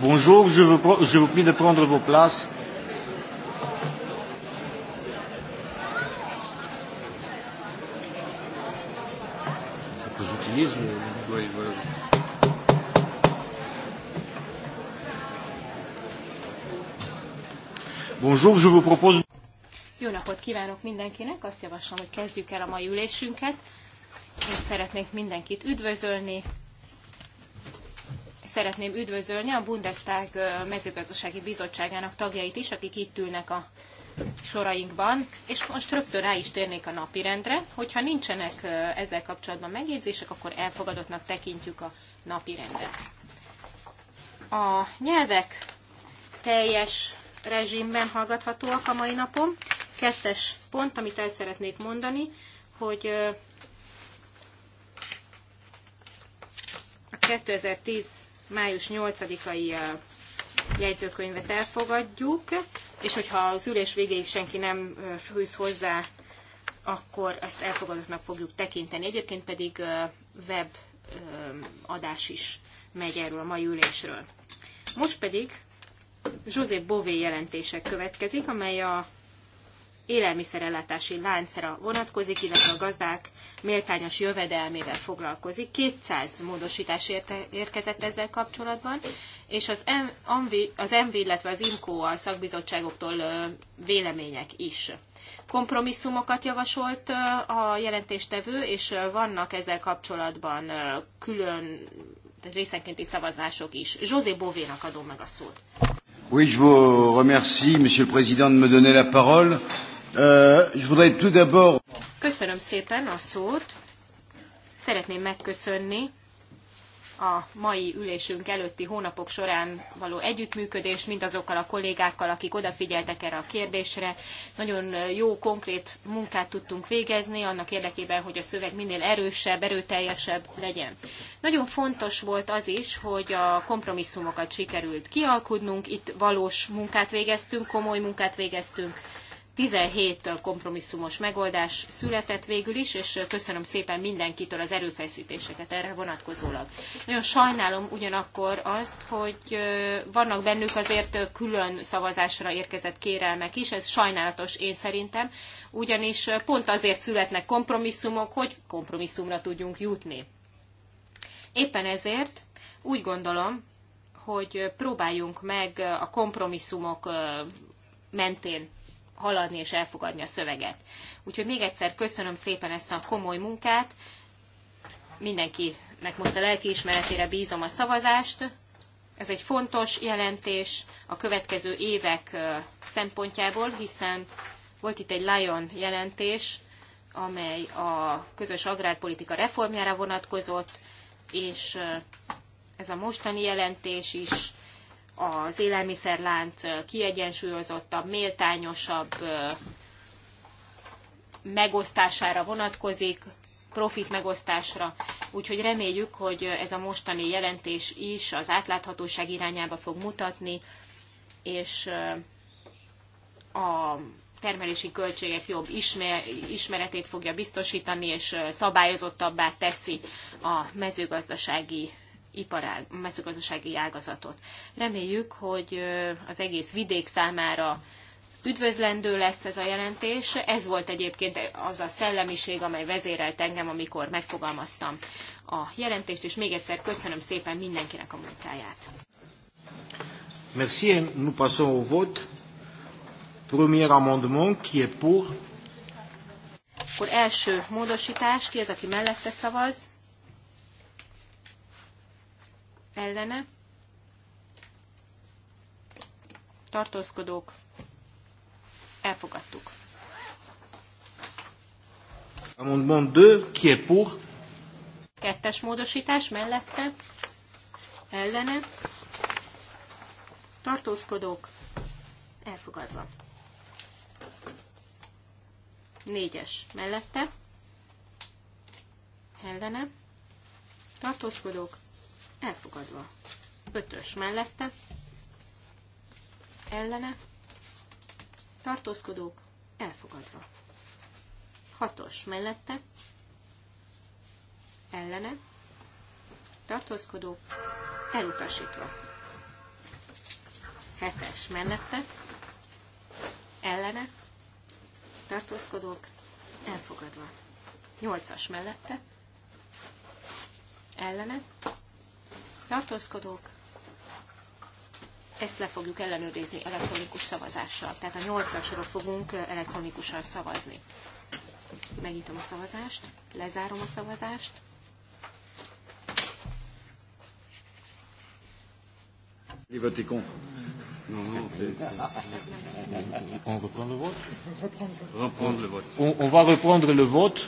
Bonjour, je vous, je vous prie de prendre vos places. J'utilise Oui, voilà. Bonjour, je vous propose... Jó napot kívánok mindenkinek, azt javaslom, hogy kezdjük el a mai ülésünket. és szeretnék mindenkit üdvözölni, szeretném üdvözölni a Bundestag mezőgazdasági bizottságának tagjait is, akik itt ülnek a sorainkban, és most rögtön rá is térnék a napirendre. Hogyha nincsenek ezzel kapcsolatban megjegyzések, akkor elfogadottnak tekintjük a napirendet. A nyelvek teljes rezsimben hallgathatóak a mai napon. Kettes pont, amit el szeretnék mondani, hogy a 2010 május 8-ai jegyzőkönyvet elfogadjuk, és hogyha az ülés végéig senki nem fűz hozzá, akkor ezt elfogadottnak fogjuk tekinteni. Egyébként pedig web adás is megy erről a mai ülésről. Most pedig José Bové jelentések következik, amely a élelmiszerellátási láncra vonatkozik, illetve a gazdák méltányos jövedelmével foglalkozik. 200 módosítás érkezett ezzel kapcsolatban, és az MV, az MV illetve az IMCO a szakbizottságoktól vélemények is. Kompromisszumokat javasolt a jelentéstevő, és vannak ezzel kapcsolatban külön részenkénti szavazások is. José Bovénak adom meg a szót. Oui, je vous remercie, Monsieur le Président, de me donner la parole. Euh, Köszönöm szépen a szót. Szeretném megköszönni a mai ülésünk előtti hónapok során való együttműködés mindazokkal a kollégákkal, akik odafigyeltek erre a kérdésre. Nagyon jó, konkrét munkát tudtunk végezni annak érdekében, hogy a szöveg minél erősebb, erőteljesebb legyen. Nagyon fontos volt az is, hogy a kompromisszumokat sikerült kialkudnunk, itt valós munkát végeztünk, komoly munkát végeztünk, 17 kompromisszumos megoldás született végül is, és köszönöm szépen mindenkitől az erőfeszítéseket erre vonatkozólag. Nagyon sajnálom ugyanakkor azt, hogy vannak bennük azért külön szavazásra érkezett kérelmek is, ez sajnálatos én szerintem, ugyanis pont azért születnek kompromisszumok, hogy kompromisszumra tudjunk jutni. Éppen ezért úgy gondolom, hogy próbáljunk meg a kompromisszumok mentén haladni és elfogadni a szöveget. Úgyhogy még egyszer köszönöm szépen ezt a komoly munkát. Mindenkinek most a lelkiismeretére bízom a szavazást. Ez egy fontos jelentés a következő évek szempontjából, hiszen volt itt egy Lion jelentés, amely a közös agrárpolitika reformjára vonatkozott, és ez a mostani jelentés is az élelmiszerlánc kiegyensúlyozottabb, méltányosabb megosztására vonatkozik, profit megosztásra, úgyhogy reméljük, hogy ez a mostani jelentés is az átláthatóság irányába fog mutatni, és a termelési költségek jobb ismeretét fogja biztosítani, és szabályozottabbá teszi a mezőgazdasági iparág, mezőgazdasági ágazatot. Reméljük, hogy az egész vidék számára üdvözlendő lesz ez a jelentés. Ez volt egyébként az a szellemiség, amely vezérelt engem, amikor megfogalmaztam a jelentést, és még egyszer köszönöm szépen mindenkinek a munkáját. Merci, nous passons au vote. Premier amendement, qui est pour? Akkor első módosítás, ki az, aki mellette szavaz? ellene, tartózkodók, elfogadtuk. Amendment 2, qui est pour? Kettes módosítás mellette, ellene, tartózkodók, elfogadva. Négyes mellette, ellene, tartózkodók, elfogadva. Ötös mellette, ellene, tartózkodók, elfogadva. Hatos mellette, ellene, tartózkodók, elutasítva. Hetes mellette, ellene, tartózkodók, elfogadva. Nyolcas mellette, ellene, tartózkodók, ezt le fogjuk ellenőrizni elektronikus szavazással. Tehát a 8-asra fogunk elektronikusan szavazni. Megnyitom a szavazást, lezárom a szavazást. contre. Non, non, c'est... le vote Reprendre le vote. On, va reprendre le vote.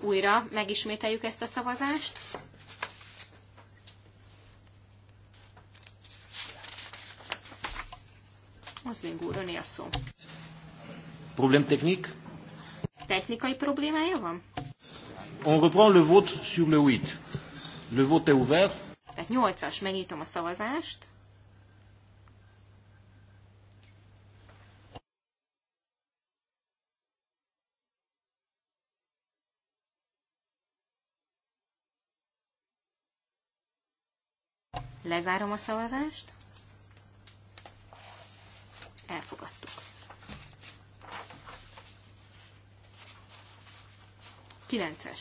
Újra megismételjük ezt a szavazást. Hozling úr, öné a szó. Problémtechnik? Technikai problémája van? On reprend le vote sur le 8. Le vote est ouvert. Tehát 8-as, megnyitom a szavazást. Lezárom a szavazást elfogadtuk. 9-es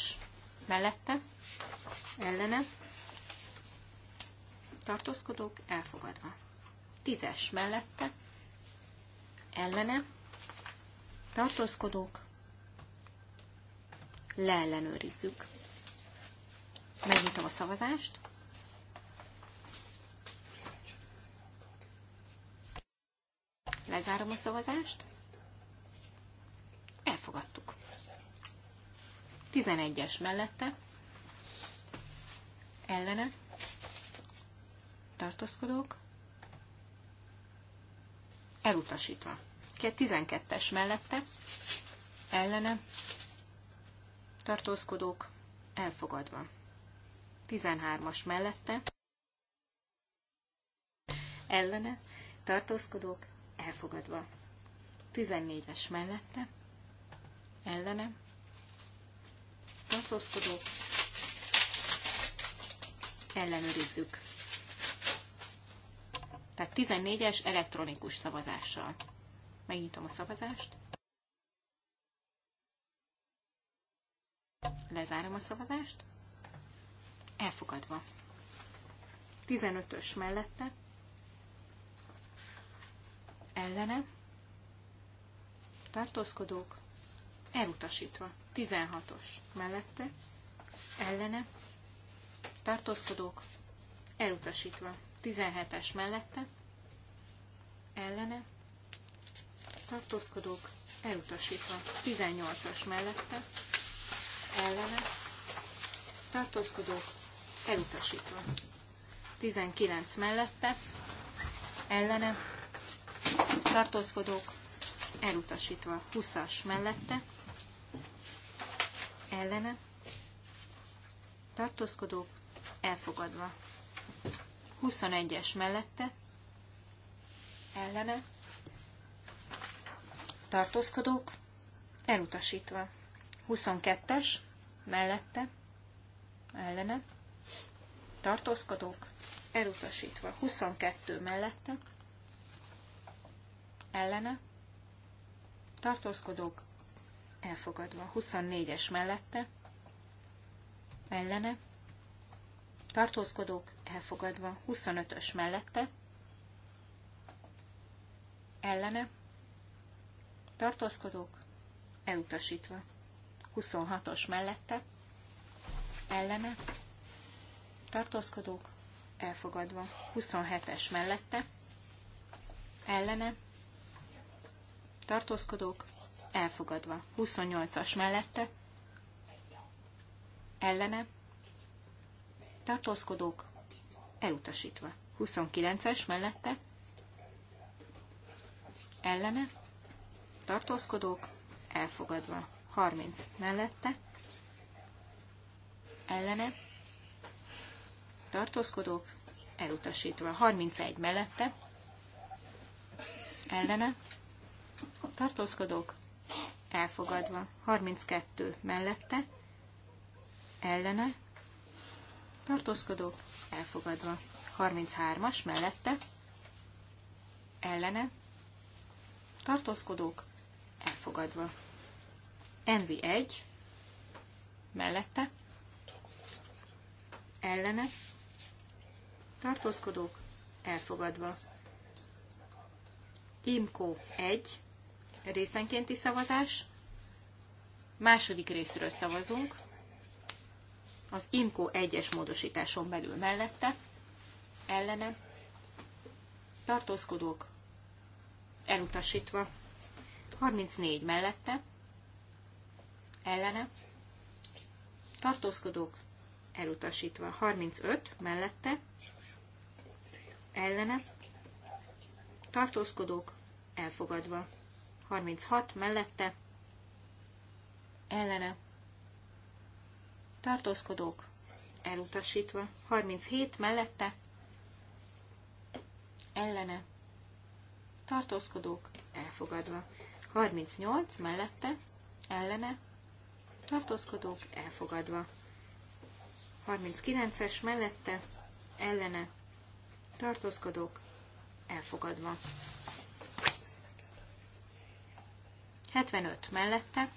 mellette, ellene, tartózkodók elfogadva. 10-es mellette, ellene, tartózkodók, leellenőrizzük. Megnyitom a szavazást. Lezárom a szavazást. Elfogadtuk. 11-es mellette. Ellene. Tartózkodók. Elutasítva. 12-es mellette. Ellene. Tartózkodók. Elfogadva. 13-as mellette. Ellene. Tartózkodók elfogadva. 14-es mellette, ellene, tartózkodó, ellenőrizzük. Tehát 14-es elektronikus szavazással. Megnyitom a szavazást. Lezárom a szavazást. Elfogadva. 15-ös mellette ellene, tartózkodók, elutasítva. 16-os mellette, ellene, tartózkodók, elutasítva. 17-es mellette, ellene, tartózkodók, elutasítva. 18-as mellette, ellene, tartózkodók, elutasítva. 19 mellette, ellene, tartózkodók elutasítva 20-as mellette, ellene, tartózkodók elfogadva 21-es mellette, ellene, tartózkodók elutasítva 22-es mellette, ellene, tartózkodók elutasítva 22 mellette, ellene, tartózkodók elfogadva. 24-es mellette, ellene, tartózkodók elfogadva. 25-ös mellette, ellene, tartózkodók elutasítva. 26-os mellette, ellene, tartózkodók elfogadva. 27-es mellette, ellene, tartózkodók, elfogadva. 28-as mellette, ellene, tartózkodók, elutasítva. 29-es mellette, ellene, tartózkodók, elfogadva. 30 mellette, ellene, tartózkodók, elutasítva. 31 mellette, ellene, tartózkodók elfogadva. 32 mellette ellene tartózkodók elfogadva. 33-as mellette ellene tartózkodók elfogadva. NV1 mellette ellene tartózkodók elfogadva. Imkó 1 részenkénti szavazás. Második részről szavazunk. Az IMCO 1-es módosításon belül mellette, ellene, tartózkodók, elutasítva, 34 mellette, ellene, tartózkodók, elutasítva, 35 mellette, ellene, tartózkodók, elfogadva. 36 mellette ellene tartózkodók elutasítva, 37 mellette ellene tartózkodók elfogadva, 38 mellette ellene tartózkodók elfogadva, 39-es mellette ellene tartózkodók elfogadva. 75 mellette,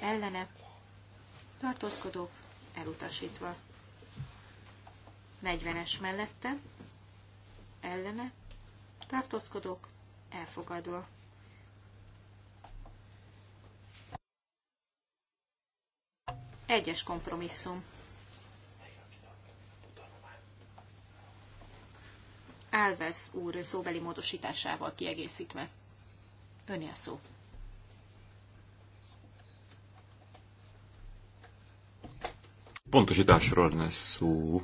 ellene, tartózkodók, elutasítva. 40-es mellette, ellene, tartózkodók, elfogadva. Egyes kompromisszum. Álvez úr szóbeli módosításával kiegészítve. Önél szó. Pontosításról lenne szó.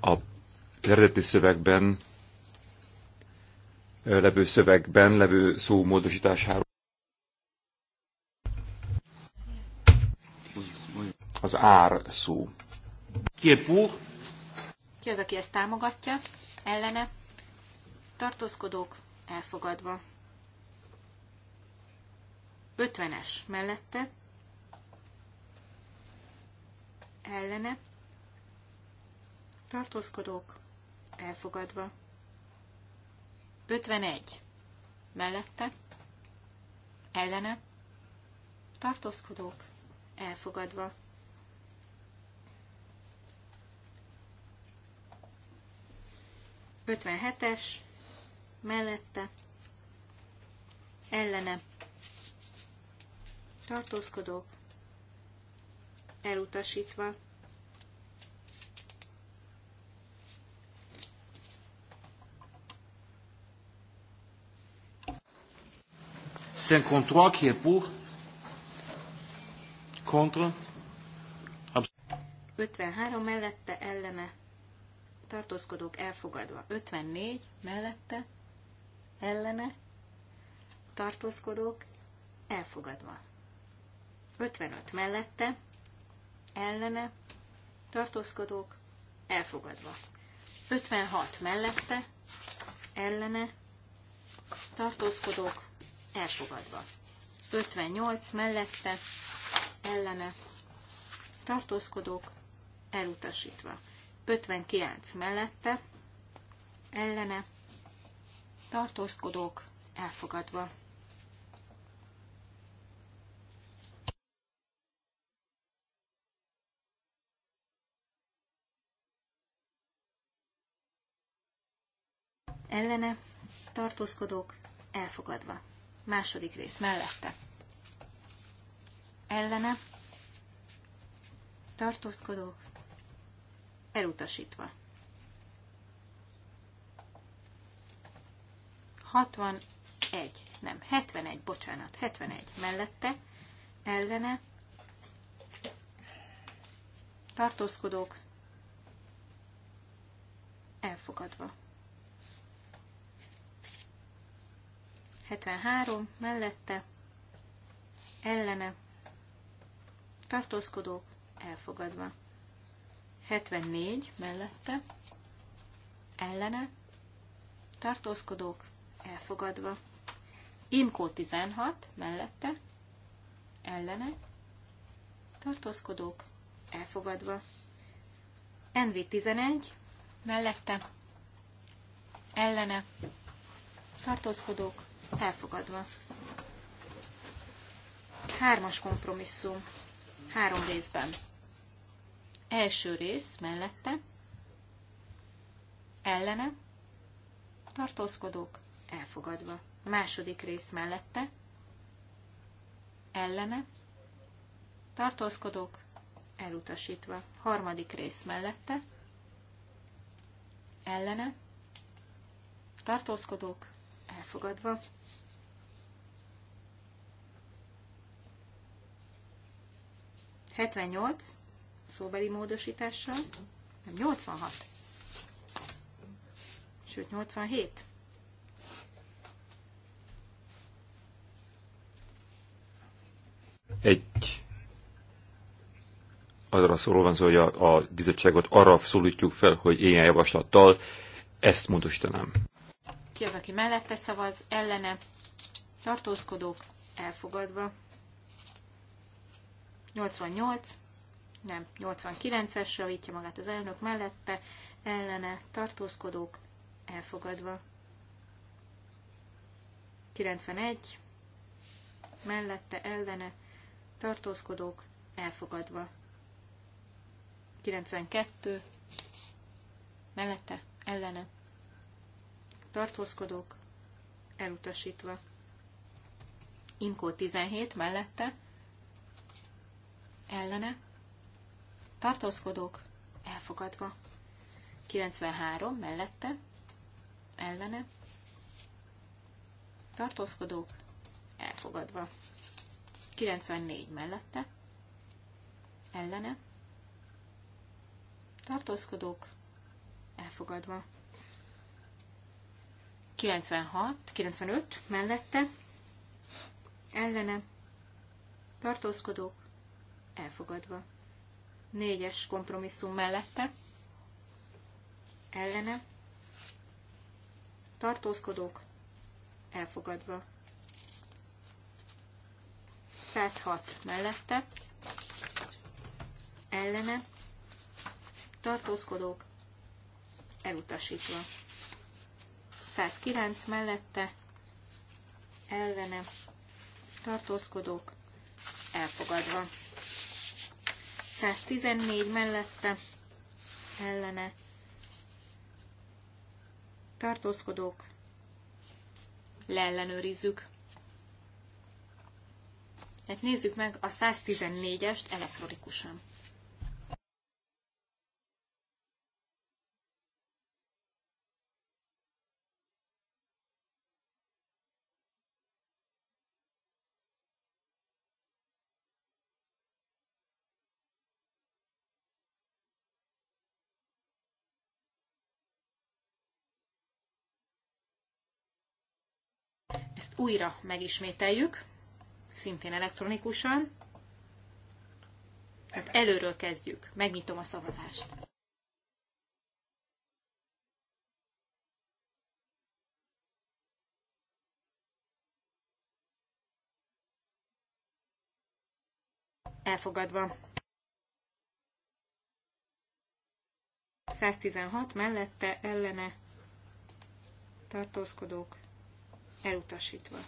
A eredeti szövegben levő szövegben levő szó módosításáról. Az ár szó. Ki Ki az, aki ezt támogatja? Ellene? Tartózkodók elfogadva. 50-es mellette ellene, tartózkodók elfogadva. 51 mellette, ellene, tartózkodók elfogadva. 57-es mellette, ellene, tartózkodók elutasítva. Cinquante-trois qui est pour, contre, 53 mellette ellene tartózkodók elfogadva. 54 mellette ellene tartózkodók elfogadva. 55 mellette ellene, tartózkodók elfogadva. 56 mellette, ellene, tartózkodók elfogadva. 58 mellette, ellene, tartózkodók elutasítva. 59 mellette, ellene, tartózkodók elfogadva. ellene tartózkodók elfogadva. Második rész mellette ellene tartózkodók elutasítva. 61, nem, 71, bocsánat, 71 mellette, ellene, tartózkodók, elfogadva. 73 mellette ellene tartózkodók elfogadva. 74 mellette ellene tartózkodók elfogadva. Imkó 16 mellette ellene tartózkodók elfogadva. NV 11 mellette ellene tartózkodók Elfogadva. Hármas kompromisszum. Három részben. Első rész mellette. Ellene. Tartózkodók. Elfogadva. Második rész mellette. Ellene. Tartózkodók. Elutasítva. Harmadik rész mellette. Ellene. Tartózkodók. Elfogadva. 78 szóbeli módosítással, nem 86, sőt 87. Egy arra szóló van szó, hogy a, a bizottságot arra szólítjuk fel, hogy ilyen javaslattal ezt módosítanám. Ki az, aki mellette szavaz, ellene, tartózkodók, elfogadva. 88, nem, 89-es, javítja magát az elnök mellette, ellene tartózkodók elfogadva. 91, mellette ellene tartózkodók elfogadva. 92, mellette ellene tartózkodók elutasítva. Imkó 17 mellette ellene, tartózkodók elfogadva. 93 mellette, ellene, tartózkodók elfogadva. 94 mellette, ellene, tartózkodók elfogadva. 96, 95 mellette, ellene, tartózkodók elfogadva. Négyes kompromisszum mellette, ellene, tartózkodók, elfogadva. 106 mellette, ellene, tartózkodók, elutasítva. 109 mellette, ellene, tartózkodók, elfogadva. 114 mellette ellene tartózkodók, leellenőrizzük. Hát nézzük meg a 114-est elektronikusan. újra megismételjük, szintén elektronikusan. Tehát előről kezdjük. Megnyitom a szavazást. Elfogadva. 116 mellette ellene tartózkodók elutasítva.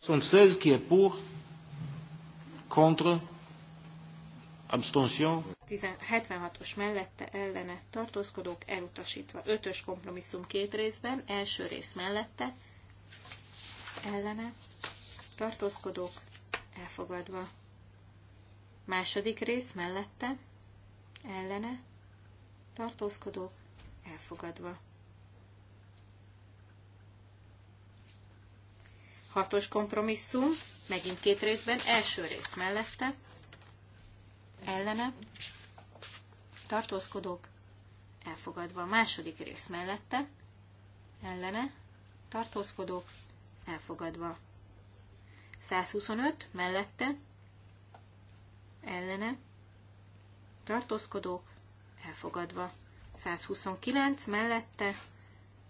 Sont 16 qui est pour, contre, abstention. 76-os mellette ellene tartózkodók elutasítva. 5-ös kompromisszum két részben, első rész mellette ellene tartózkodók elfogadva. Második rész mellette ellene tartózkodók elfogadva. Hatos kompromisszum, megint két részben, első rész mellette, ellene, tartózkodók, elfogadva. Második rész mellette, ellene, tartózkodók, elfogadva. 125 mellette, ellene, tartózkodók, elfogadva. 129 mellette,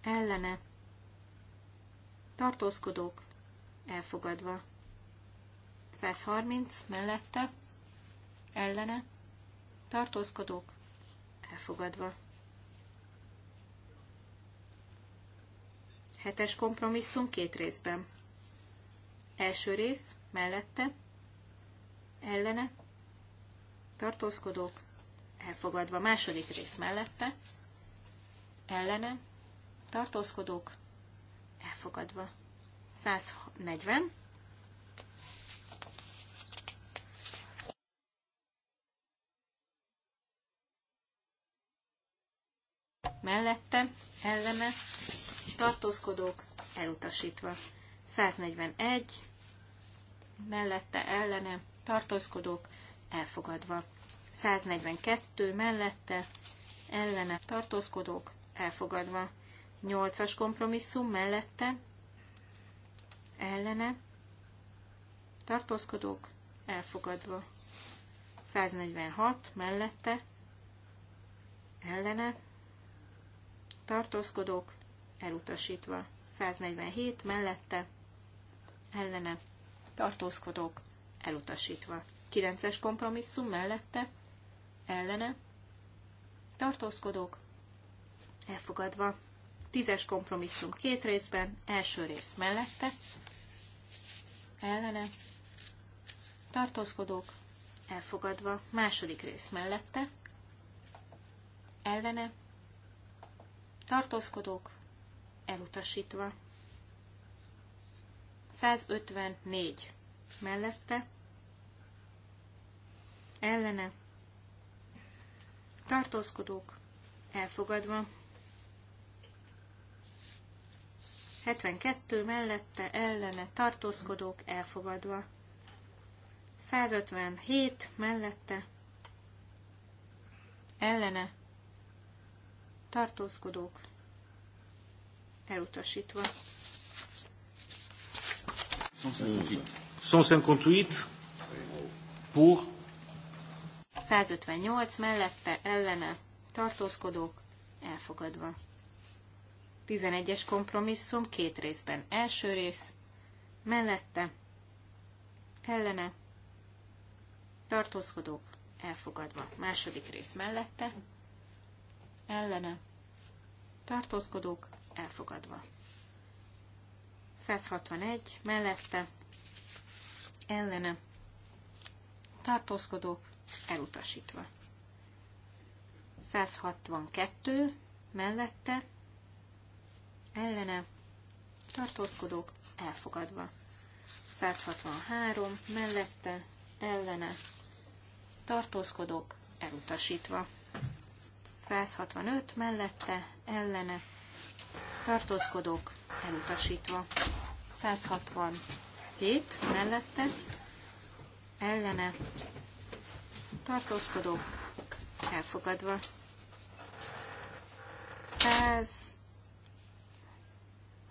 ellene, tartózkodók, elfogadva. 130 mellette, ellene, tartózkodók, elfogadva. Hetes kompromisszum két részben. Első rész, mellette, ellene, tartózkodók, elfogadva. Második rész mellette, ellene, tartózkodók, elfogadva. 140. Mellette, ellene, tartózkodók elutasítva. 141. Mellette, ellene, tartózkodók elfogadva. 142 mellette, ellene tartózkodók elfogadva. 8-as kompromisszum mellette, ellene, tartózkodók elfogadva. 146 mellette, ellene, tartózkodók elutasítva. 147 mellette, ellene, tartózkodók elutasítva. 9-es kompromisszum mellette, ellene, tartózkodók elfogadva. 10-es kompromisszum két részben, első rész mellette, ellene, tartózkodók, elfogadva, második rész mellette, ellene, tartózkodók, elutasítva, 154 mellette, ellene, tartózkodók, elfogadva, 72 mellette ellene tartózkodók elfogadva. 157 mellette ellene tartózkodók elutasítva. 158. 158 pour 158 mellette ellene tartózkodók elfogadva. 11-es kompromisszum két részben. Első rész mellette, ellene, tartózkodók elfogadva. Második rész mellette, ellene, tartózkodók elfogadva. 161 mellette, ellene, tartózkodók elutasítva. 162 mellette, ellene, tartózkodók elfogadva. 163 mellette, ellene, tartózkodók elutasítva. 165 mellette, ellene, tartózkodók elutasítva. 167 mellette, ellene, tartózkodók elfogadva. 100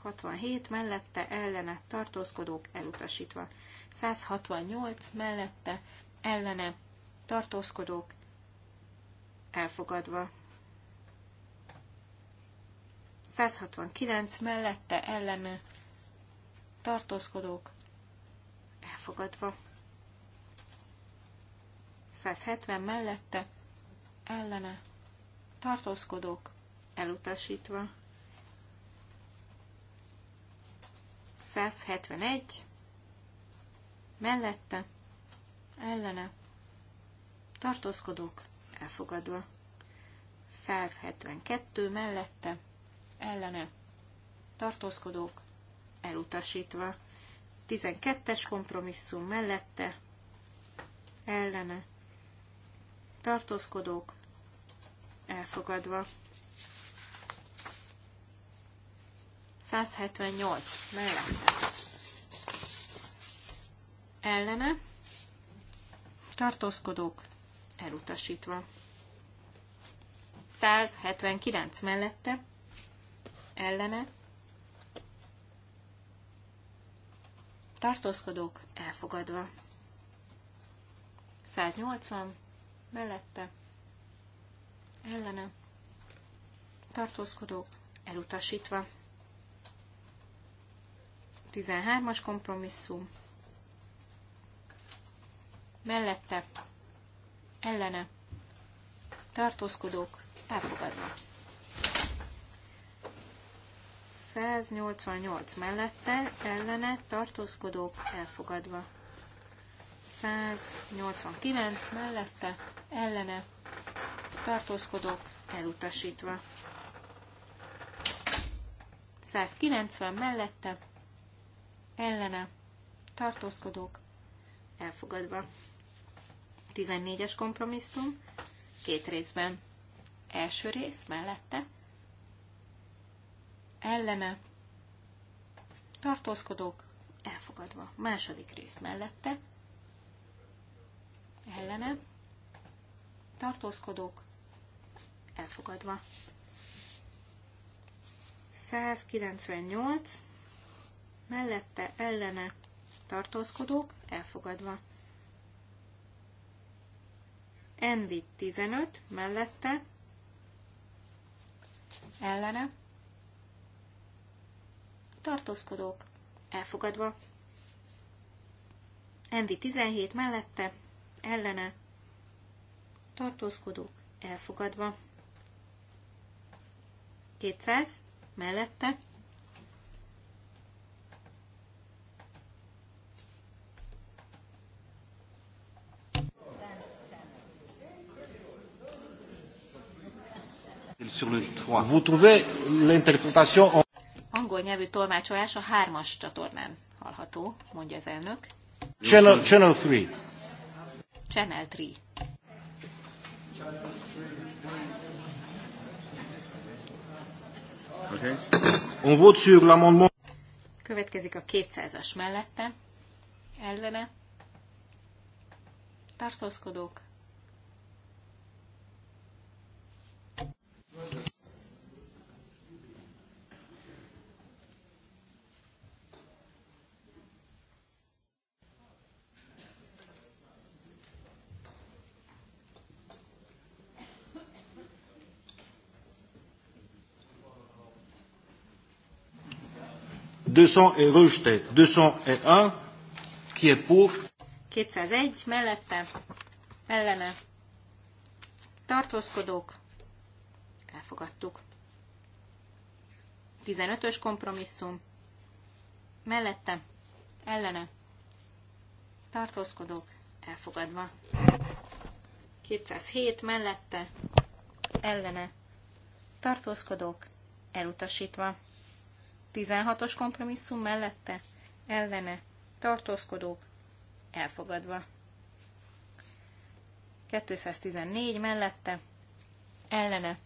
67 mellette ellene tartózkodók elutasítva. 168 mellette ellene tartózkodók elfogadva. 169 mellette ellene tartózkodók elfogadva. 170 mellette ellene tartózkodók elutasítva. 171 mellette, ellene, tartózkodók elfogadva. 172 mellette, ellene, tartózkodók elutasítva. 12-es kompromisszum mellette, ellene, tartózkodók elfogadva. 178 mellette ellene tartózkodók elutasítva. 179 mellette ellene tartózkodók elfogadva. 180 mellette ellene tartózkodók elutasítva. 13-as kompromisszum. Mellette, ellene, tartózkodók, elfogadva. 188 mellette, ellene, tartózkodók, elfogadva. 189 mellette, ellene, tartózkodók, elutasítva. 190 mellette, ellene, tartózkodók, elfogadva. 14-es kompromisszum, két részben. Első rész mellette, ellene, tartózkodók, elfogadva. Második rész mellette, ellene, tartózkodók, elfogadva. 198 mellette ellene tartózkodók elfogadva. Envi 15 mellette ellene tartózkodók elfogadva. Envi 17 mellette ellene tartózkodók elfogadva. 200 mellette Vous trouvez l'interprétation en... Angol nyelvű tolmácsolás a hármas csatornán hallható, mondja az elnök. Channel, 3. channel 3. Channel 3. Okay. On vote sur l'amendement. Következik a 200-as mellette. Ellene. Tartózkodók. 200 est rejeté. 201 qui est pour. 201 mellette, ellene. Tartózkodók. Elfogadtuk. 15-ös kompromisszum. Mellette, ellene. Tartózkodók. Elfogadva. 207 mellette, ellene. Tartózkodók. Elutasítva. 16-os kompromisszum mellette ellene tartózkodók elfogadva. 214 mellette ellene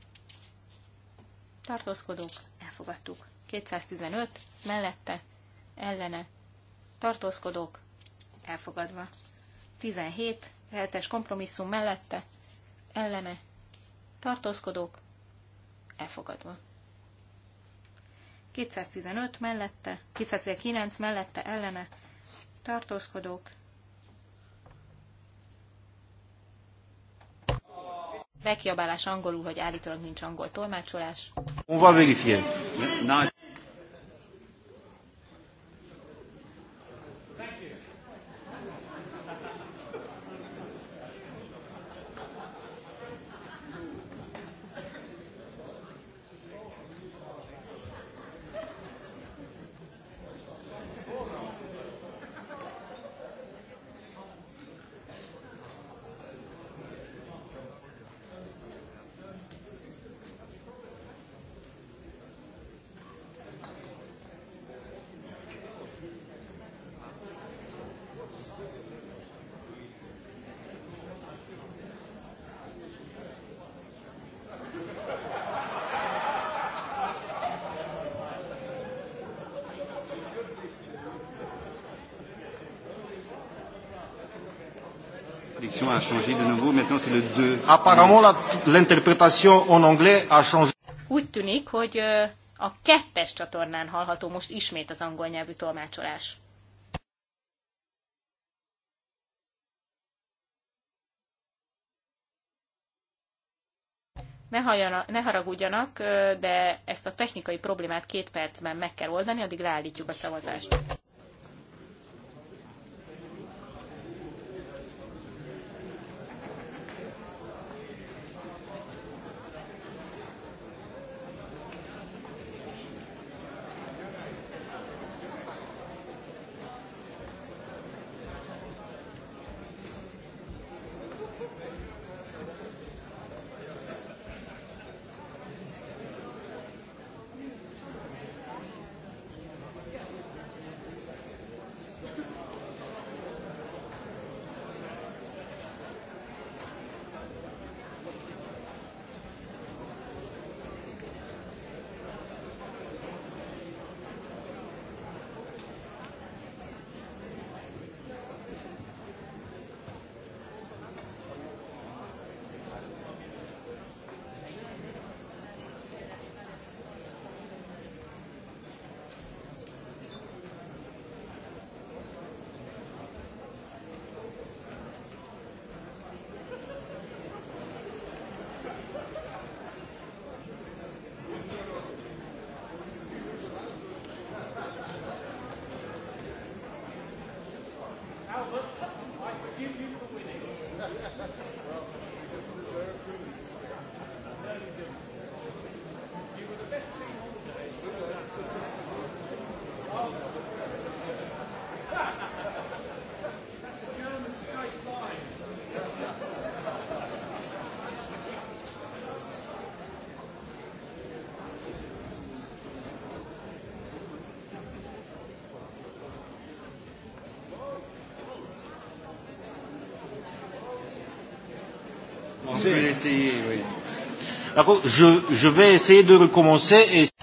tartózkodók elfogadtuk. 215 mellette ellene tartózkodók elfogadva. 17 hetes kompromisszum mellette ellene tartózkodók elfogadva. 215 mellette, 219 mellette ellene tartózkodók. Megkiabálás angolul, hogy állítólag nincs angol tolmácsolás. On va vérifier. changé de nouveau. Maintenant, c'est le 2. Apparemment, l'interprétation en anglais a changé. Úgy tűnik, hogy a kettes csatornán hallható most ismét az angol nyelvű tolmácsolás. ne, ne haragudjanak, de ezt a technikai problémát két percben meg kell oldani, addig leállítjuk a szavazást.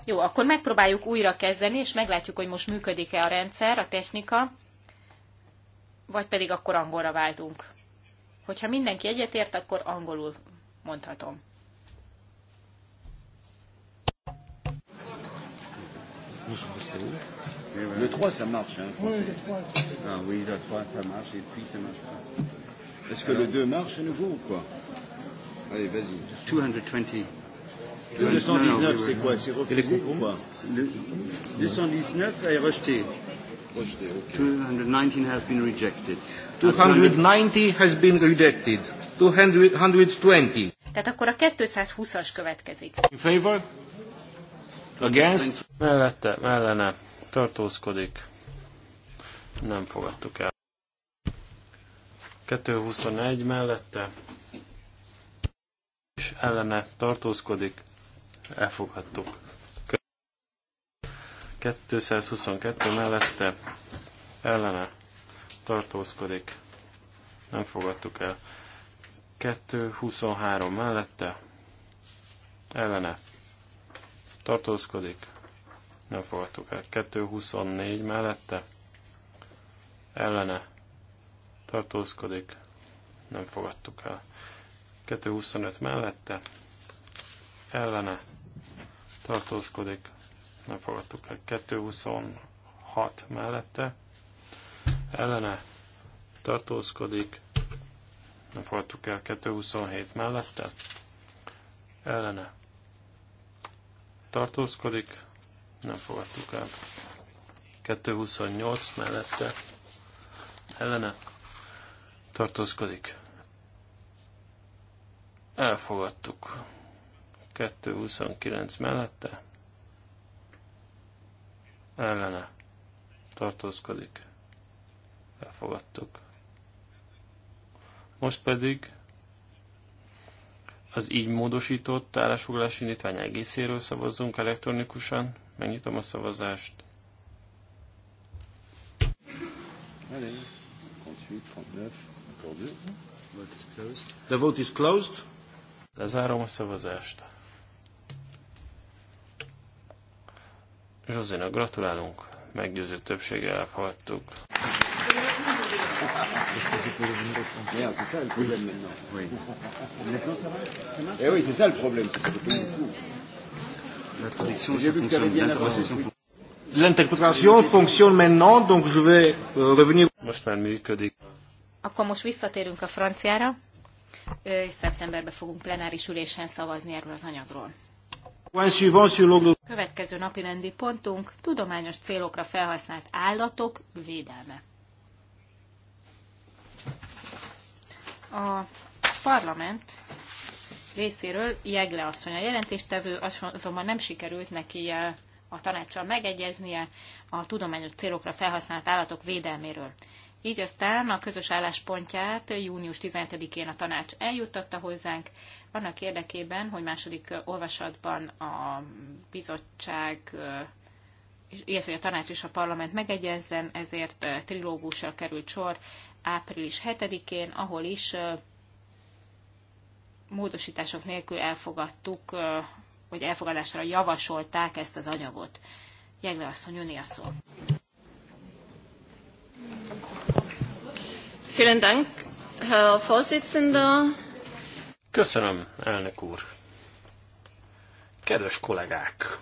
Jó, akkor megpróbáljuk újra kezdeni, és meglátjuk, hogy most működik-e a rendszer, a technika, vagy pedig akkor angolra váltunk. Hogyha mindenki egyetért, akkor angolul mondhatom. Le 3, ça marche, hein, français. Ah oui, le 3, ça marche, et puis ça marche pas. Est-ce que le 2 marche à nouveau ou quoi Allez, vas-y. 220. 219, c'est quoi C'est refusé ou pas 219 est rejeté. Rejeté, ok. 219 has been rejected. 290 has been rejected. 220. Tehát akkor a 220-as következik. In favor? Against? Mellette, ellene. Tartózkodik. Nem fogadtuk el. 221 mellette és ellene tartózkodik, elfogadtuk. 222 mellette ellene tartózkodik, nem fogadtuk el. 223 mellette ellene tartózkodik, nem fogadtuk el. 224 mellette ellene tartózkodik, nem fogadtuk el. 225 mellette ellene tartózkodik, nem fogadtuk el. 226 mellette ellene tartózkodik, nem fogadtuk el. 227 mellette ellene tartózkodik, nem fogadtuk el. 228 mellette ellene tartózkodik. Elfogadtuk. 229 mellette. Ellene. Tartózkodik. Elfogadtuk. Most pedig az így módosított állásfoglalási indítvány egészéről szavazzunk elektronikusan. Megnyitom a szavazást. The vote is closed. Lezárom a szavazást. Zsozina, gratulálunk, meggyőző többséggel elfogadtuk. Eh fonctionne maintenant, donc je vais euh, revenir. Most már működik. Akkor most visszatérünk a franciára és szeptemberben fogunk plenáris ülésen szavazni erről az anyagról. Következő napi rendi pontunk tudományos célokra felhasznált állatok védelme. A parlament részéről Jegle asszony a jelentéstevő, azonban nem sikerült neki a tanácssal megegyeznie a tudományos célokra felhasznált állatok védelméről. Így aztán a közös álláspontját június 17-én a tanács eljuttatta hozzánk, annak érdekében, hogy második olvasatban a bizottság, illetve a tanács és a parlament megegyezzen, ezért trilógusra került sor április 7-én, ahol is módosítások nélkül elfogadtuk, vagy elfogadásra javasolták ezt az anyagot. Jegle asszony, a szó. Vielen Dank, Herr Vorsitzender. Köszönöm, elnök úr. Kedves kollégák!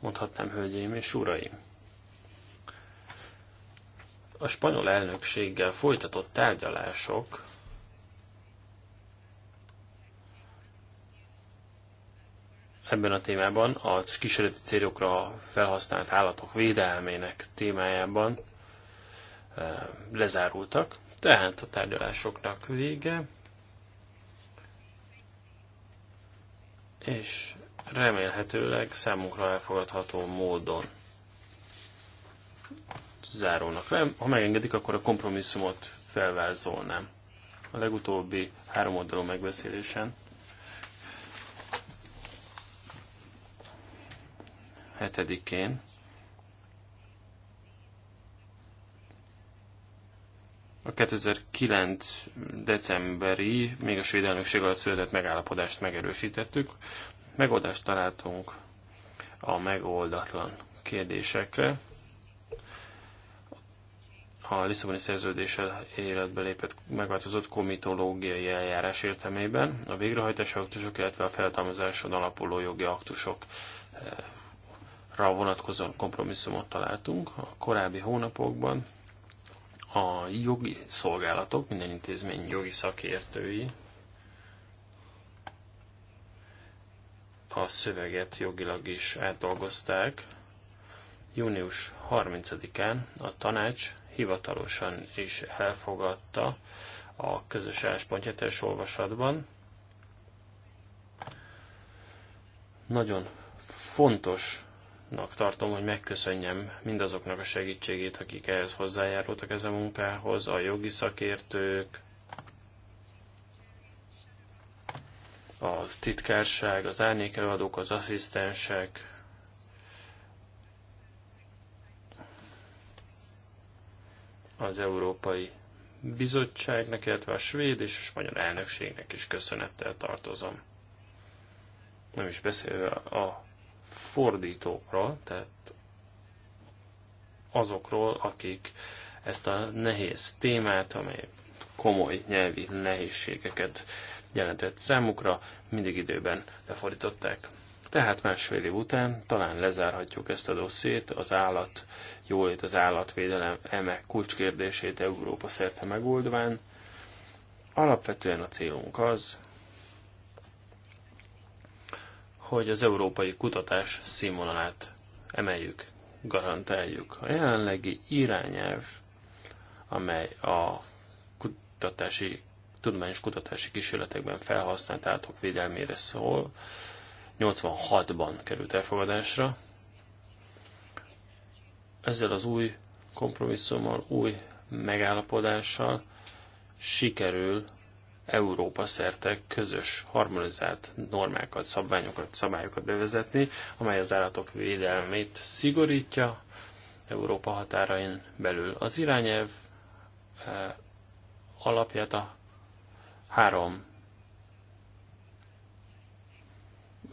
Mondhatnám, hölgyeim és uraim! A spanyol elnökséggel folytatott tárgyalások ebben a témában, a kísérleti célokra felhasznált állatok védelmének témájában lezárultak, tehát a tárgyalásoknak vége, és remélhetőleg számunkra elfogadható módon zárulnak le. Ha megengedik, akkor a kompromisszumot felvázolnám. A legutóbbi három oldalú megbeszélésen 7-én a 2009 decemberi, még a svéd elnökség alatt született megállapodást megerősítettük. Megoldást találtunk a megoldatlan kérdésekre. A Lisszaboni szerződéssel életbe lépett megváltozott komitológiai eljárás értelmében a végrehajtási aktusok, illetve a feltalmazáson alapuló jogi aktusok eh, vonatkozóan kompromisszumot találtunk a korábbi hónapokban. A jogi szolgálatok, minden intézmény jogi szakértői a szöveget jogilag is átdolgozták. Június 30-án a tanács hivatalosan is elfogadta a közös álláspontját első olvasatban. Nagyon fontos fontosnak tartom, hogy megköszönjem mindazoknak a segítségét, akik ehhez hozzájárultak ez a munkához, a jogi szakértők, a titkárság, az árnyékelőadók, az asszisztensek, az Európai Bizottságnak, illetve a svéd és a spanyol elnökségnek is köszönettel tartozom. Nem is beszélve a fordítókról, tehát azokról, akik ezt a nehéz témát, amely komoly nyelvi nehézségeket jelentett számukra, mindig időben lefordították. Tehát másfél év után talán lezárhatjuk ezt a dossziét, az állat jólét, az állatvédelem eme kulcskérdését Európa szerte megoldván. Alapvetően a célunk az, hogy az európai kutatás színvonalát emeljük, garantáljuk. A jelenlegi irányelv, amely a kutatási, tudományos kutatási kísérletekben felhasznált átok védelmére szól, 86-ban került elfogadásra. Ezzel az új kompromisszummal, új megállapodással sikerül Európa szerte közös, harmonizált normákat, szabványokat, szabályokat bevezetni, amely az állatok védelmét szigorítja Európa határain belül. Az irányelv eh, alapját a három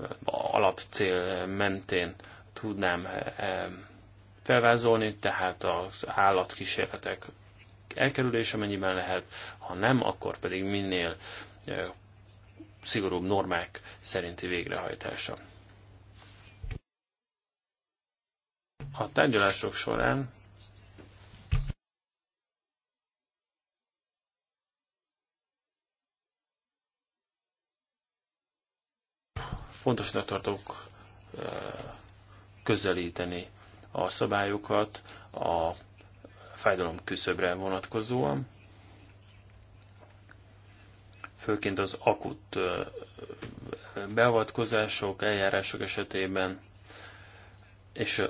eh, alapcél mentén tudnám eh, felvázolni, tehát az állatkísérletek elkerülése mennyiben lehet, ha nem, akkor pedig minél szigorúbb normák szerinti végrehajtása. A tárgyalások során fontosnak tartok közelíteni a szabályokat, a fájdalom küszöbre vonatkozóan, főként az akut beavatkozások, eljárások esetében, és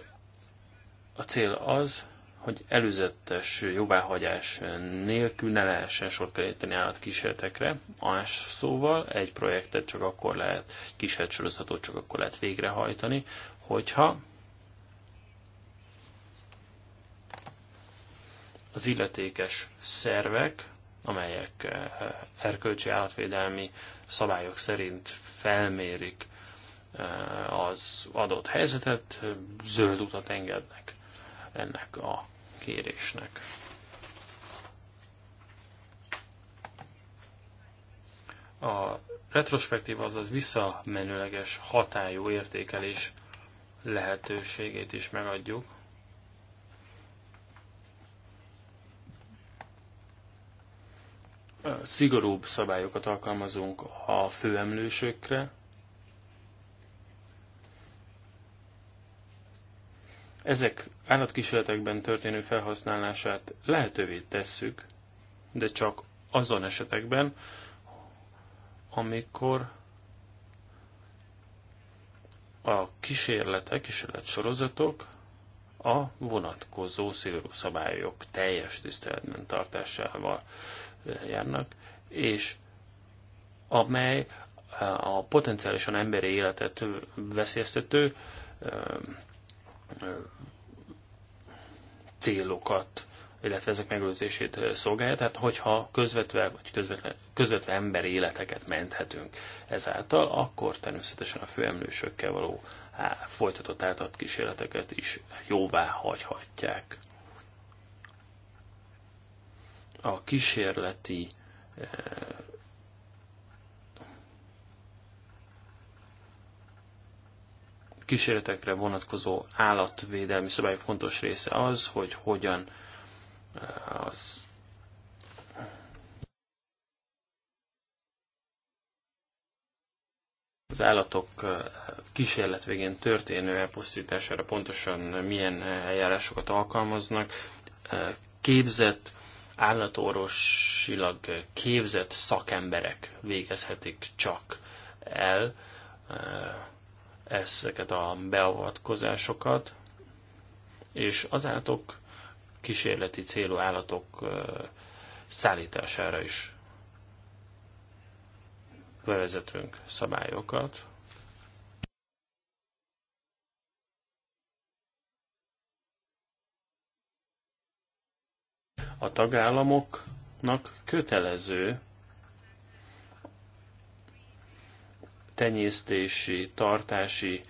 a cél az, hogy előzetes jóváhagyás nélkül ne lehessen sor keríteni állatkísérletekre. Más szóval egy projektet csak akkor lehet, kísérletsorozatot csak akkor lehet végrehajtani, hogyha az illetékes szervek, amelyek eh, eh, erkölcsi állatvédelmi szabályok szerint felmérik eh, az adott helyzetet, zöld utat engednek ennek a kérésnek. A retrospektív, azaz visszamenőleges hatályú értékelés lehetőségét is megadjuk szigorúbb szabályokat alkalmazunk a főemlősökre. Ezek állatkísérletekben történő felhasználását lehetővé tesszük, de csak azon esetekben, amikor a kísérletek, kísérlet sorozatok a vonatkozó szigorú szabályok teljes tiszteletben tartásával járnak, és amely a potenciálisan emberi életet veszélyeztető célokat, illetve ezek megőrzését szolgálja, tehát hogyha közvetve, vagy közvetve, közvetve emberi életeket menthetünk ezáltal, akkor természetesen a főemlősökkel való folytatott átadt kísérleteket is jóvá hagyhatják a kísérleti eh, kísérletekre vonatkozó állatvédelmi szabályok fontos része az, hogy hogyan eh, az az állatok eh, kísérlet végén történő elpusztítására pontosan milyen eljárásokat alkalmaznak, képzett állatorvosilag képzett szakemberek végezhetik csak el eh, ezeket a beavatkozásokat, és az állatok kísérleti célú állatok eh, szállítására is bevezetünk szabályokat. a tagállamoknak kötelező tenyésztési, tartási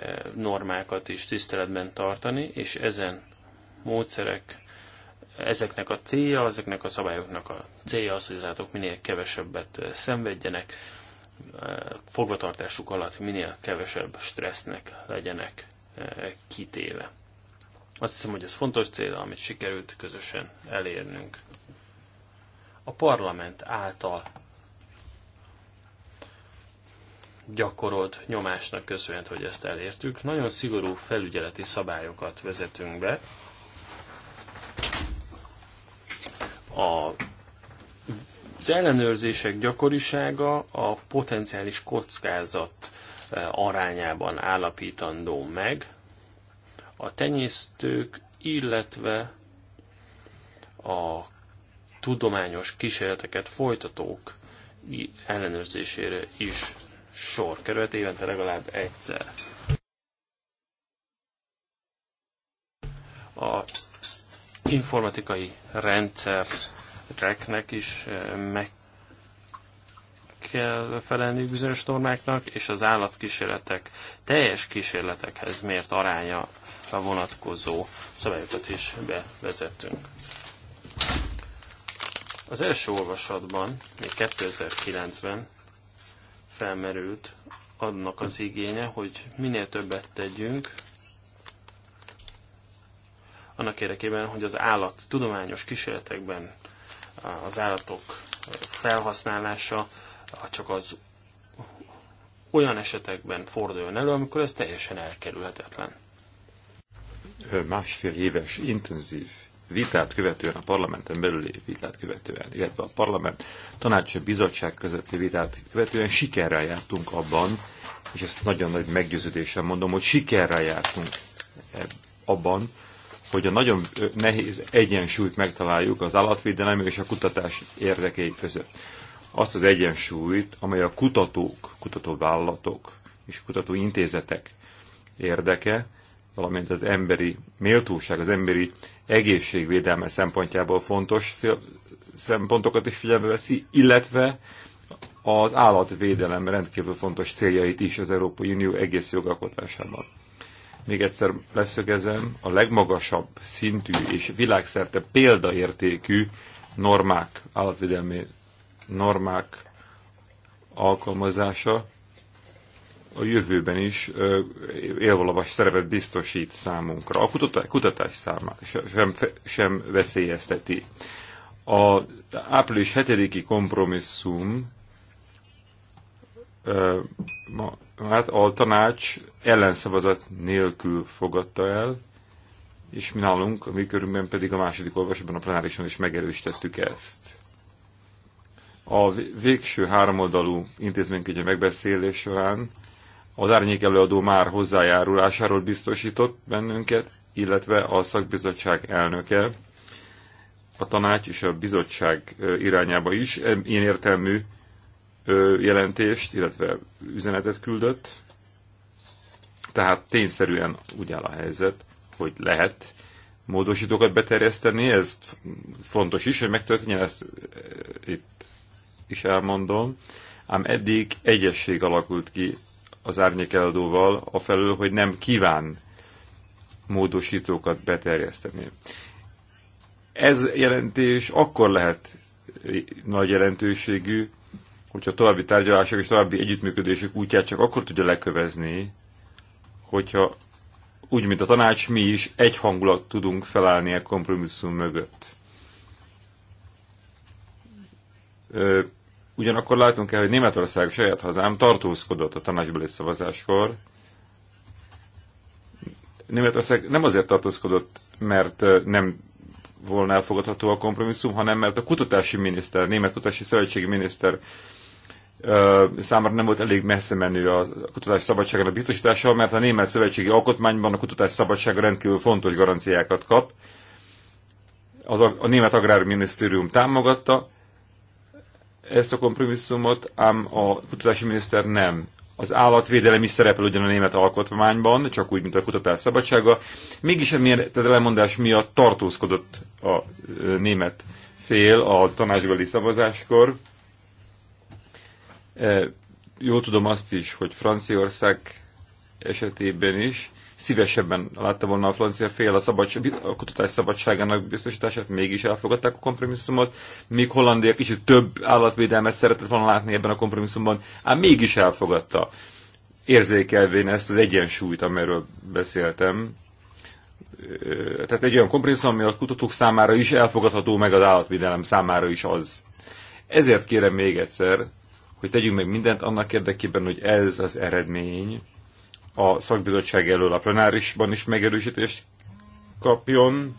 eh, normákat is tiszteletben tartani, és ezen módszerek, ezeknek a célja, ezeknek a szabályoknak a célja az, hogy az állatok minél kevesebbet eh, szenvedjenek, eh, fogvatartásuk alatt minél kevesebb stressznek legyenek kitéve. Azt hiszem, hogy ez fontos cél, amit sikerült közösen elérnünk. A parlament által gyakorolt nyomásnak köszönhet, hogy ezt elértük. Nagyon szigorú felügyeleti szabályokat vezetünk be. A az ellenőrzések gyakorisága a potenciális kockázat eh, arányában állapítandó meg a tenyésztők, illetve a tudományos kísérleteket folytatók ellenőrzésére is sor került évente legalább egyszer. A informatikai rendszereknek is eh, meg kell felelni bizonyos normáknak, és az állatkísérletek teljes kísérletekhez mért aránya a vonatkozó szabályokat is bevezettünk. Az első olvasatban, még 2009-ben felmerült annak az igénye, hogy minél többet tegyünk annak érdekében, hogy az állat tudományos kísérletekben az állatok felhasználása csak az olyan esetekben forduljon elő, amikor ez teljesen elkerülhetetlen. Másfél éves intenzív vitát követően, a parlamenten belüli vitát követően, illetve a parlament tanács bizottság közötti vitát követően sikerrel jártunk abban, és ezt nagyon nagy meggyőződéssel mondom, hogy sikerrel jártunk abban, hogy a nagyon nehéz egyensúlyt megtaláljuk az állatvédelem és a kutatás érdekei között azt az egyensúlyt, amely a kutatók, kutatóvállalatok és kutatóintézetek érdeke, valamint az emberi méltóság, az emberi egészségvédelme szempontjából fontos szempontokat is figyelembe veszi, illetve az állatvédelem rendkívül fontos céljait is az Európai Unió egész jogalkotásában. Még egyszer leszögezem, a legmagasabb szintű és világszerte példaértékű normák, állatvédelmi normák alkalmazása a jövőben is élvalavas szerepet biztosít számunkra. A kutatás, kutatás számára sem, sem veszélyezteti. A április 7-i kompromisszum hát a tanács ellenszavazat nélkül fogadta el, és mi nálunk, a mi körünkben pedig a második olvasóban a plenárison is megerősítettük ezt. A végső háromoldalú intézménykügyi megbeszélés során az árnyék előadó már hozzájárulásáról biztosított bennünket, illetve a szakbizottság elnöke, a tanács és a bizottság irányába is ilyen értelmű jelentést, illetve üzenetet küldött. Tehát tényszerűen úgy áll a helyzet, hogy lehet módosítókat beterjeszteni, ez fontos is, hogy megtörténjen, ezt itt is elmondom, ám eddig egyesség alakult ki az árnyékeladóval afelől, hogy nem kíván módosítókat beterjeszteni. Ez jelentés akkor lehet nagy jelentőségű, hogyha további tárgyalások és további együttműködések útját csak akkor tudja lekövezni, hogyha úgy, mint a tanács, mi is hangulat tudunk felállni a kompromisszum mögött. Ugyanakkor látunk kell, hogy Németország saját hazám tartózkodott a tanácsbeli szavazáskor. Németország nem azért tartózkodott, mert nem volna elfogadható a kompromisszum, hanem mert a kutatási miniszter, a német kutatási szövetségi miniszter számára nem volt elég messze menő a kutatás szabadságának biztosítása, mert a német szövetségi alkotmányban a kutatás szabadsága rendkívül fontos garanciákat kap. Az a, a német agrárminisztérium támogatta, ezt a kompromisszumot, ám a kutatási miniszter nem. Az állatvédelem is szerepel ugyan a német alkotmányban, csak úgy, mint a kutatás szabadsága. Mégis emiatt a lemondás miatt tartózkodott a német fél a tanácsbeli szavazáskor. E, Jó tudom azt is, hogy Franciaország esetében is szívesebben látta volna a francia fél a, szabadság, a kutatás szabadságának biztosítását, mégis elfogadták a kompromisszumot, míg Hollandia kicsit több állatvédelmet szeretett volna látni ebben a kompromisszumban, ám mégis elfogadta. Érzékelvén ezt az egyensúlyt, amiről beszéltem. Tehát egy olyan kompromisszum, ami a kutatók számára is elfogadható, meg az állatvédelem számára is az. Ezért kérem még egyszer, hogy tegyünk meg mindent annak érdekében, hogy ez az eredmény, a szakbizottság elől a plenárisban is megerősítést kapjon,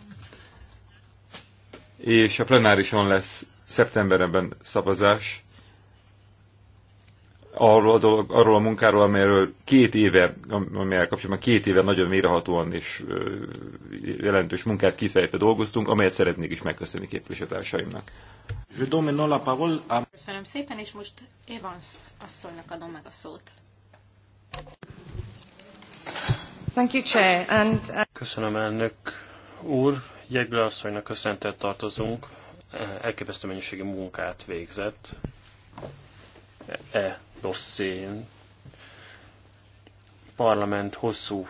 és a plenárison lesz szeptemberben szavazás arról a, dolog, arról a munkáról, amelyről két éve, amelyel kapcsolatban két éve nagyon mérhatóan és jelentős munkát kifejtve dolgoztunk, amelyet szeretnék is megköszönni képviselőtársaimnak. Köszönöm szépen, és most Evans asszonynak adom meg a szót. Thank you, Chair. And, uh... Köszönöm, elnök úr. Jegle asszonynak köszöntet tartozunk. Elképesztő mennyiségű munkát végzett. E dosszén. Parlament hosszú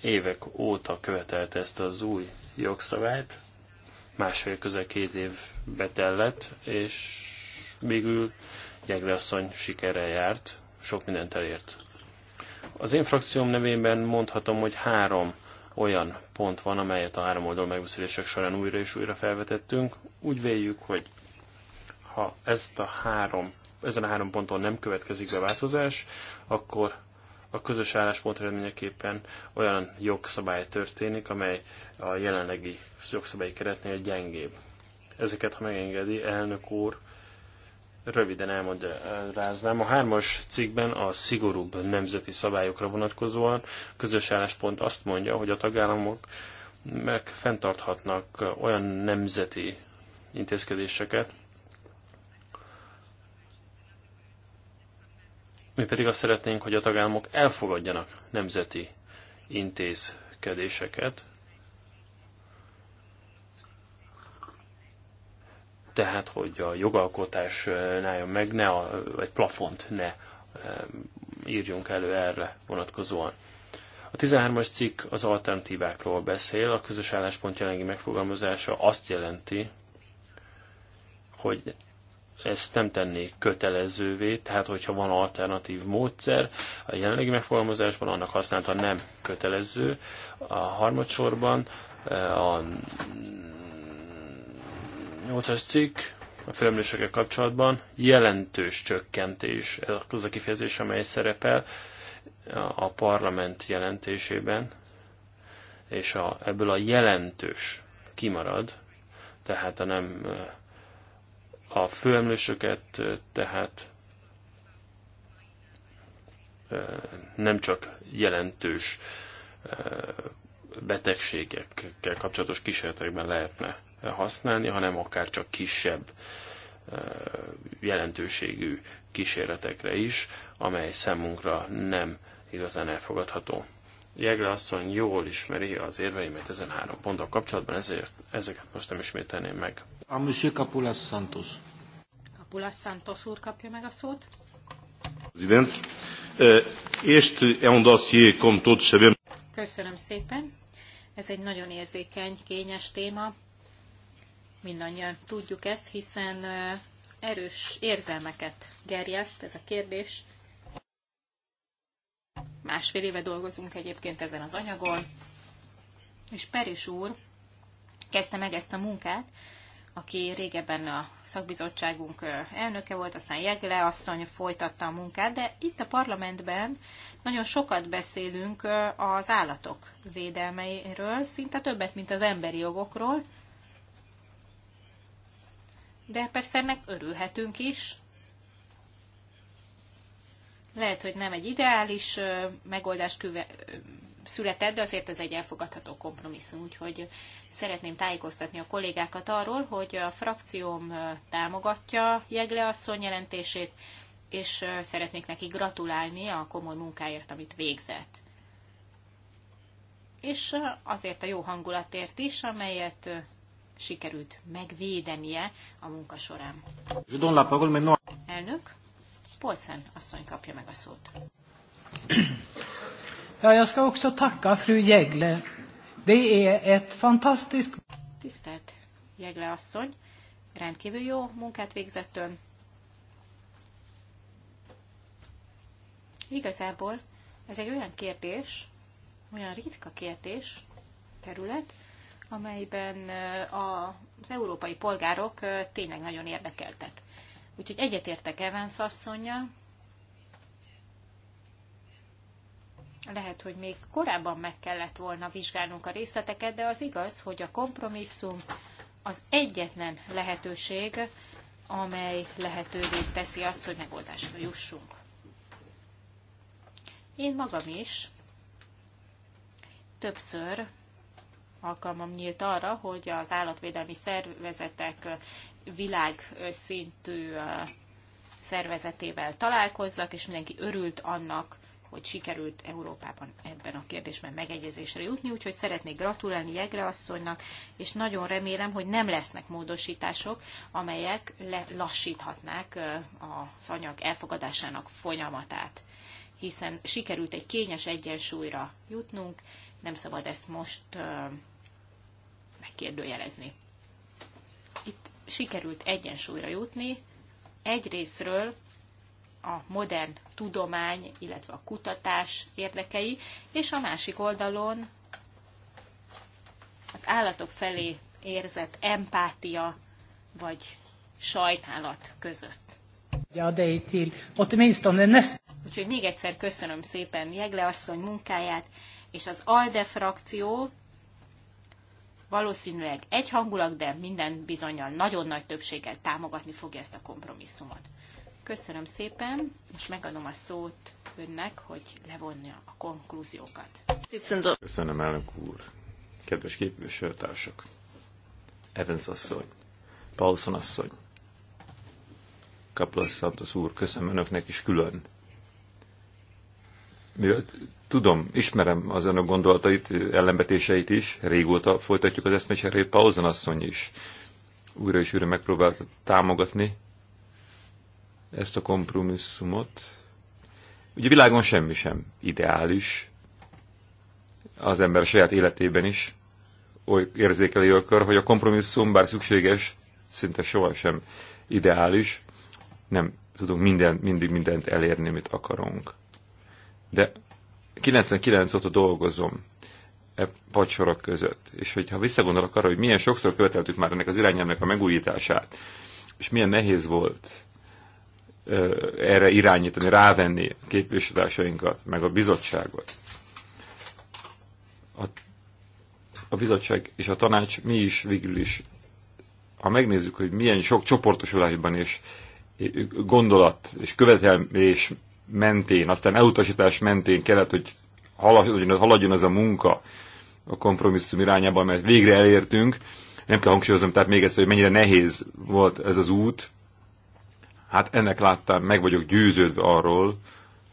évek óta követelte ezt az új jogszabályt. Másfél közel két év betellett, és végül Jegle asszony sikerrel járt, sok mindent elért. Az én frakcióm nevében mondhatom, hogy három olyan pont van, amelyet a három oldal megbeszélések során újra és újra felvetettünk. Úgy véljük, hogy ha ezt a három, ezen a három ponton nem következik be változás, akkor a közös álláspont eredményeképpen olyan jogszabály történik, amely a jelenlegi jogszabályi keretnél gyengébb. Ezeket, ha megengedi, elnök úr, röviden elmagyaráznám. A hármas cikkben a szigorúbb nemzeti szabályokra vonatkozóan közös álláspont azt mondja, hogy a tagállamok meg fenntarthatnak olyan nemzeti intézkedéseket, mi pedig azt szeretnénk, hogy a tagállamok elfogadjanak nemzeti intézkedéseket, tehát hogy a jogalkotás ne álljon meg, ne a, vagy plafont ne írjunk elő erre vonatkozóan. A 13-as cikk az alternatívákról beszél, a közös álláspont jelenlegi megfogalmazása azt jelenti, hogy ezt nem tennék kötelezővé, tehát hogyha van alternatív módszer, a jelenlegi megfogalmazásban annak használata nem kötelező. A harmadsorban a 8-as cikk a főemlősökkel kapcsolatban jelentős csökkentés, ez az a kifejezés, amely szerepel a parlament jelentésében, és a, ebből a jelentős kimarad, tehát a nem a főemlősöket, tehát nem csak jelentős betegségekkel kapcsolatos kísérletekben lehetne használni, hanem akár csak kisebb jelentőségű kísérletekre is, amely számunkra nem igazán elfogadható. Jegre asszony jól ismeri az érveimet ezen három ponttal kapcsolatban, ezért ezeket most nem ismételném meg. A Monsieur Capulas Santos. Capulas Santos úr kapja meg a szót. Presidente, este é um dossier, como todos sabemos. Köszönöm szépen. Ez egy nagyon érzékeny, kényes téma mindannyian tudjuk ezt, hiszen erős érzelmeket gerjeszt ez a kérdés. Másfél éve dolgozunk egyébként ezen az anyagon, és Peris úr kezdte meg ezt a munkát, aki régebben a szakbizottságunk elnöke volt, aztán Jegle asszony folytatta a munkát, de itt a parlamentben nagyon sokat beszélünk az állatok védelmeiről, szinte többet, mint az emberi jogokról, de persze ennek örülhetünk is. Lehet, hogy nem egy ideális megoldás küve, született, de azért ez egy elfogadható kompromisszum, úgyhogy szeretném tájékoztatni a kollégákat arról, hogy a frakcióm támogatja Jegle asszony jelentését, és szeretnék neki gratulálni a komoly munkáért, amit végzett. És azért a jó hangulatért is, amelyet sikerült megvédenie a munka során. Elnök, Polsen asszony kapja meg a szót. Ja, jag ska också tacka fru Jägle. Det är ett fantastiskt... Tisztelt Jägle asszony, rendkívül jó munkát végzett ön. Igazából ez egy olyan kérdés, olyan ritka kérdés, terület, amelyben az európai polgárok tényleg nagyon érdekeltek. Úgyhogy egyetértek Evans asszonya. Lehet, hogy még korábban meg kellett volna vizsgálnunk a részleteket, de az igaz, hogy a kompromisszum az egyetlen lehetőség, amely lehetővé teszi azt, hogy megoldásra jussunk. Én magam is többször alkalmam nyílt arra, hogy az állatvédelmi szervezetek világszintű szervezetével találkozzak, és mindenki örült annak, hogy sikerült Európában ebben a kérdésben megegyezésre jutni, úgyhogy szeretnék gratulálni Jegre asszonynak, és nagyon remélem, hogy nem lesznek módosítások, amelyek lassíthatnák az anyag elfogadásának folyamatát hiszen sikerült egy kényes egyensúlyra jutnunk, nem szabad ezt most megkérdőjelezni. Itt sikerült egyensúlyra jutni. Egyrésztről a modern tudomány, illetve a kutatás érdekei, és a másik oldalon az állatok felé érzett empátia vagy sajnálat között. Ja, de itt åtminstone Úgyhogy még egyszer köszönöm szépen Jegle asszony munkáját, és az ALDE frakció valószínűleg egyhangulag, de minden bizonyal nagyon nagy többséggel támogatni fogja ezt a kompromisszumot. Köszönöm szépen, most megadom a szót önnek, hogy levonja a konklúziókat. Köszönöm, elnök úr. Kedves képviselőtársak, Evans asszony, Paulson asszony, Kaplas Santos úr, köszönöm önöknek is külön mivel tudom, ismerem az önök gondolatait, ellenbetéseit is, régóta folytatjuk az eszmecserét, Pauzan asszony is újra és újra megpróbált támogatni ezt a kompromisszumot. Ugye világon semmi sem ideális, az ember saját életében is oly érzékeli olykor, hogy a kompromisszum, bár szükséges, szinte sohasem ideális, nem tudunk minden, mindig mindent elérni, amit akarunk de 99 óta dolgozom e pacsorok között. És hogyha visszagondolok arra, hogy milyen sokszor követeltük már ennek az irányelvnek a megújítását, és milyen nehéz volt ö, erre irányítani, rávenni képviselőtársainkat, meg a bizottságot. A, a bizottság és a tanács mi is végül is, ha megnézzük, hogy milyen sok csoportosulásban és gondolat és követelmény és mentén, aztán elutasítás mentén kellett, hogy haladjon, haladjon ez a munka a kompromisszum irányába, mert végre elértünk. Nem kell hangsúlyoznom, tehát még egyszer, hogy mennyire nehéz volt ez az út. Hát ennek láttam, meg vagyok győződve arról,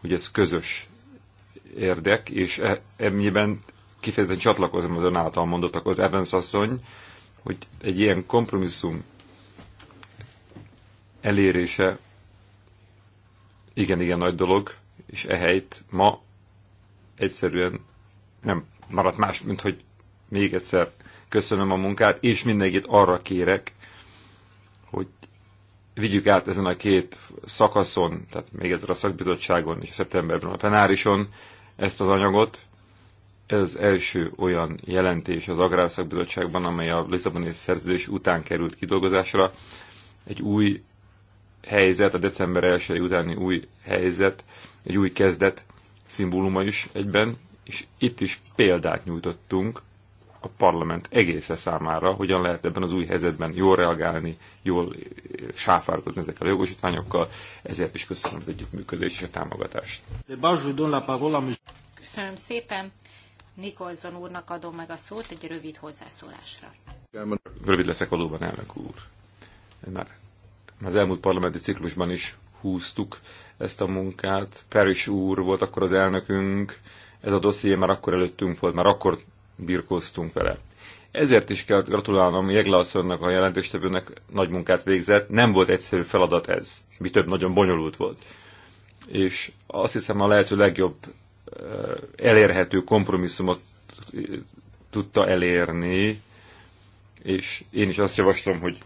hogy ez közös érdek, és ennyiben kifejezetten csatlakozom az ön által mondottak az Evans asszony, hogy egy ilyen kompromisszum elérése igen, igen nagy dolog, és ehelyt ma egyszerűen nem maradt más, mint hogy még egyszer köszönöm a munkát, és mindenkit arra kérek, hogy vigyük át ezen a két szakaszon, tehát még egyszer a szakbizottságon és szeptemberben a tenárison ezt az anyagot. Ez az első olyan jelentés az Agrárszakbizottságban, amely a Lisszaboni szerződés után került kidolgozásra. Egy új helyzet, a december 1 utáni új helyzet, egy új kezdet szimbóluma is egyben, és itt is példát nyújtottunk a parlament egésze számára, hogyan lehet ebben az új helyzetben jól reagálni, jól eh, sáfárkodni ezekkel a jogosítványokkal, ezért is köszönöm az együttműködést és a támogatást. Köszönöm szépen. Nikolzon úrnak adom meg a szót egy rövid hozzászólásra. Rövid leszek valóban, elnök úr. Én már az elmúlt parlamenti ciklusban is húztuk ezt a munkát. Peris úr volt akkor az elnökünk, ez a dosszié már akkor előttünk volt, már akkor birkóztunk vele. Ezért is kell gratulálnom Jegle asszonynak, a jelentéstevőnek nagy munkát végzett. Nem volt egyszerű feladat ez, mi több nagyon bonyolult volt. És azt hiszem a lehető legjobb eh, elérhető kompromisszumot eh, tudta elérni, és én is azt javaslom, hogy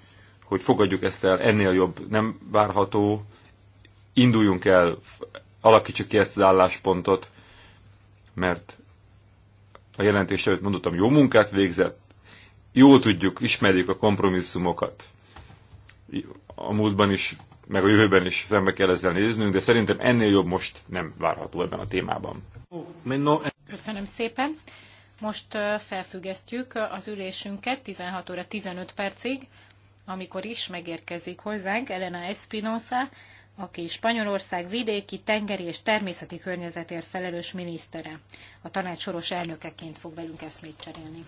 hogy fogadjuk ezt el, ennél jobb nem várható, induljunk el, alakítsuk ki ezt az álláspontot, mert a jelentés előtt mondottam, jó munkát végzett, jól tudjuk, ismerjük a kompromisszumokat. A múltban is, meg a jövőben is szembe kell ezzel néznünk, de szerintem ennél jobb most nem várható ebben a témában. Köszönöm szépen. Most felfüggesztjük az ülésünket 16 óra 15 percig amikor is megérkezik hozzánk Elena Espinosa, aki Spanyolország vidéki, tengeri és természeti környezetért felelős minisztere. A tanács soros elnökeként fog velünk eszmét cserélni.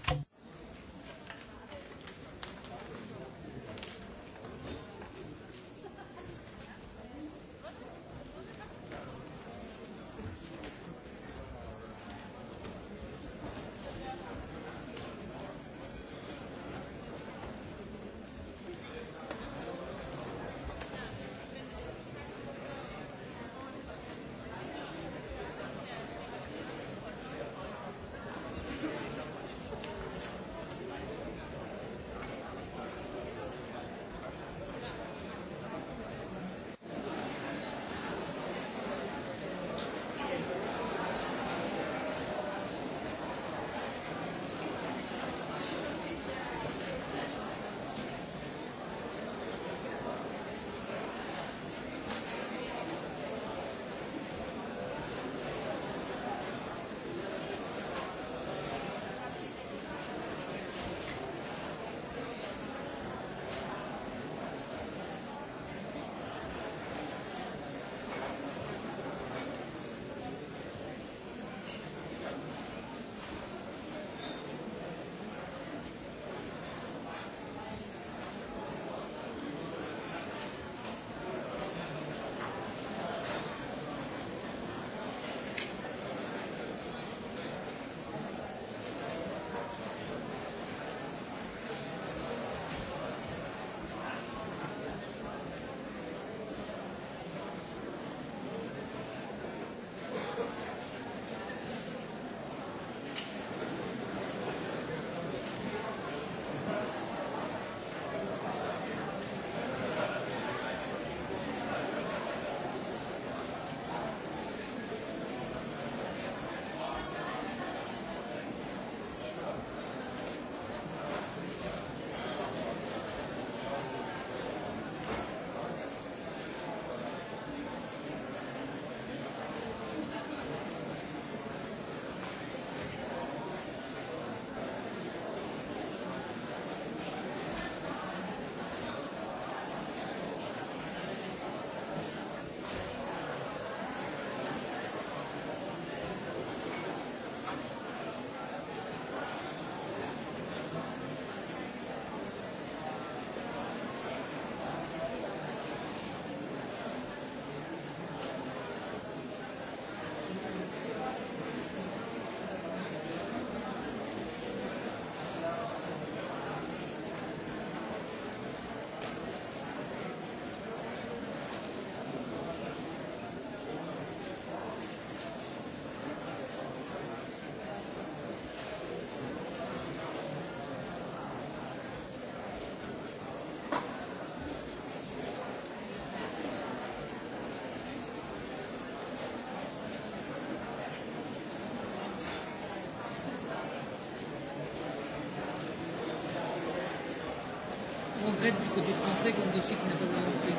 que des Français comme des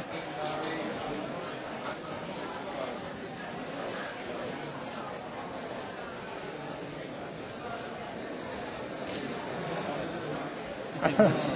pas Ha ha.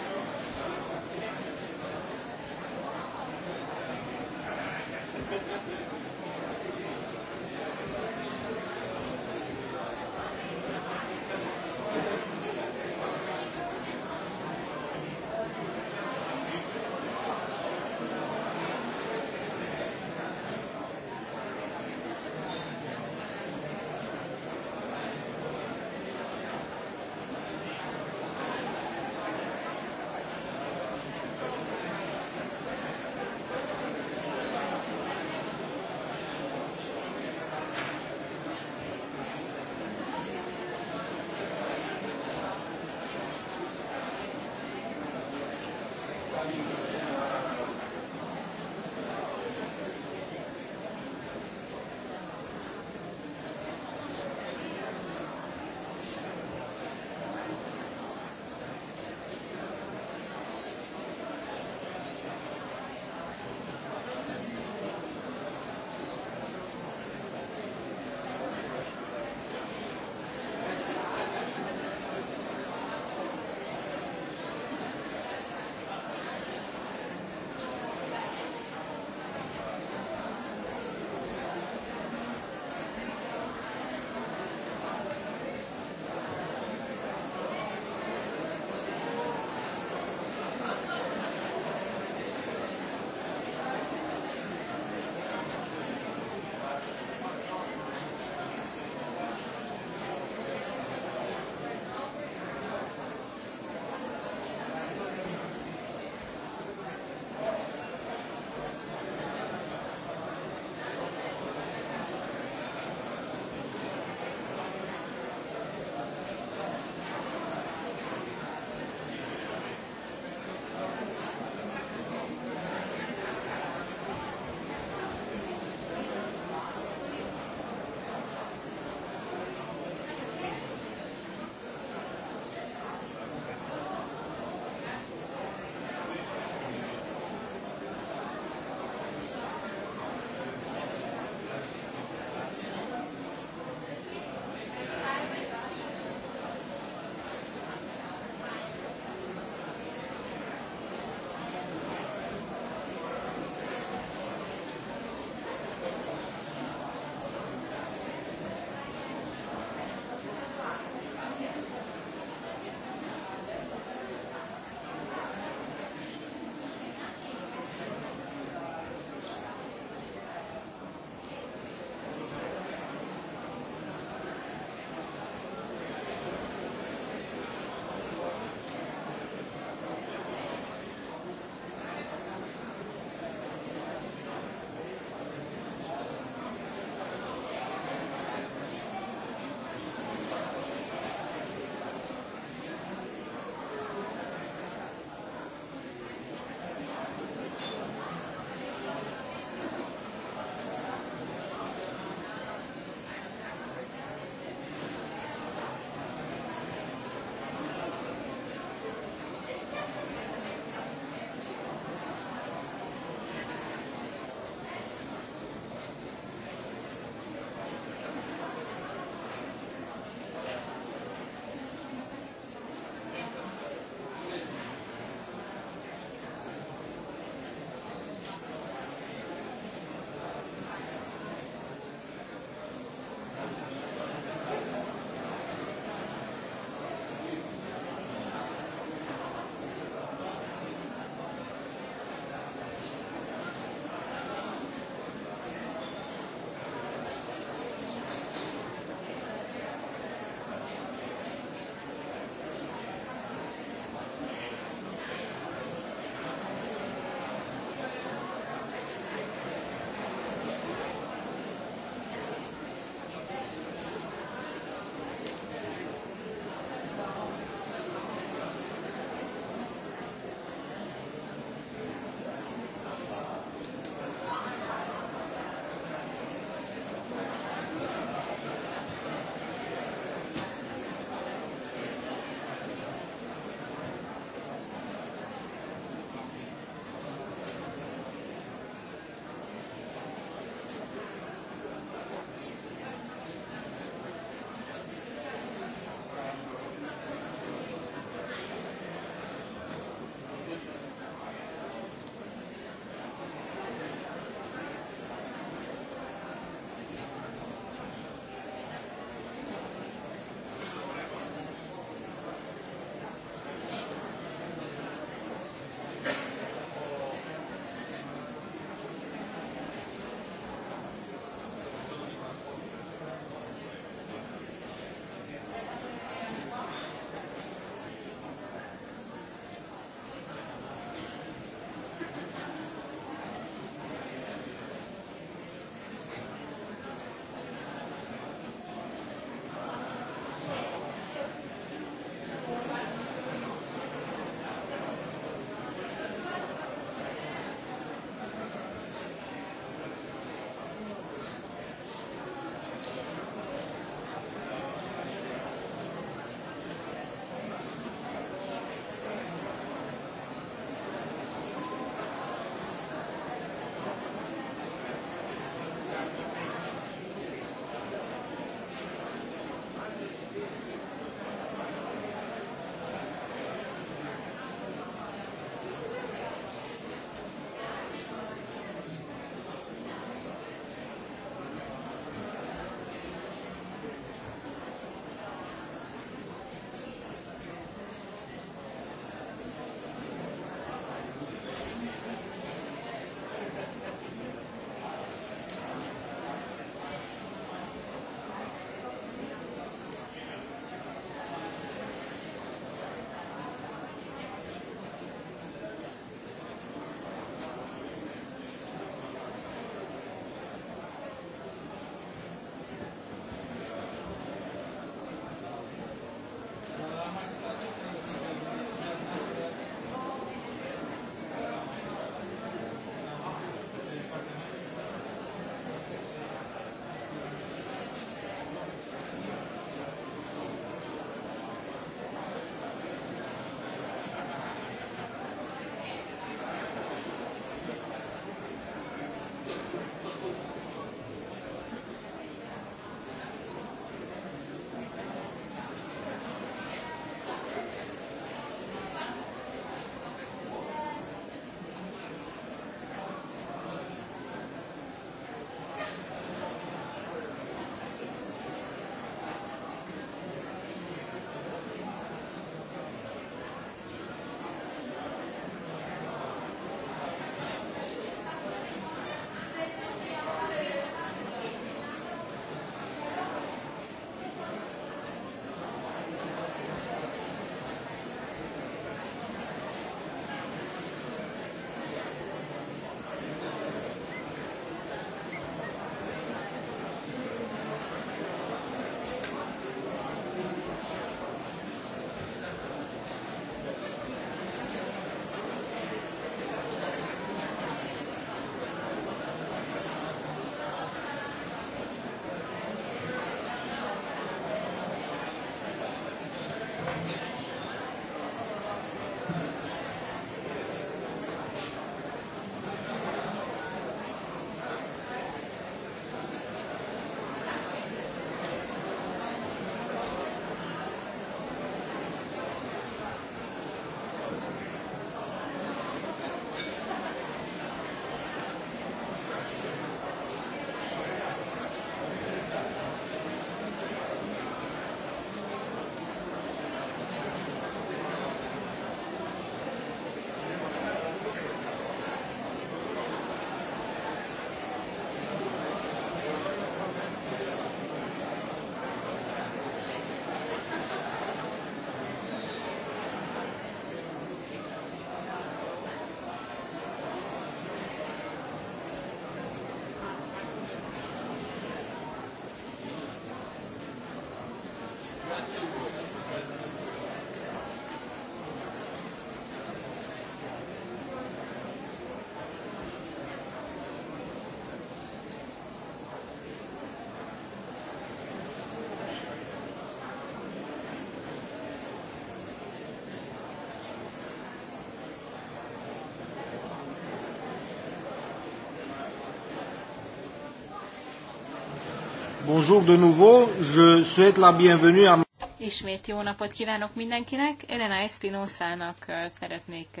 Bonjour de nouveau, je souhaite la bienvenue à... Ismét jó napot kívánok mindenkinek. Elena Espinosa-nak szeretnék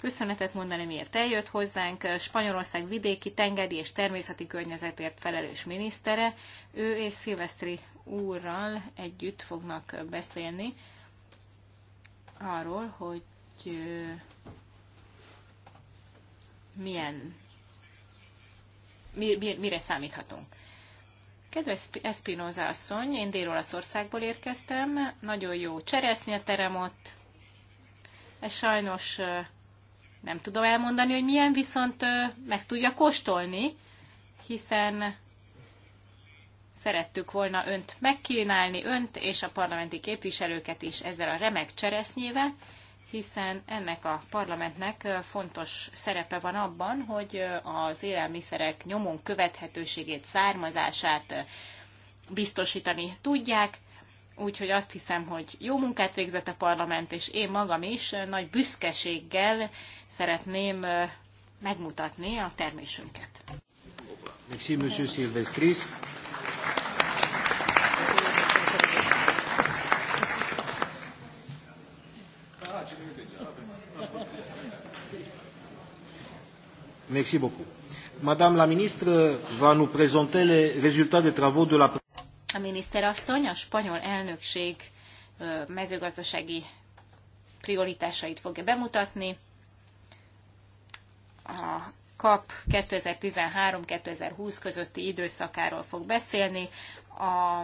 köszönetet mondani, miért eljött hozzánk. Spanyolország vidéki, tengeri és természeti környezetért felelős minisztere. Ő és Szilvesztri úrral együtt fognak beszélni arról, hogy milyen, mi, mire számíthatunk. Kedves Espinoza asszony, én Dél-Olaszországból érkeztem, nagyon jó cseresznye a terem ott. Ez sajnos nem tudom elmondani, hogy milyen, viszont meg tudja kóstolni, hiszen szerettük volna önt megkínálni, önt és a parlamenti képviselőket is ezzel a remek cseresznyével hiszen ennek a parlamentnek fontos szerepe van abban, hogy az élelmiszerek nyomon követhetőségét, származását biztosítani tudják, úgyhogy azt hiszem, hogy jó munkát végzett a parlament, és én magam is nagy büszkeséggel szeretném megmutatni a termésünket. Merci, Merci beaucoup. Madame la ministre va nous présenter les résultats des travaux de la... A miniszterasszony a spanyol elnökség mezőgazdasági prioritásait fogja bemutatni. A KAP 2013-2020 közötti időszakáról fog beszélni. A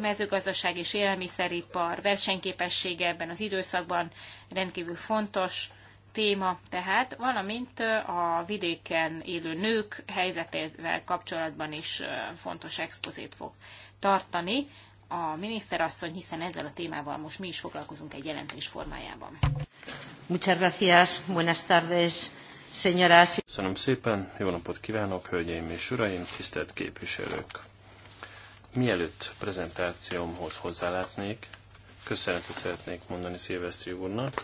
mezőgazdaság és élelmiszeripar versenyképessége ebben az időszakban rendkívül fontos téma tehát, valamint a vidéken élő nők helyzetével kapcsolatban is fontos expozét fog tartani a miniszterasszony, hiszen ezzel a témával most mi is foglalkozunk egy jelentés formájában. Muchas gracias, buenas tardes, señoras. Köszönöm szépen, jó napot kívánok, hölgyeim és uraim, tisztelt képviselők! Mielőtt prezentációmhoz hozzálátnék, köszönetet szeretnék mondani Szilveszti úrnak,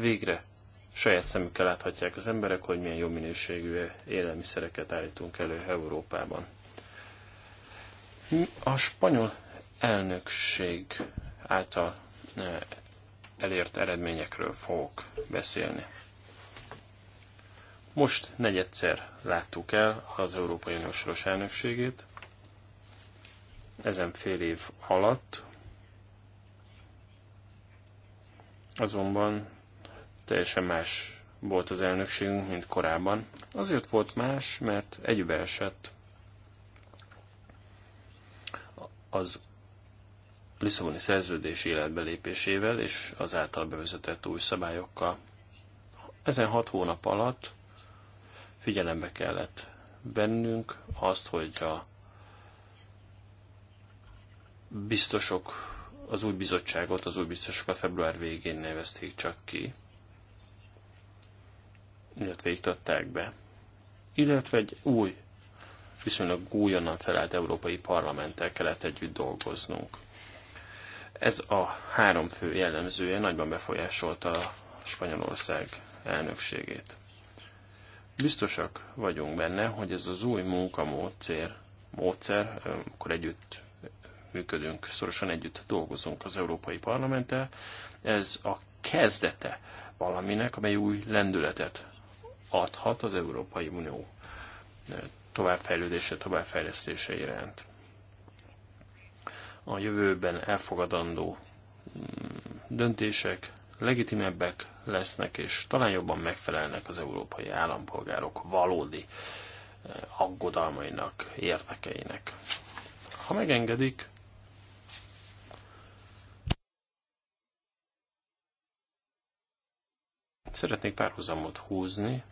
végre saját szemükkel láthatják az emberek, hogy milyen jó minőségű élelmiszereket állítunk elő Európában. A spanyol elnökség által eh, elért eredményekről fogok beszélni. Most negyedszer láttuk el az Európai Uniós elnökségét. Ezen fél év alatt azonban teljesen más volt az elnökségünk, mint korábban. Azért volt más, mert egybeesett az Lisszaboni szerződés életbelépésével és az által bevezetett új szabályokkal. Ezen hat hónap alatt figyelembe kellett bennünk azt, hogy a biztosok, az új bizottságot, az új biztosokat február végén nevezték csak ki illetve iktatták be, illetve egy új, viszonylag újonnan felállt európai parlamenttel kellett együtt dolgoznunk. Ez a három fő jellemzője nagyban befolyásolta a Spanyolország elnökségét. Biztosak vagyunk benne, hogy ez az új munkamódszer, módszer, amikor együtt működünk, szorosan együtt dolgozunk az Európai Parlamenttel, ez a kezdete valaminek, amely új lendületet adhat az Európai Unió továbbfejlődése, továbbfejlesztése iránt. A jövőben elfogadandó mm, döntések legitimebbek lesznek, és talán jobban megfelelnek az európai állampolgárok valódi aggodalmainak, érdekeinek. Ha megengedik, szeretnék párhuzamot húzni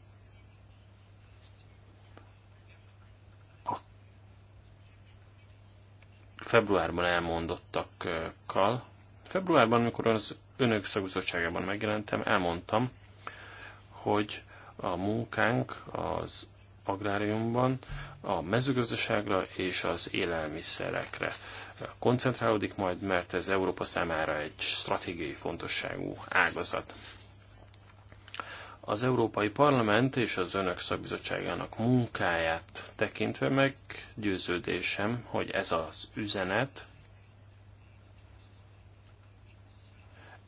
februárban elmondottakkal. Februárban, amikor az önök szakbizottságában megjelentem, elmondtam, hogy a munkánk az agráriumban a mezőgazdaságra és az élelmiszerekre koncentrálódik majd, mert ez Európa számára egy stratégiai fontosságú ágazat. Az Európai Parlament és az Önök szakbizottságának munkáját tekintve meggyőződésem, hogy ez az üzenet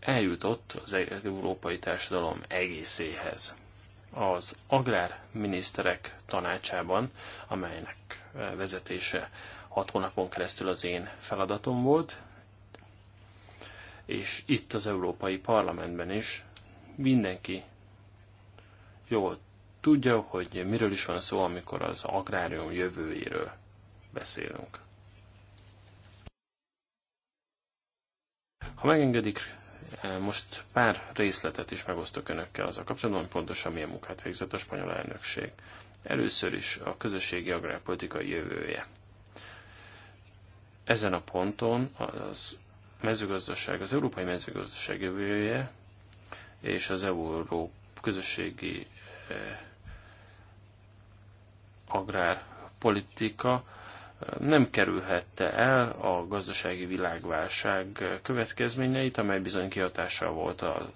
eljutott az e- európai társadalom egészéhez. Az agrárminiszterek tanácsában, amelynek e, vezetése hat hónapon keresztül az én feladatom volt, és itt az Európai Parlamentben is mindenki jó. tudja, hogy miről is van szó, amikor az agrárium jövőjéről beszélünk. Ha megengedik, eh, most pár részletet is megosztok önökkel az a kapcsolatban, hogy pontosan milyen munkát végzett a spanyol elnökség. Először is a közösségi agrárpolitika jövője. Ezen a ponton az mezőgazdaság, az európai mezőgazdaság jövője és az euró közösségi Eh, agrárpolitika eh, nem kerülhette el a gazdasági világválság következményeit, amely bizony kihatással volt a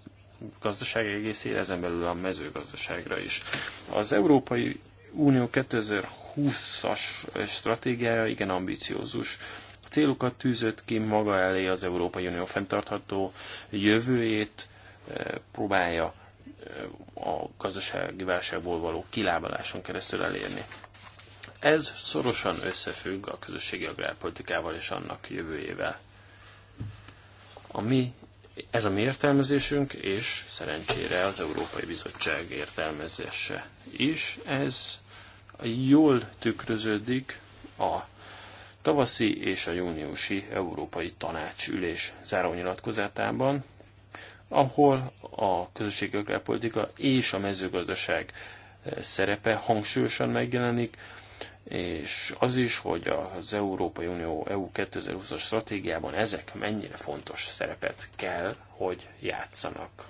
gazdaság egészére, ezen belül a mezőgazdaságra is. Az Európai Unió 2020-as stratégiája igen ambiciózus. A célokat tűzött ki maga elé az Európai Unió fenntartható jövőjét, eh, próbálja a gazdasági válságból való kilábaláson keresztül elérni. Ez szorosan összefügg a közösségi agrárpolitikával és annak jövőjével. A mi, ez a mi értelmezésünk, és szerencsére az Európai Bizottság értelmezése is. Ez jól tükröződik a tavaszi és a júniusi Európai Tanács ülés zárónyilatkozatában, ahol a közösségi agrárpolitika és a mezőgazdaság eh, szerepe hangsúlyosan megjelenik, és az is, hogy az Európai Unió EU 2020-as stratégiában ezek mennyire fontos szerepet kell, hogy játszanak.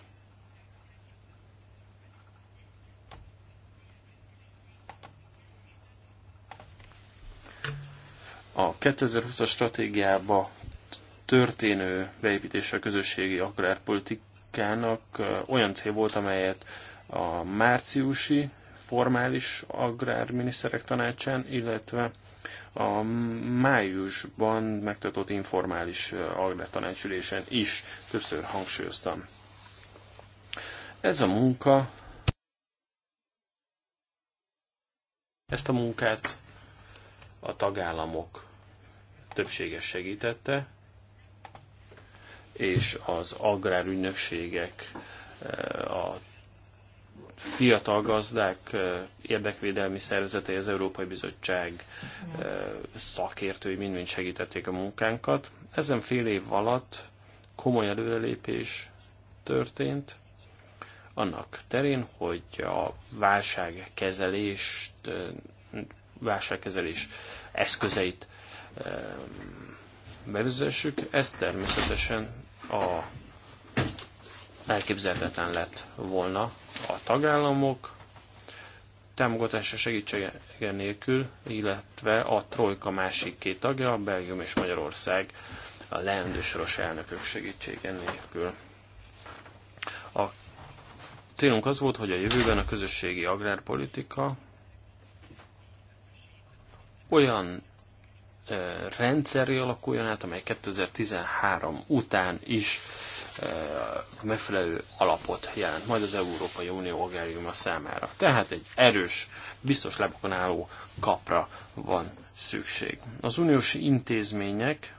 A 2020-as stratégiába történő beépítése a közösségi agrárpolitik munkának olyan cél volt, amelyet a márciusi formális agrárminiszterek tanácsán, illetve a májusban megtartott informális agrártanácsülésen is többször hangsúlyoztam. Ez a munka, ezt a munkát a tagállamok többséges segítette, és az agrárügynökségek, eh, a fiatal gazdák eh, érdekvédelmi szervezetei, az Európai Bizottság eh, szakértői mind-mind segítették a munkánkat. Ezen fél év alatt komoly előrelépés történt annak terén, hogy a válságkezelést, válságkezelés eszközeit bevezessük. Ez természetesen a elképzelhetetlen lett volna a tagállamok támogatása segítsége nélkül, illetve a Trojka másik két tagja, a Belgium és Magyarország a leendő soros elnökök segítsége nélkül. A célunk az volt, hogy a jövőben a közösségi agrárpolitika olyan rendszerre alakuljon át, amely 2013 után is a megfelelő alapot jelent majd az Európai Unió agráriuma számára. Tehát egy erős, biztos lábokon álló kapra van szükség. Az uniós intézmények,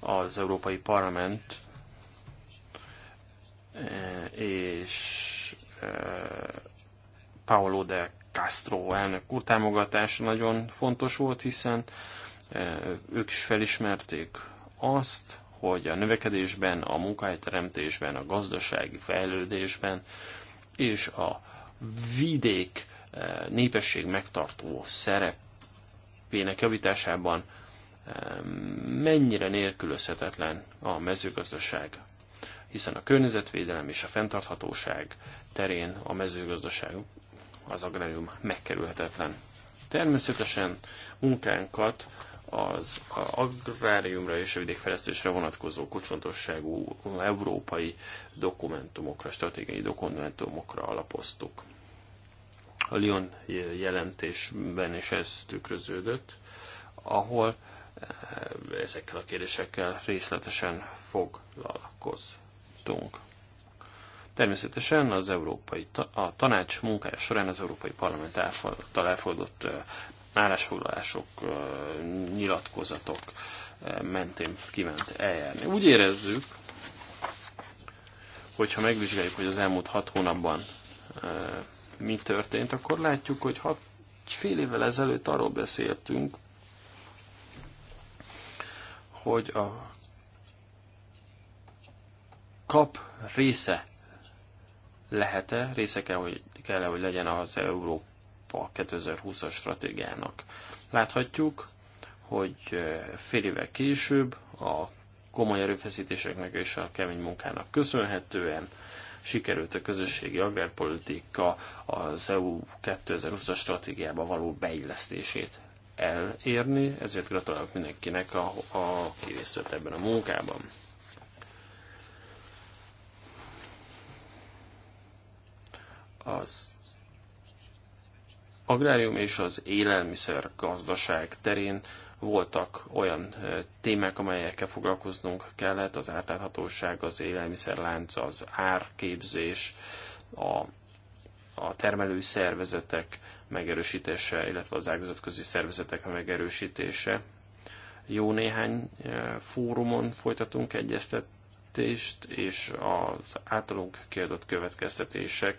az Európai Parlament és Paolo de Castro elnök úr támogatása nagyon fontos volt, hiszen Eh, ők is felismerték azt, hogy a növekedésben, a munkahelyteremtésben, a gazdasági fejlődésben és a vidék eh, népesség megtartó szerepének javításában eh, mennyire nélkülözhetetlen a mezőgazdaság, hiszen a környezetvédelem és a fenntarthatóság terén a mezőgazdaság az agrárium megkerülhetetlen. Természetesen munkánkat az agráriumra és a vidékfejlesztésre vonatkozó kocsontosságú európai dokumentumokra, stratégiai dokumentumokra alapoztuk. A Lyon jelentésben is ez tükröződött, ahol eh, ezekkel a kérdésekkel részletesen foglalkoztunk. Természetesen az Európai a Tanács munkája során az Európai Parlament által elfogadott eh, állásfoglalások, nyilatkozatok mentén kívánt eljárni. Úgy érezzük, hogyha megvizsgáljuk, hogy az elmúlt hat hónapban mi történt, akkor látjuk, hogy hat, fél évvel ezelőtt arról beszéltünk, hogy a kap része lehet-e, része kell, hogy, kell -e, hogy legyen az Európa a 2020-as stratégiának. Láthatjuk, hogy fél évvel később a komoly erőfeszítéseknek és a kemény munkának köszönhetően sikerült a közösségi agrárpolitika az EU 2020-as stratégiába való beillesztését elérni, ezért gratulálok mindenkinek, a, a, ki részt vett ebben a munkában. Az agrárium és az élelmiszer gazdaság terén voltak olyan témák, amelyekkel foglalkoznunk kellett, az átláthatóság, az élelmiszerlánc, az árképzés, a, a termelői szervezetek megerősítése, illetve az ágazatközi szervezetek megerősítése. Jó néhány fórumon folytatunk egyeztet, jelentést és az általunk kiadott következtetések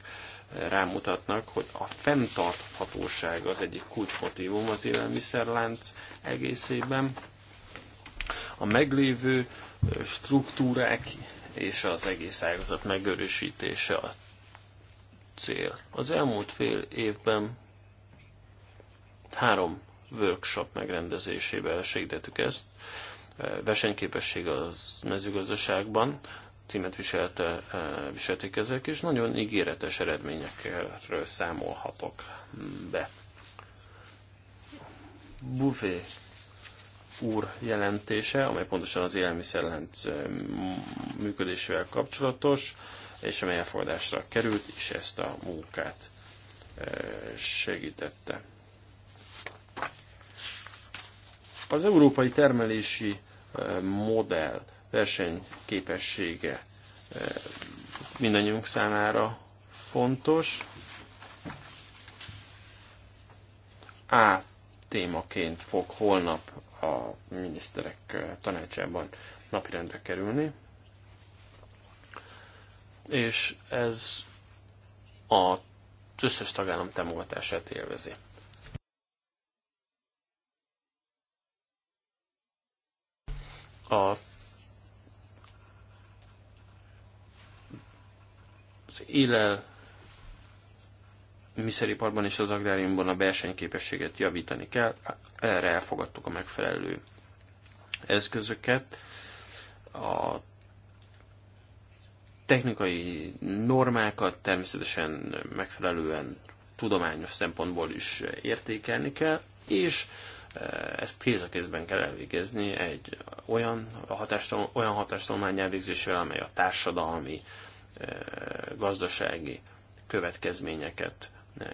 rámutatnak, hogy a fenntarthatóság az egyik kulcsmotívum az élelmiszerlánc egészében. A meglévő struktúrák és az egész ágazat megörösítése a cél. Az elmúlt fél évben három workshop megrendezésével segítettük ezt versenyképesség az mezőgazdaságban címet viselte, e, viselték ezek, és nagyon ígéretes eredményekről számolhatok be. Buffet úr jelentése, amely pontosan az élelmiszerlent működésével kapcsolatos, és amely elfogadásra került, és ezt a munkát e, segítette. Az európai termelési modell versenyképessége eh, mindannyiunk számára fontos. A témaként fog holnap a miniszterek eh, tanácsában napirendre kerülni. És ez a összes tagállam támogatását élvezi. a az élel miszeriparban és az agráriumban a versenyképességet javítani kell. Erre elfogadtuk a megfelelő eszközöket. A technikai normákat természetesen megfelelően tudományos szempontból is értékelni kell, és ezt kéz a kézben kell elvégezni egy olyan, hatástól, olyan hatástolmány elvégzésével, amely a társadalmi, gazdasági következményeket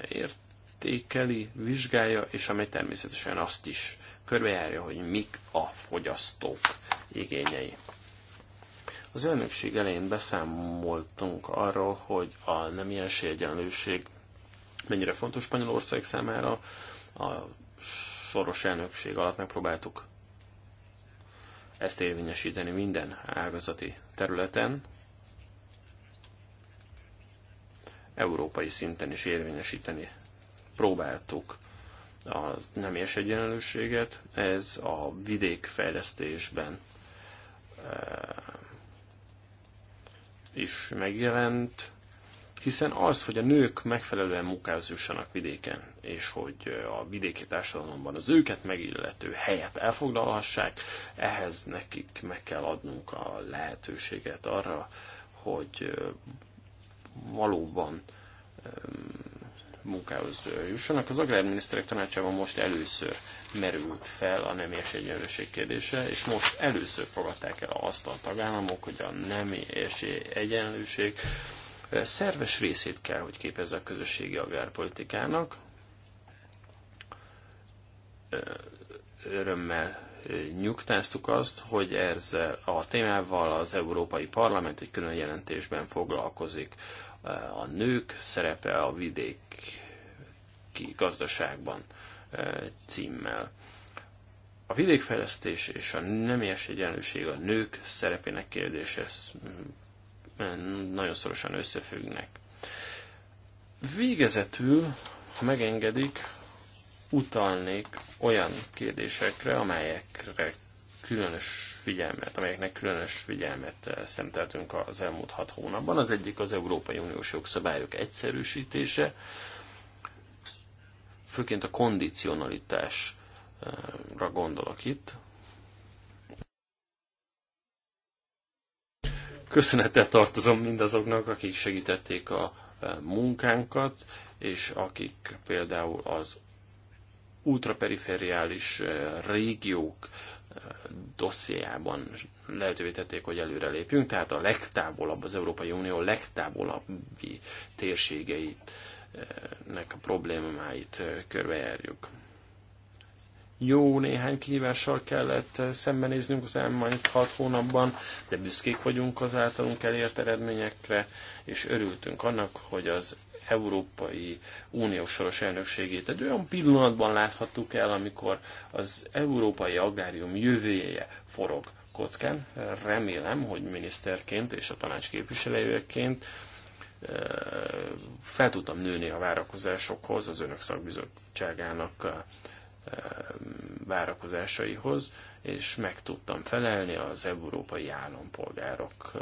értékeli, vizsgálja, és amely természetesen azt is körbejárja, hogy mik a fogyasztók igényei. Az elnökség elején beszámoltunk arról, hogy a nem ilyen egyenlőség mennyire fontos Spanyolország számára, a soros elnökség alatt megpróbáltuk ezt érvényesíteni minden ágazati területen, európai szinten is érvényesíteni próbáltuk a nemies egyenlőséget. Ez a vidékfejlesztésben eh, is megjelent, hiszen az, hogy a nők megfelelően munkához jussanak vidéken, és hogy a vidéki társadalomban az őket megillető helyet elfoglalhassák, ehhez nekik meg kell adnunk a lehetőséget arra, hogy valóban munkához jussanak. Az agrárminiszterek tanácsában most először merült fel a nemies egyenlőség kérdése, és most először fogadták el azt a tagállamok, hogy a nemi és egyenlőség szerves részét kell, hogy képezze a közösségi agrárpolitikának. Örömmel nyugtáztuk azt, hogy ez a témával az Európai Parlament egy külön jelentésben foglalkozik. A nők szerepe a vidéki gazdaságban címmel. A vidékfejlesztés és a nemies egyenlőség a nők szerepének kérdése mm, nagyon szorosan összefüggnek. Végezetül, ha megengedik, utalnék olyan kérdésekre, amelyekre különös figyelmet, amelyeknek különös figyelmet eh, szenteltünk az elmúlt hat hónapban. Az egyik az Európai Uniós jogszabályok egyszerűsítése, főként a kondicionalitásra gondolok itt. Köszönettel tartozom mindazoknak, akik segítették a e, munkánkat, és akik például az ultraperiferiális e, régiók e, dossziában lehetővé tették, hogy előrelépjünk, tehát a legtávolabb, az Európai Unió legtávolabbi térségeinek a problémáit körbejárjuk jó néhány kihívással kellett eh, szembenéznünk az elmúlt hat hónapban, de büszkék vagyunk az általunk elért eredményekre, és örültünk annak, hogy az Európai Uniós soros elnökségét egy olyan pillanatban láthattuk el, amikor az európai agrárium jövője forog kockán. Remélem, hogy miniszterként és a tanács képviselőjeként eh, fel tudtam nőni a várakozásokhoz az önök szakbizottságának eh, Eh, várakozásaihoz, és meg tudtam felelni az európai állampolgárok eh,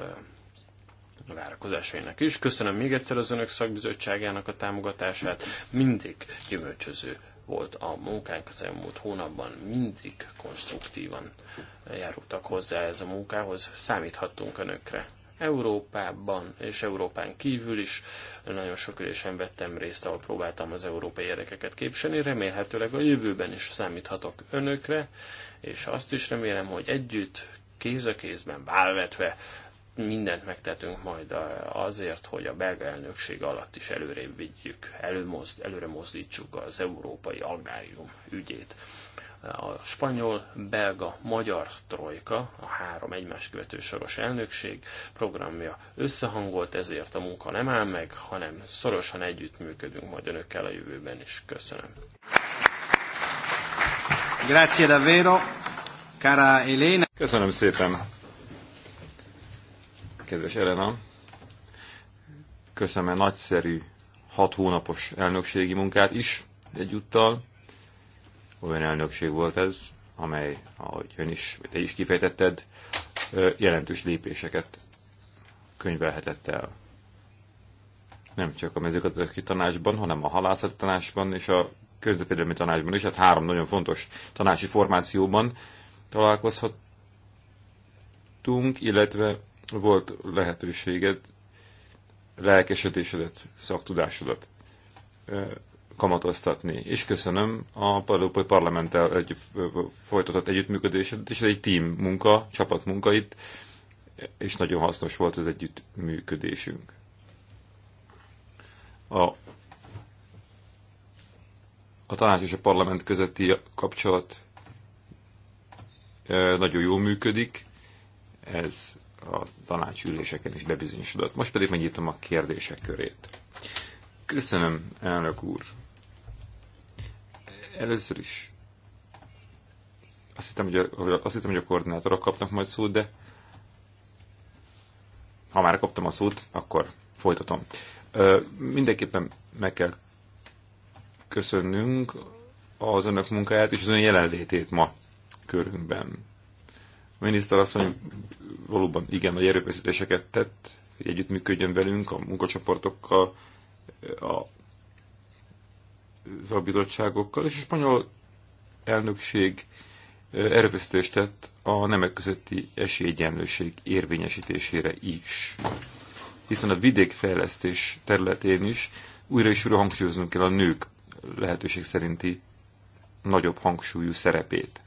várakozásainak is. Köszönöm még egyszer az Önök szakbizottságának a támogatását. Mindig gyümölcsöző volt a munkánk az elmúlt hónapban, mindig konstruktívan járultak hozzá ez a munkához. Számíthattunk Önökre. Európában és Európán kívül is nagyon sok ülésen vettem részt, ahol próbáltam az európai érdekeket képviselni. Remélhetőleg a jövőben is számíthatok önökre, és azt is remélem, hogy együtt, kéz a kézben, válvetve mindent megtetünk majd azért, hogy a belga elnökség alatt is előrébb vigyük, előmozd, előre mozdítsuk az európai agrárium ügyét a spanyol, belga, magyar trojka, a három egymás követő soros elnökség programja összehangolt, ezért a munka nem áll meg, hanem szorosan együttműködünk majd önökkel a jövőben is. Köszönöm. Grazie davvero, cara Elena. Köszönöm szépen, kedves Elena. Köszönöm a nagyszerű hat hónapos elnökségi munkát is egyúttal olyan elnökség volt ez, amely, ahogy ön is, te is kifejtetted, jelentős lépéseket könyvelhetett el. Nem csak a mezőgazdasági tanácsban, hanem a halászati tanácsban és a közvetvédelmi tanácsban is, hát három nagyon fontos tanácsi formációban találkozhattunk, illetve volt lehetőséged lelkesedésedet, szaktudásodat kamatoztatni. És köszönöm a Európai Parlamenttel egy, folytatott együttműködéset, és ez egy team munka, csapatmunka itt, és nagyon hasznos volt az együttműködésünk. A, a tanács és a parlament közötti kapcsolat nagyon jól működik, ez a tanácsüléseken is bebizonyosodott. Most pedig megnyitom a kérdések körét. Köszönöm, elnök úr! Először is azt hittem, hogy a, azt hittem, hogy a koordinátorok kapnak majd szót, de ha már kaptam a szót, akkor folytatom. Ö, mindenképpen meg kell köszönnünk az önök munkáját és az ön jelenlétét ma körünkben. A miniszterasszony valóban igen nagy erőfeszítéseket tett, hogy együttműködjön velünk a munkacsoportokkal, a szakbizottságokkal, és a spanyol elnökség erőfeszítést tett a nemek közötti esélyegyenlőség érvényesítésére is. Hiszen a vidékfejlesztés területén is újra és újra hangsúlyoznunk kell a nők lehetőség szerinti nagyobb hangsúlyú szerepét.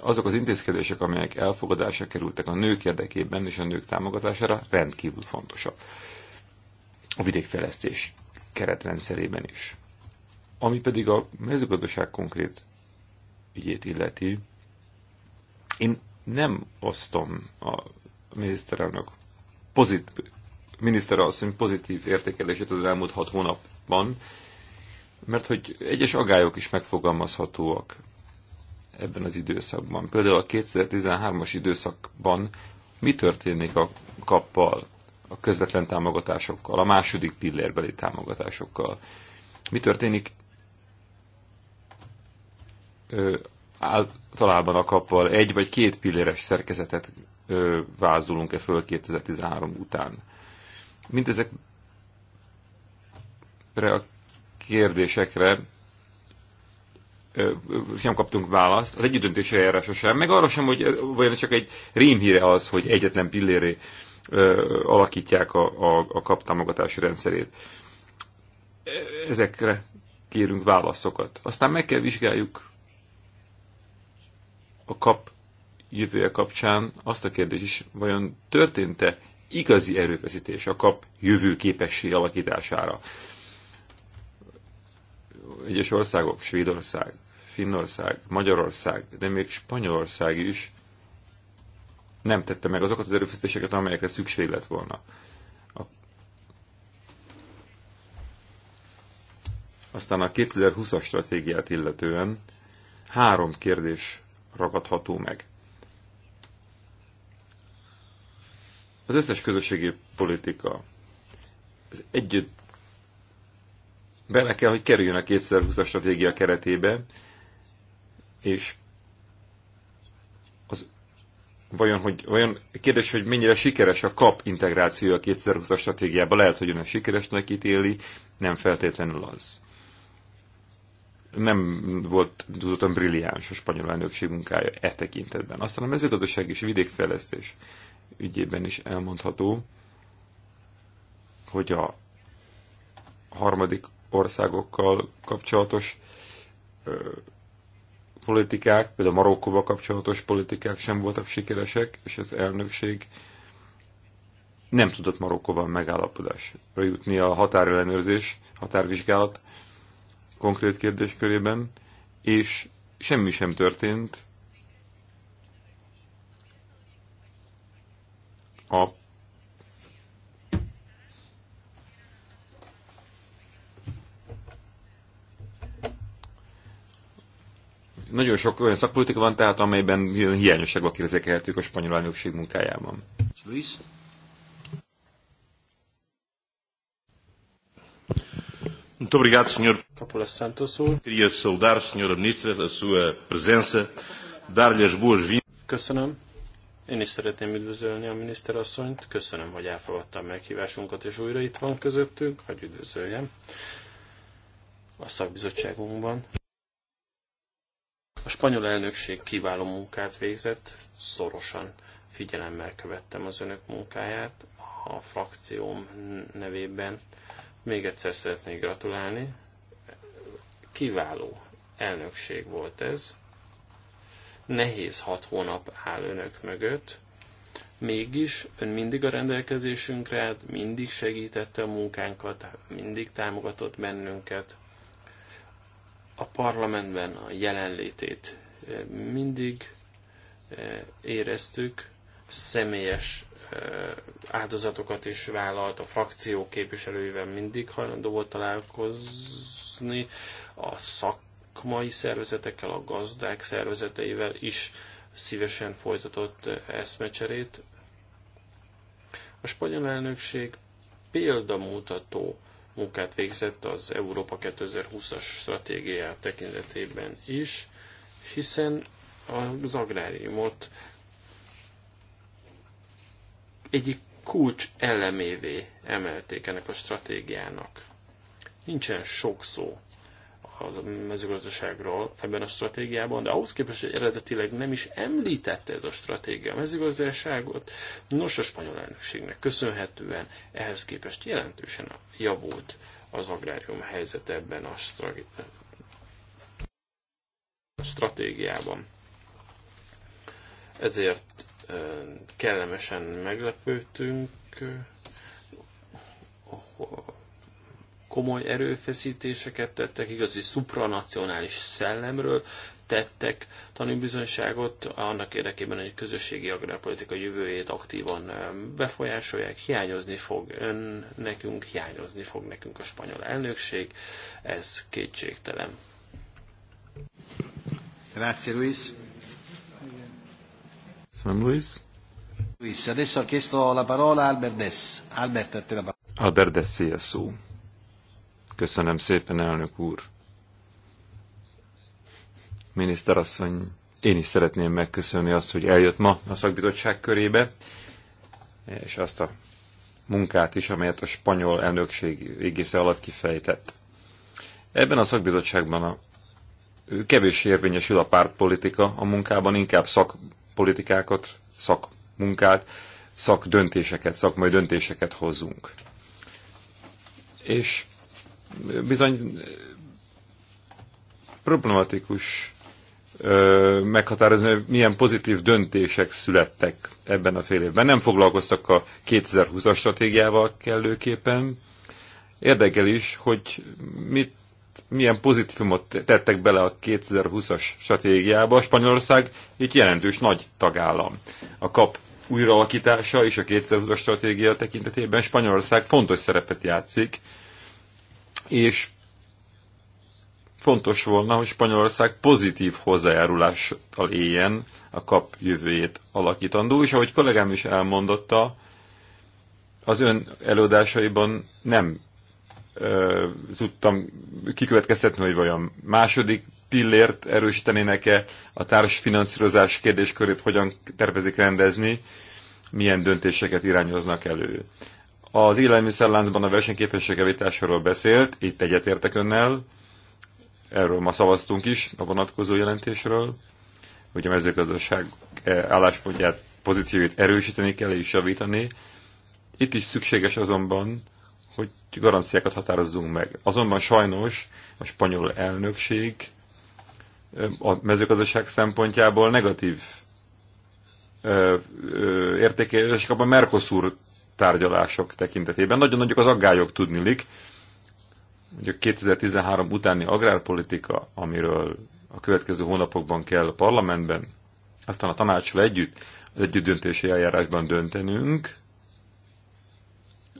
Azok az intézkedések, amelyek elfogadásra kerültek a nők érdekében és a nők támogatására rendkívül fontosak. A vidékfejlesztés keretrendszerében is. Ami pedig a mezőgazdaság konkrét ügyét illeti, én nem osztom a miniszterelnök miniszter miniszterasszony pozitív értékelését az elmúlt hat hónapban, mert hogy egyes agályok is megfogalmazhatóak ebben az időszakban. Például a 2013-as időszakban mi történik a kappal? a közvetlen támogatásokkal, a második pillérbeli támogatásokkal. Mi történik ö, általában a kappal? Egy vagy két pilléres szerkezetet ö, vázolunk-e föl 2013 után? Mindezek a kérdésekre sem kaptunk választ, az együttdöntési eljárása sem, meg arra sem, hogy vajon csak egy rémhíre az, hogy egyetlen pilléré alakítják a, a, a kaptámogatási rendszerét. Ezekre kérünk válaszokat. Aztán meg kell vizsgáljuk a kap jövője kapcsán azt a kérdést is, vajon történt-e igazi erőfeszítés a kap jövőképesség alakítására. Egyes országok, Svédország, Finnország, Magyarország, de még Spanyolország is nem tette meg azokat az erőfeszítéseket, amelyekre szükség lett volna. A... Aztán a 2020-as stratégiát illetően három kérdés ragadható meg. Az összes közösségi politika az együtt bele kell, hogy kerüljön a 2020-as stratégia keretébe, és vajon, hogy, vajon kérdés, hogy mennyire sikeres a kap integrációja a 2020-as stratégiába. Lehet, hogy ön sikeresnek ítéli, nem feltétlenül az. Nem volt tudottan brilliáns a spanyol elnökség munkája e tekintetben. Aztán a mezőgazdaság és vidékfejlesztés ügyében is elmondható, hogy a harmadik országokkal kapcsolatos politikák, például Marokkóval kapcsolatos politikák sem voltak sikeresek, és az elnökség nem tudott Marokkóval megállapodásra jutni a határellenőrzés, határvizsgálat konkrét kérdéskörében, és semmi sem történt a Nagyon sok olyan szakpolitika van tehát, amelyben hiányosságok érzékelhetők a spanyol elnökség munkájában. Luis? Muito obrigado, Sr. Capula Santos. Queria saudar, Sra. Ministra, a sua presença, dar-lhe as boas-vindas. Köszönöm. Én is szeretném üdvözölni a miniszterasszonyt. Köszönöm, hogy elfogadta a meghívásunkat, és újra itt van közöttünk. Hogy üdvözöljem a szakbizottságunkban. A spanyol elnökség kiváló munkát végzett, szorosan figyelemmel követtem az önök munkáját a frakcióm nevében. Még egyszer szeretnék gratulálni. Kiváló elnökség volt ez. Nehéz hat hónap áll önök mögött. Mégis ön mindig a rendelkezésünkre állt, mindig segítette a munkánkat, mindig támogatott bennünket a parlamentben a jelenlétét eh, mindig eh, éreztük, személyes eh, áldozatokat is vállalt, a frakció képviselőivel mindig hajlandó volt találkozni, a szakmai szervezetekkel, a gazdák szervezeteivel is szívesen folytatott eszmecserét. A spanyol elnökség példamutató munkát végzett az Európa 2020-as stratégiá tekintetében is, hiszen az agráriumot egyik kulcs elemévé emelték ennek a stratégiának. Nincsen sok szó a mezőgazdaságról ebben a stratégiában, de ahhoz képest, hogy eredetileg nem is említette ez a stratégia a mezőgazdaságot, nos a spanyol elnökségnek köszönhetően ehhez képest jelentősen javult az agrárium helyzet ebben a, stratégiában. Ezért kellemesen meglepődtünk, komoly erőfeszítéseket tettek, igazi supranacionális szellemről tettek tanúbizonyságot annak érdekében, hogy a közösségi agrárpolitika jövőjét aktívan befolyásolják. Hiányozni fog ön nekünk, hiányozni fog nekünk a spanyol elnökség, ez kétségtelen. Grazie Luis. Köszönöm Luis. Luis, adesso ha chiesto la parola Albert Dess. Albert, a te la parola. Albert Dess, szó. Köszönöm szépen, elnök úr. Miniszterasszony, én is szeretném megköszönni azt, hogy eljött ma a szakbizottság körébe, és azt a munkát is, amelyet a spanyol elnökség égésze alatt kifejtett. Ebben a szakbizottságban a kevés érvényesül a pártpolitika a munkában, inkább szakpolitikákat, szakmunkát, szakdöntéseket, szakmai döntéseket hozunk. És bizony problematikus meghatározni, hogy milyen pozitív döntések születtek ebben a fél évben. Nem foglalkoztak a 2020-as stratégiával kellőképpen. Érdekel is, hogy mit, milyen pozitívumot tettek bele a 2020-as stratégiába. Spanyolország itt jelentős nagy tagállam. A kap újraalakítása és a 2020-as stratégia tekintetében Spanyolország fontos szerepet játszik, és fontos volna, hogy Spanyolország pozitív hozzájárulással éljen a kap jövőjét alakítandó, és ahogy kollégám is elmondotta, az ön előadásaiban nem ö, tudtam kikövetkeztetni, hogy vajon második pillért erősítenének-e, a társfinanszírozás kérdéskörét hogyan tervezik rendezni, milyen döntéseket irányoznak elő. Az élelmiszerláncban a versenyképesség javításáról beszélt, itt egyetértek önnel, erről ma szavaztunk is a vonatkozó jelentésről, hogy a mezőgazdaság eh, álláspontját, pozícióit erősíteni kell és javítani. Itt is szükséges azonban, hogy garanciákat határozzunk meg. Azonban sajnos a spanyol elnökség eh, a mezőgazdaság szempontjából negatív eh, értékelés kap a Mercosur tárgyalások tekintetében. Nagyon nagyok az aggályok tudnilik. Ugye 2013 utáni agrárpolitika, amiről a következő hónapokban kell a parlamentben, aztán a tanácsra együtt, az együtt döntési eljárásban döntenünk,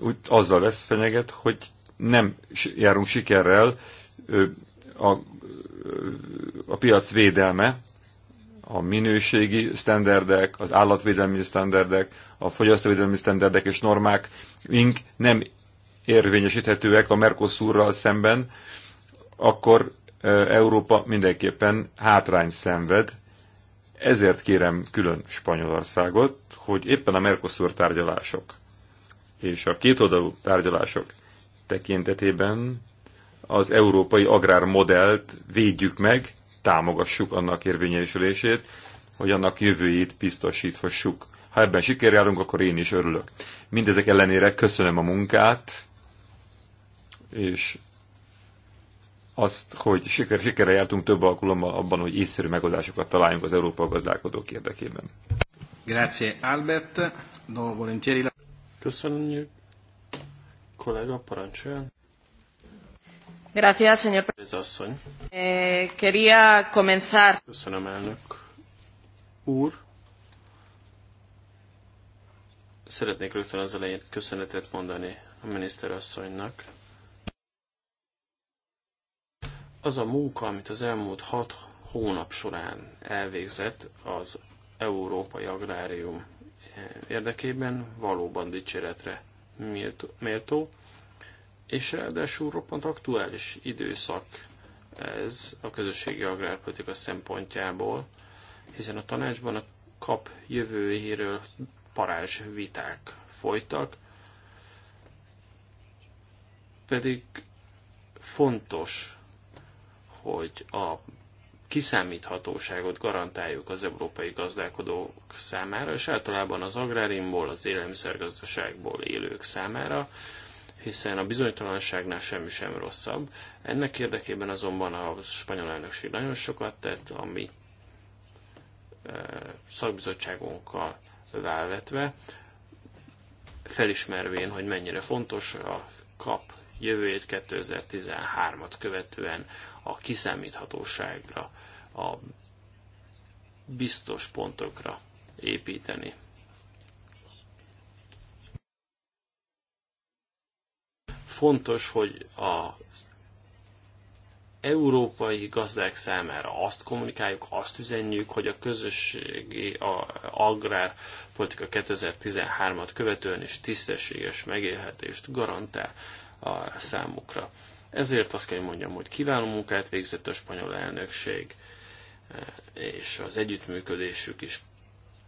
úgy azzal lesz fenyeget, hogy nem járunk sikerrel a, a piac védelme a minőségi sztenderdek, az állatvédelmi sztenderdek, a fogyasztóvédelmi sztenderdek és normák ink nem érvényesíthetőek a Mercosurral szemben, akkor Európa mindenképpen hátrány szenved. Ezért kérem külön Spanyolországot, hogy éppen a Mercosur tárgyalások és a kétoldalú tárgyalások tekintetében az európai agrármodellt védjük meg, támogassuk annak érvényesülését, hogy annak jövőjét biztosíthassuk. Ha ebben sikerjárunk, akkor én is örülök. Mindezek ellenére köszönöm a munkát, és azt, hogy siker, sikerre jártunk több alkalommal abban, hogy észszerű megoldásokat találjunk az Európa gazdálkodók érdekében. Grazie Albert, volentieri. Köszönjük, kollega parancsoljon. Gracias, señor asszony. Eh, quería comenzar. Köszönöm, elnök úr. Szeretnék rögtön az elején köszönetet mondani a miniszterasszonynak. Az a munka, amit az elmúlt hat hónap során elvégzett az Európai Agrárium érdekében, valóban dicséretre méltó és ráadásul roppant aktuális időszak ez a közösségi agrárpolitika szempontjából, hiszen a tanácsban a kap jövőjéről parázs viták folytak, pedig fontos, hogy a kiszámíthatóságot garantáljuk az európai gazdálkodók számára, és általában az agrárimból, az élelmiszergazdaságból élők számára, hiszen a bizonytalanságnál semmi sem rosszabb. Ennek érdekében azonban a spanyol elnökség nagyon sokat tett, ami e, szakbizottságunkkal válvetve, felismervén, hogy mennyire fontos a kap jövőjét 2013-at követően a kiszámíthatóságra, a biztos pontokra építeni. fontos, hogy a európai gazdák számára azt kommunikáljuk, azt üzenjük, hogy a közösségi a agrárpolitika 2013-at követően is tisztességes megélhetést garantál a számukra. Ezért azt kell mondjam, hogy kiváló munkát végzett a spanyol elnökség, és az együttműködésük is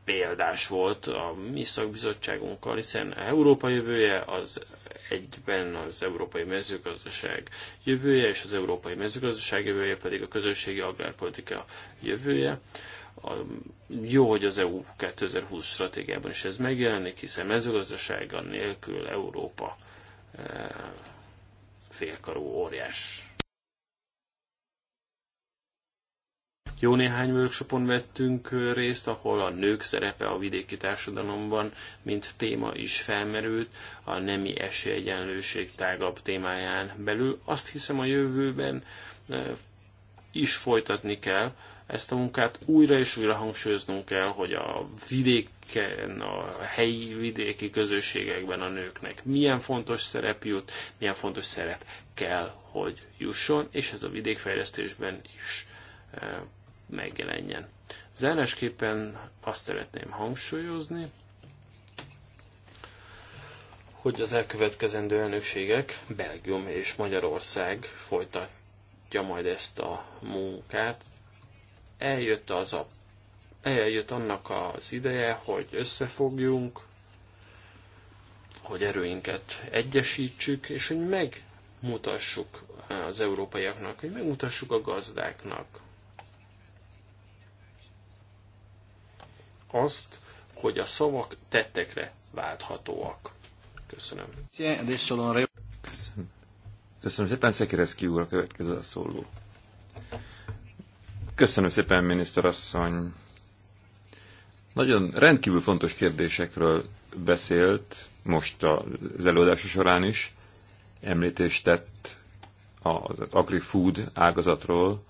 példás volt a mi szakbizottságunkkal, hiszen Európa jövője az egyben az európai mezőgazdaság jövője, és az európai mezőgazdaság jövője pedig a közösségi agrárpolitika jövője. A, jó, hogy az EU 2020 stratégiában is ez megjelenik, hiszen mezőgazdasága nélkül Európa e, félkarú óriás Jó néhány workshopon vettünk részt, ahol a nők szerepe a vidéki társadalomban, mint téma is felmerült, a nemi esélyegyenlőség tágabb témáján belül. Azt hiszem a jövőben is folytatni kell, ezt a munkát újra és újra hangsúlyoznunk kell, hogy a vidéken, a helyi vidéki közösségekben a nőknek milyen fontos szerep jut, milyen fontos szerep kell, hogy jusson, és ez a vidékfejlesztésben is megjelenjen. Zárásképpen azt szeretném hangsúlyozni, hogy az elkövetkezendő elnökségek, Belgium és Magyarország folytatja majd ezt a munkát. Eljött, az a, eljött annak az ideje, hogy összefogjunk, hogy erőinket egyesítsük, és hogy megmutassuk az európaiaknak, hogy megmutassuk a gazdáknak, azt, hogy a szavak tettekre válthatóak. Köszönöm. Köszönöm, Köszönöm szépen, Szekereszki úr a következő a szóló. Köszönöm szépen, miniszterasszony. Nagyon rendkívül fontos kérdésekről beszélt, most az előadása során is említést tett az agri-food ágazatról,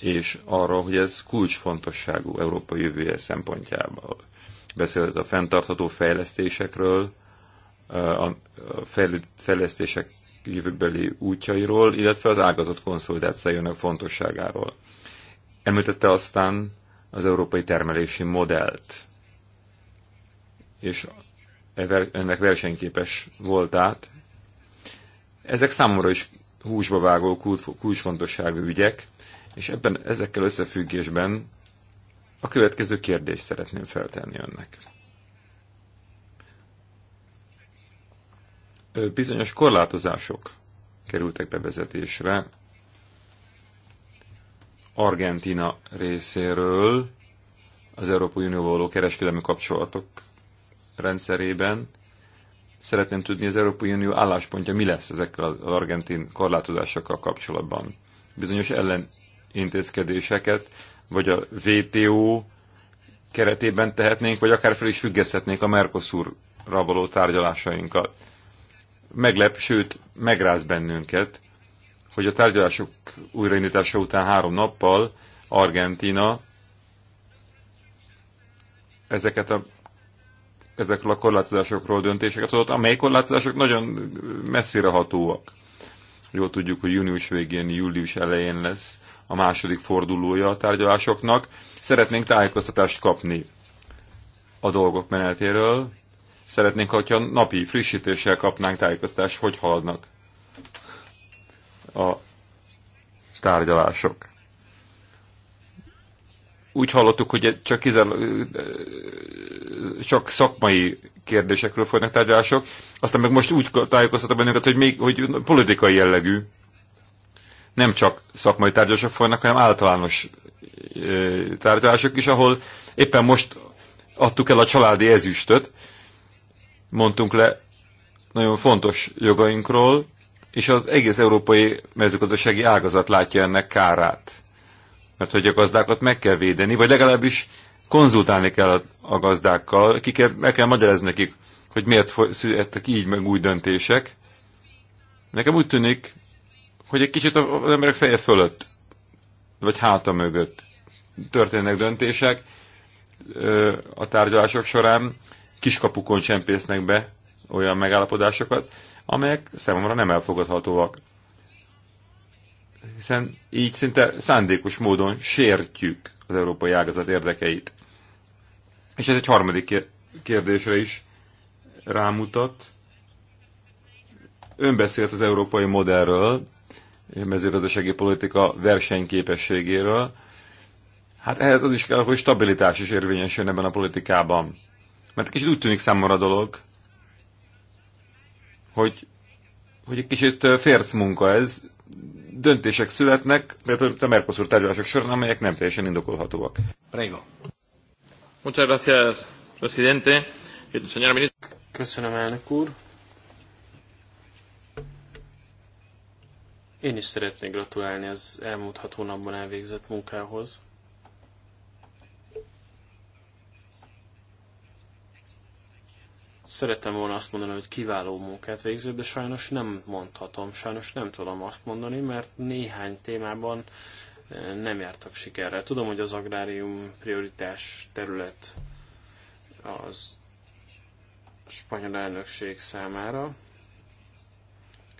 és arra, hogy ez kulcsfontosságú Európa jövője szempontjából. Beszélt a fenntartható fejlesztésekről, a fejlesztések jövőbeli útjairól, illetve az ágazott konszolidációjának fontosságáról. Említette aztán az európai termelési modellt, és e ennek versenyképes voltát. Ezek számomra is húsba vágó kulcsfontosságú ügyek, és ebben ezekkel összefüggésben a következő kérdést szeretném feltenni önnek. Bizonyos korlátozások kerültek bevezetésre Argentina részéről az Európai Unióval való kereskedelmi kapcsolatok rendszerében. Szeretném tudni, az Európai Unió álláspontja mi lesz ezekkel az argentin korlátozásokkal kapcsolatban. Bizonyos ellen intézkedéseket, vagy a WTO keretében tehetnénk, vagy akár fel is függeszthetnénk a Mercosurra való tárgyalásainkat. Meglep, sőt, megráz bennünket, hogy a tárgyalások újraindítása után három nappal Argentina ezeket a, ezekről a korlátozásokról döntéseket adott, amely korlátozások nagyon messzire hatóak. Jól tudjuk, hogy június végén, július elején lesz a második fordulója a tárgyalásoknak. Szeretnénk tájékoztatást kapni a dolgok menetéről. Szeretnénk, hogyha napi frissítéssel kapnánk tájékoztatást, hogy haladnak a tárgyalások. Úgy hallottuk, hogy csak, kizel, csak szakmai kérdésekről folynak tárgyalások, aztán meg most úgy tájékoztatta bennünket, hogy, még, hogy politikai jellegű nem csak szakmai tárgyalások folynak, hanem általános tárgyalások is, ahol éppen most adtuk el a családi ezüstöt, mondtunk le nagyon fontos jogainkról, és az egész európai mezőgazdasági ágazat látja ennek kárát. Mert hogy a gazdákat meg kell védeni, vagy legalábbis konzultálni kell a gazdákkal, ki kell, meg kell magyarázni nekik, hogy miért születtek így meg új döntések. Nekem úgy tűnik, hogy egy kicsit az emberek feje fölött, vagy háta mögött történnek döntések a tárgyalások során, kiskapukon csempésznek be olyan megállapodásokat, amelyek számomra nem elfogadhatóak. Hiszen így szinte szándékos módon sértjük az európai ágazat érdekeit. És ez egy harmadik kérdésre is rámutat. Ön beszélt az európai modellről, mezőgazdasági politika versenyképességéről. Hát ehhez az is kell, hogy stabilitás is érvényesül ebben a politikában. Mert kicsit úgy tűnik számomra a dolog, hogy, hogy egy kicsit férc munka ez, döntések születnek, mert a Mercosur tárgyalások során, amelyek nem teljesen indokolhatóak. Prego. Muchas gracias, presidente. Köszönöm, elnök úr. Én is szeretnék gratulálni az elmúlt hat hónapban elvégzett munkához. Szerettem volna azt mondani, hogy kiváló munkát végzett, de sajnos nem mondhatom, sajnos nem tudom azt mondani, mert néhány témában eh, nem jártak sikerre. Tudom, hogy az agrárium prioritás terület az spanyol elnökség számára,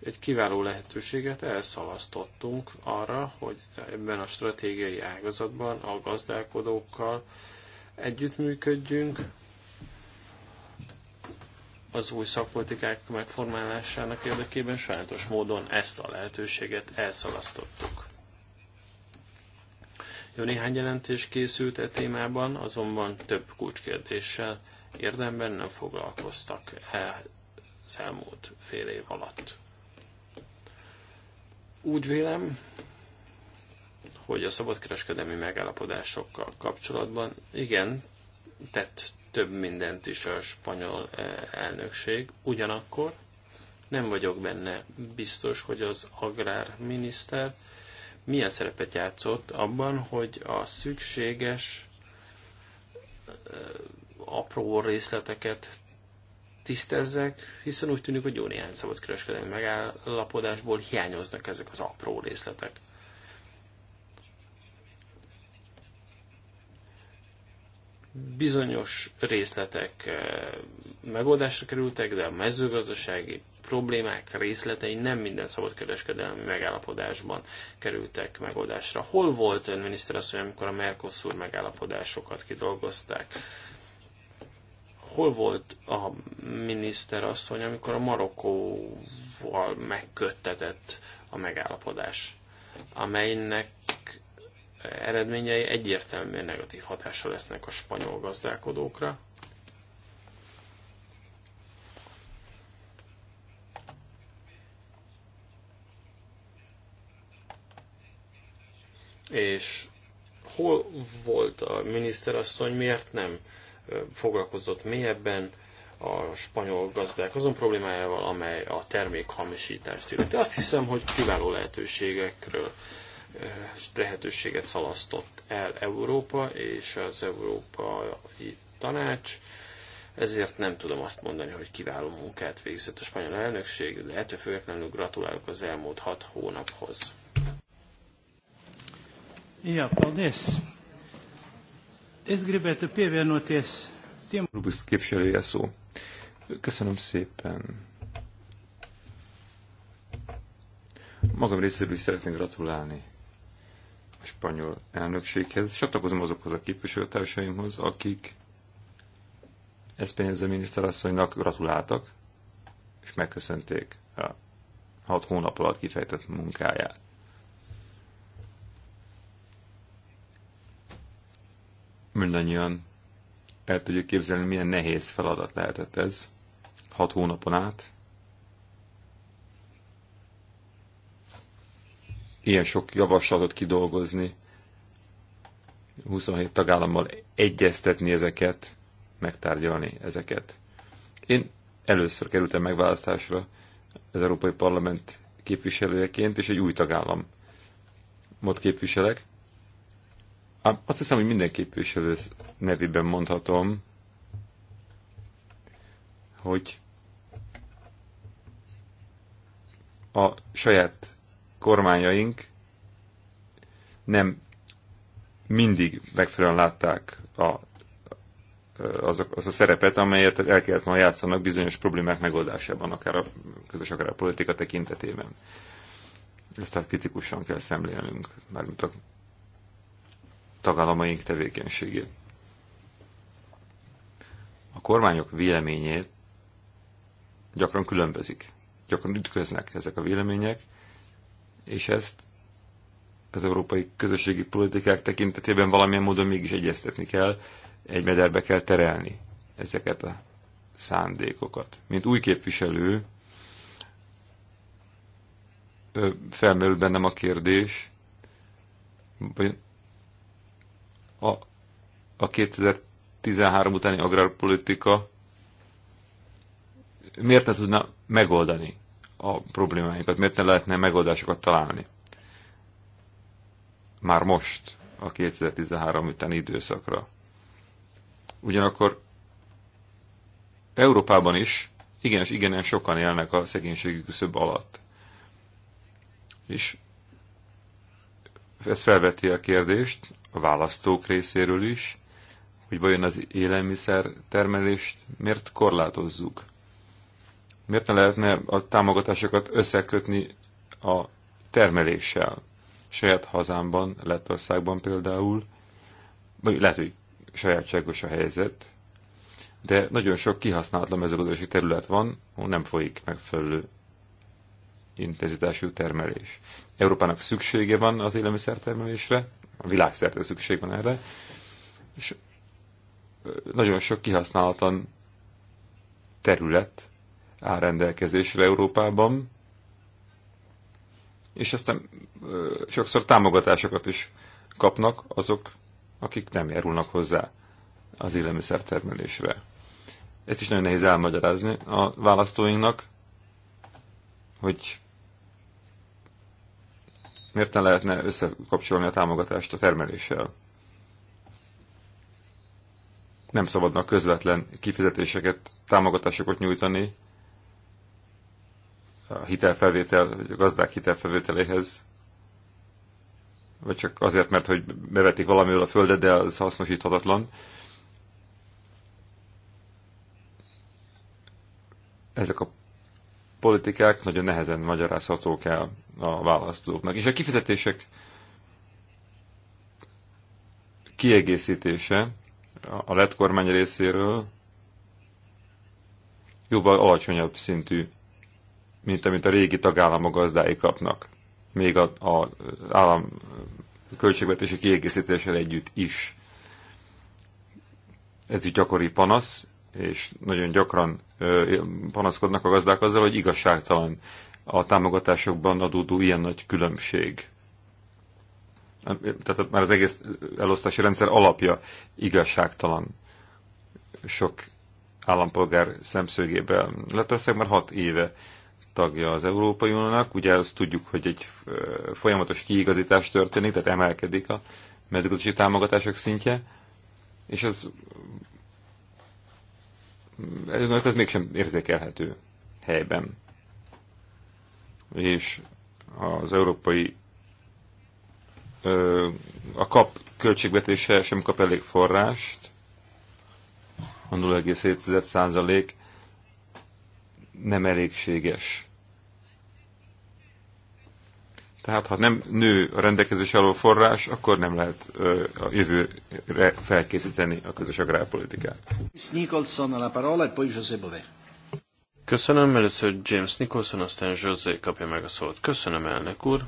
egy kiváló lehetőséget elszalasztottunk arra, hogy ebben a stratégiai ágazatban a gazdálkodókkal együttműködjünk, az új szakpolitikák megformálásának érdekében sajátos módon ezt a lehetőséget elszalasztottuk. Jó néhány jelentés készült e témában, azonban több kulcskérdéssel érdemben nem foglalkoztak el az elmúlt fél év alatt. Úgy vélem, hogy a szabadkereskedelmi megállapodásokkal kapcsolatban igen, tett több mindent is a spanyol eh, elnökség, ugyanakkor nem vagyok benne biztos, hogy az agrárminiszter milyen szerepet játszott abban, hogy a szükséges eh, apró részleteket tisztezzek, hiszen úgy tűnik, hogy jó néhány kereskedelmi megállapodásból hiányoznak ezek az apró részletek. Bizonyos részletek eh, megoldásra kerültek, de a mezőgazdasági problémák részletei nem minden kereskedelmi megállapodásban kerültek megoldásra. Hol volt ön asszony, amikor a Mercosur megállapodásokat kidolgozták? hol volt a miniszter asszony, amikor a Marokkóval megköttetett a megállapodás, amelynek eredményei egyértelműen negatív hatása lesznek a spanyol gazdálkodókra. És hol volt a miniszterasszony, miért nem foglalkozott mélyebben a spanyol gazdák azon problémájával, amely a termékhamisítást illeti. Azt hiszem, hogy kiváló lehetőségekről eh, lehetőséget szalasztott el Európa és az Európai Tanács, ezért nem tudom azt mondani, hogy kiváló munkát végzett a spanyol elnökség, de ettől függetlenül gratulálok az elmúlt hat hónaphoz. Ja, Paldies! Es gribētu pievienoties tiem... Rubis képviselője szó. Köszönöm szépen. Magam részéről is szeretnék gratulálni a spanyol elnökséghez. Csatlakozom azokhoz a képviselőtársaimhoz, akik ezt pénző miniszterasszonynak gratuláltak, és megköszönték a hat hónap alatt kifejtett munkáját. mindannyian el tudjuk képzelni, milyen nehéz feladat lehetett ez hat hónapon át. Ilyen sok javaslatot kidolgozni, 27 tagállammal egyeztetni ezeket, megtárgyalni ezeket. Én először kerültem megválasztásra az Európai Parlament képviselőjeként, és egy új tagállam. Mot képviselek, azt hiszem, hogy minden képviselő nevében mondhatom, hogy a saját kormányaink nem mindig megfelelően látták a, az, a, az a szerepet, amelyet el kellett ma játszanak bizonyos problémák megoldásában, akár a közös, akár a politika tekintetében. Ezt tehát kritikusan kell szemlélnünk, mármint a tagállamaink tevékenységét. A kormányok véleményét gyakran különbözik, gyakran ütköznek ezek a vélemények, és ezt az európai közösségi politikák tekintetében valamilyen módon mégis egyeztetni kell, egy mederbe kell terelni ezeket a szándékokat. Mint új képviselő felmerül bennem a kérdés, a, a 2013 utáni agrárpolitika miért ne tudna megoldani a problémáinkat, miért ne lehetne megoldásokat találni? Már most, a 2013 utáni időszakra. Ugyanakkor Európában is és igen, sokan élnek a szegénységük küszöb alatt. És ez felveti a kérdést, a választók részéről is, hogy vajon az élelmiszer termelést miért korlátozzuk. Miért ne lehetne a támogatásokat összekötni a termeléssel? Saját hazámban, Lettországban például, vagy lehet, hogy sajátságos a helyzet, de nagyon sok kihasználatlan mezőgazdasági terület van, ahol nem folyik megfelelő intenzitású termelés. Európának szüksége van az élelmiszertermelésre, a világszerte szükség van erre, és nagyon sok kihasználatlan terület áll rendelkezésre Európában, és aztán ö, sokszor támogatásokat is kapnak azok, akik nem járulnak hozzá az élelmiszertermelésre. Ezt is nagyon nehéz elmagyarázni a választóinknak, hogy miért nem lehetne összekapcsolni a támogatást a termeléssel? Nem szabadnak közvetlen kifizetéseket, támogatásokat nyújtani a hitelfelvétel, vagy a gazdák hitelfelvételéhez, vagy csak azért, mert hogy bevetik valamiről a földet, de az hasznosíthatatlan. Ezek a politikák nagyon nehezen magyarázhatók el a választóknak. És a kifizetések kiegészítése a lett kormány részéről jóval alacsonyabb szintű, mint amit a régi tagállamok gazdái kapnak. Még az állam költségvetési kiegészítéssel együtt is. Ez is gyakori panasz, és nagyon gyakran panaszkodnak a gazdák azzal, hogy igazságtalan a támogatásokban adódó ilyen nagy különbség. Tehát már az egész elosztási rendszer alapja igazságtalan sok állampolgár szemszögében. Lettország már hat éve tagja az Európai Uniónak, ugye ezt tudjuk, hogy egy folyamatos kiigazítás történik, tehát emelkedik a mezőgazdasági támogatások szintje, és ez ez az mégsem érzékelhető helyben. És az európai a kap költségvetése sem kap elég forrást, a 0,7% nem elégséges tehát ha nem nő a rendelkezés alól forrás, akkor nem lehet ö, a jövőre felkészíteni a közös agrárpolitikát. a parola, e José Köszönöm, először James Nicholson, aztán José kapja meg a szót. Köszönöm, elnök úr.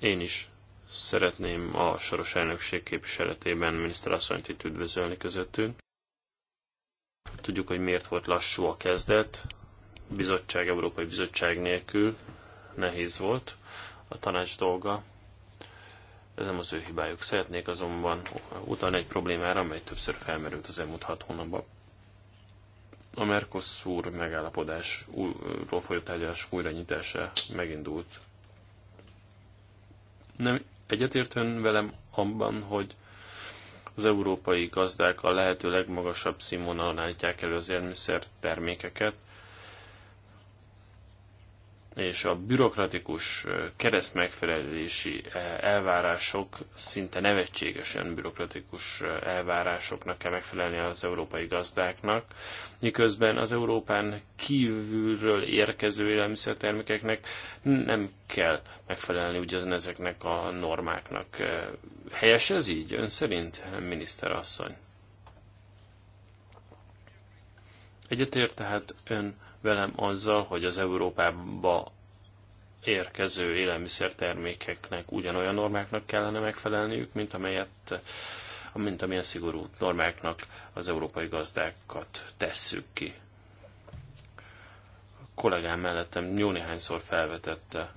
Én is szeretném a soros elnökség képviseletében miniszterasszonyt itt üdvözölni közöttünk. Tudjuk, hogy miért volt lassú a kezdet, bizottság, Európai Bizottság nélkül, nehéz volt a tanács dolga. Ez nem az ő hibájuk. Szeretnék azonban utalni egy problémára, amely többször felmerült az elmúlt hat hónapban. A Mercosur megállapodásról folyó tárgyalás újranyitása megindult. Nem egyetértően velem abban, hogy az európai gazdák a lehető legmagasabb színvonalon állítják elő az élmiszer termékeket, és a bürokratikus keresztmegfelelési megfelelési elvárások szinte nevetségesen bürokratikus elvárásoknak kell megfelelni az európai gazdáknak, miközben az Európán kívülről érkező élelmiszertermékeknek nem kell megfelelni ugyan ezeknek a normáknak. Helyes ez így, ön szerint, miniszterasszony? Egyetért tehát ön velem azzal, hogy az Európába érkező élelmiszertermékeknek ugyanolyan normáknak kellene megfelelniük, mint amelyet mint amilyen szigorú normáknak az európai gazdákat tesszük ki. A kollégám mellettem jó néhányszor felvetette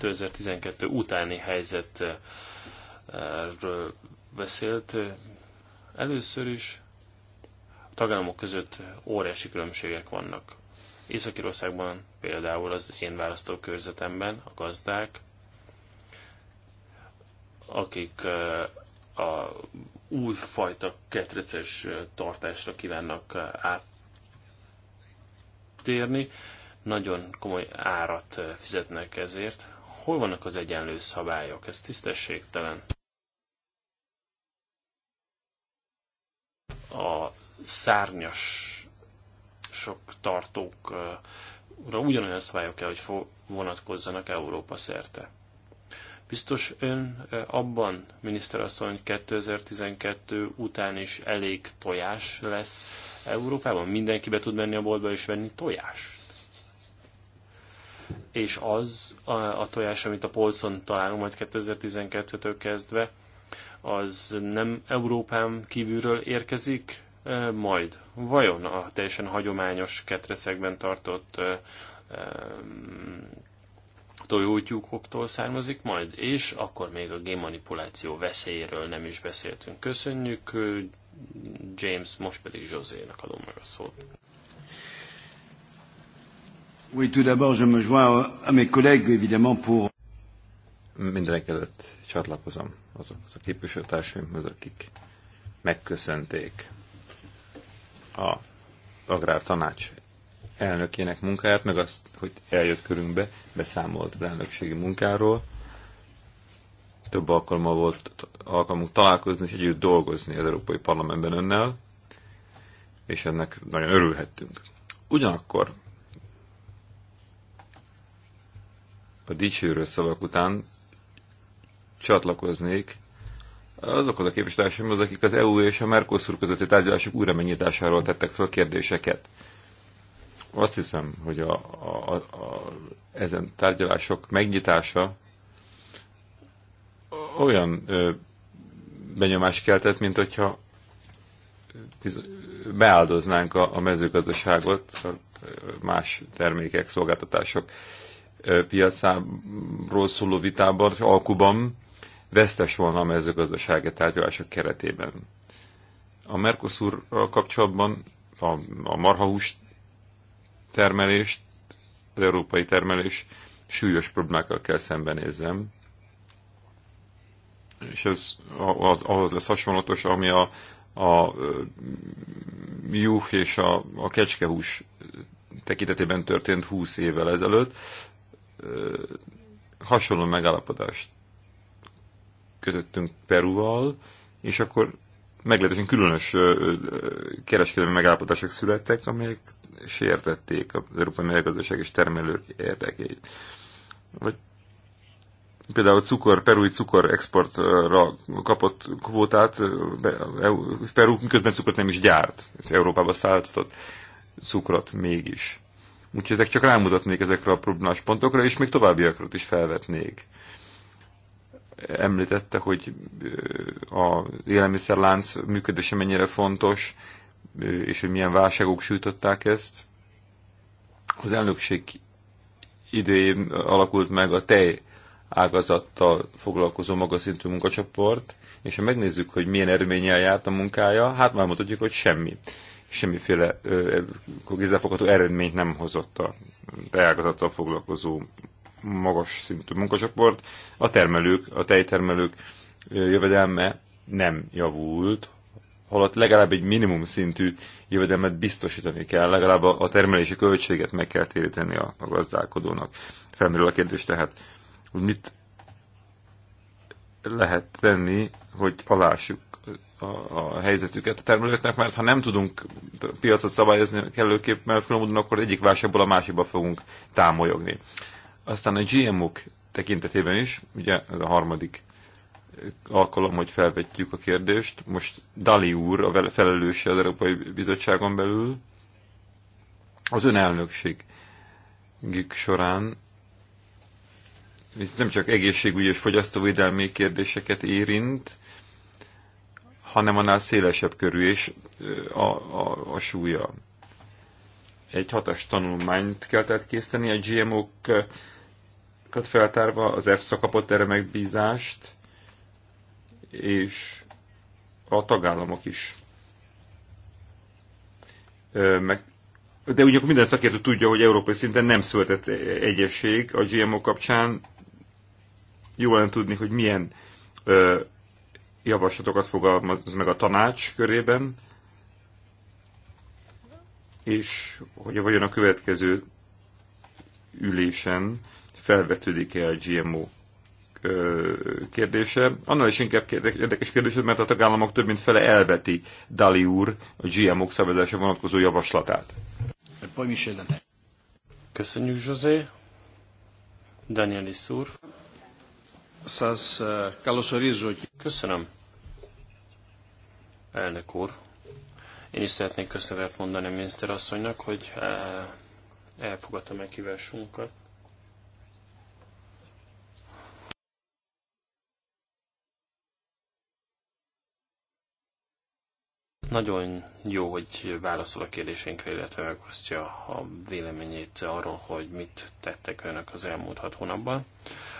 ...2012 utáni helyzetről beszélt először is, a tagállamok között óriási különbségek vannak. Észak-Írországban például az én választókörzetemben a gazdák, akik a újfajta ketreces tartásra kívánnak áttérni, nagyon komoly árat fizetnek ezért. Hol vannak az egyenlő szabályok? Ez tisztességtelen. szárnyas sok tartókra ugyanolyan szabályok kell, hogy vonatkozzanak Európa szerte. Biztos ön eh, abban, miniszterasszony, 2012 után is elég tojás lesz Európában? Mindenki be tud menni a boltba és venni tojást? És az a, a tojás, amit a polcon találunk majd 2012-től kezdve, az nem Európán kívülről érkezik, majd vajon a teljesen hagyományos ketreszekben tartott tojótyúkoktól származik majd, és akkor még a génmanipuláció veszélyéről nem is beszéltünk. Köszönjük James, most pedig Josénak adom meg a szót. Oui, tout d'abord, je me joins à mes collègues, évidemment, pour... Mindenek előtt csatlakozom az a képviselőtársaimhoz, akik megköszönték a Agrártanács elnökének munkáját, meg azt, hogy eljött körünkbe, beszámolt az elnökségi munkáról. Több alkalma volt alkalmunk találkozni és együtt dolgozni az Európai Parlamentben önnel, és ennek nagyon örülhettünk. Ugyanakkor a dicsőrő szavak után csatlakoznék azokhoz a képviselőtársaimhoz, akik az EU és a Mercosur közötti tárgyalások újra megnyitásáról tettek föl kérdéseket. Azt hiszem, hogy a, a, a, ezen tárgyalások megnyitása olyan ö, benyomást keltett, mint hogyha beáldoznánk a, a mezőgazdaságot a más termékek, szolgáltatások piacáról szóló vitában, és alkuban vesztes volna a mezőgazdasági tárgyalások keretében. A Mercosur kapcsolatban a, a marhahús termelést, az európai termelés súlyos problémákkal kell szembenézzem, és ez az, ahhoz lesz hasonlatos, ami a, a juh és a, a kecskehús tekintetében történt 20 évvel ezelőtt. Hasonló megállapodást kötöttünk Peruval, és akkor meglehetősen különös kereskedelmi megállapodások születtek, amelyek sértették az európai mezőgazdaság és termelők érdekeit. Vagy például cukor, perui cukor exportra kapott kvótát, Peru miközben cukrot nem is gyárt, Európába szállított cukrot mégis. Úgyhogy ezek csak rámutatnék ezekre a problémás pontokra, és még továbbiakra is felvetnék említette, hogy az élelmiszerlánc működése mennyire fontos, és hogy milyen válságok sújtották ezt. Az elnökség idején alakult meg a tej ágazattal foglalkozó magaszintű munkacsoport, és ha megnézzük, hogy milyen eredménnyel járt a munkája, hát már mutatjuk, hogy semmi. Semmiféle kézzelfogható eredményt nem hozott a tejágazattal foglalkozó magas szintű munkacsoport, a termelők, a tejtermelők jövedelme nem javult, holott legalább egy minimum szintű jövedelmet biztosítani kell, legalább a termelési költséget meg kell téríteni a, a gazdálkodónak. Felmerül a kérdés tehát, hogy mit lehet tenni, hogy alássuk a, a helyzetüket a termelőknek, mert ha nem tudunk piacot szabályozni kellőképp, mert különben akkor egyik válságból a másikba fogunk támolyogni. Aztán a GMO-k tekintetében is, ugye ez a harmadik alkalom, hogy felvetjük a kérdést. Most Dali úr, a felelőse az Európai Bizottságon belül, az elnökség során ez nem csak egészségügyi és fogyasztóvédelmi kérdéseket érint, hanem annál szélesebb körű és a, a, a súlya. Egy hatás tanulmányt kell tehát készíteni a GMO-k feltárva az EFSA kapott erre megbízást, és a tagállamok is. Meg, de ugyanakkor minden szakértő tudja, hogy európai szinten nem született e- egyesség a GMO kapcsán. Jó lenne tudni, hogy milyen ö, javaslatokat fogalmaz meg a tanács körében, és hogy vajon a következő ülésen felvetődik-e a GMO kérdése. Annál is inkább érdekes kérdés, mert a tagállamok több mint fele elveti Dali úr a GMO-k szabadása vonatkozó javaslatát. Köszönjük, José. Danielis úr. Köszönöm. Elnök úr. Én is szeretnék köszönetet mondani a miniszterasszonynak, hogy elfogadta meghívásunkat. Nagyon jó, hogy válaszol a kérdésénkre, illetve megosztja a véleményét arról, hogy mit tettek önök az elmúlt hat hónapban.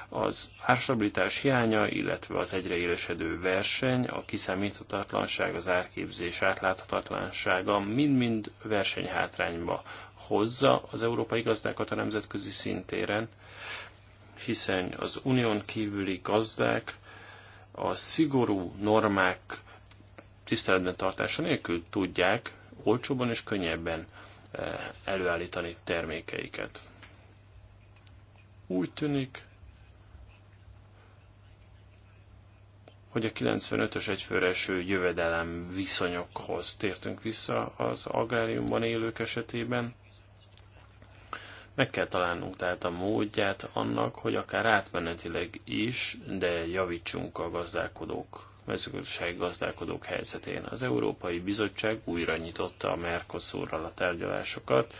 Az árstabilitás hiánya, illetve az egyre élesedő verseny, a kiszámíthatatlanság, az árképzés átláthatatlansága mind-mind versenyhátrányba hozza az európai gazdákat a nemzetközi szintéren, hiszen az unión kívüli gazdák a szigorú normák tiszteletben tartása nélkül tudják olcsóban és könnyebben eh, előállítani termékeiket. Úgy tűnik, hogy a 95-ös egyfőreső jövedelem viszonyokhoz tértünk vissza az agráriumban élők esetében. Meg kell találnunk tehát a módját annak, hogy akár átmenetileg is, de javítsunk a gazdálkodók mezőgazdasági gazdálkodók helyzetén. Az Európai Bizottság újra nyitotta a Mercosurral a tárgyalásokat.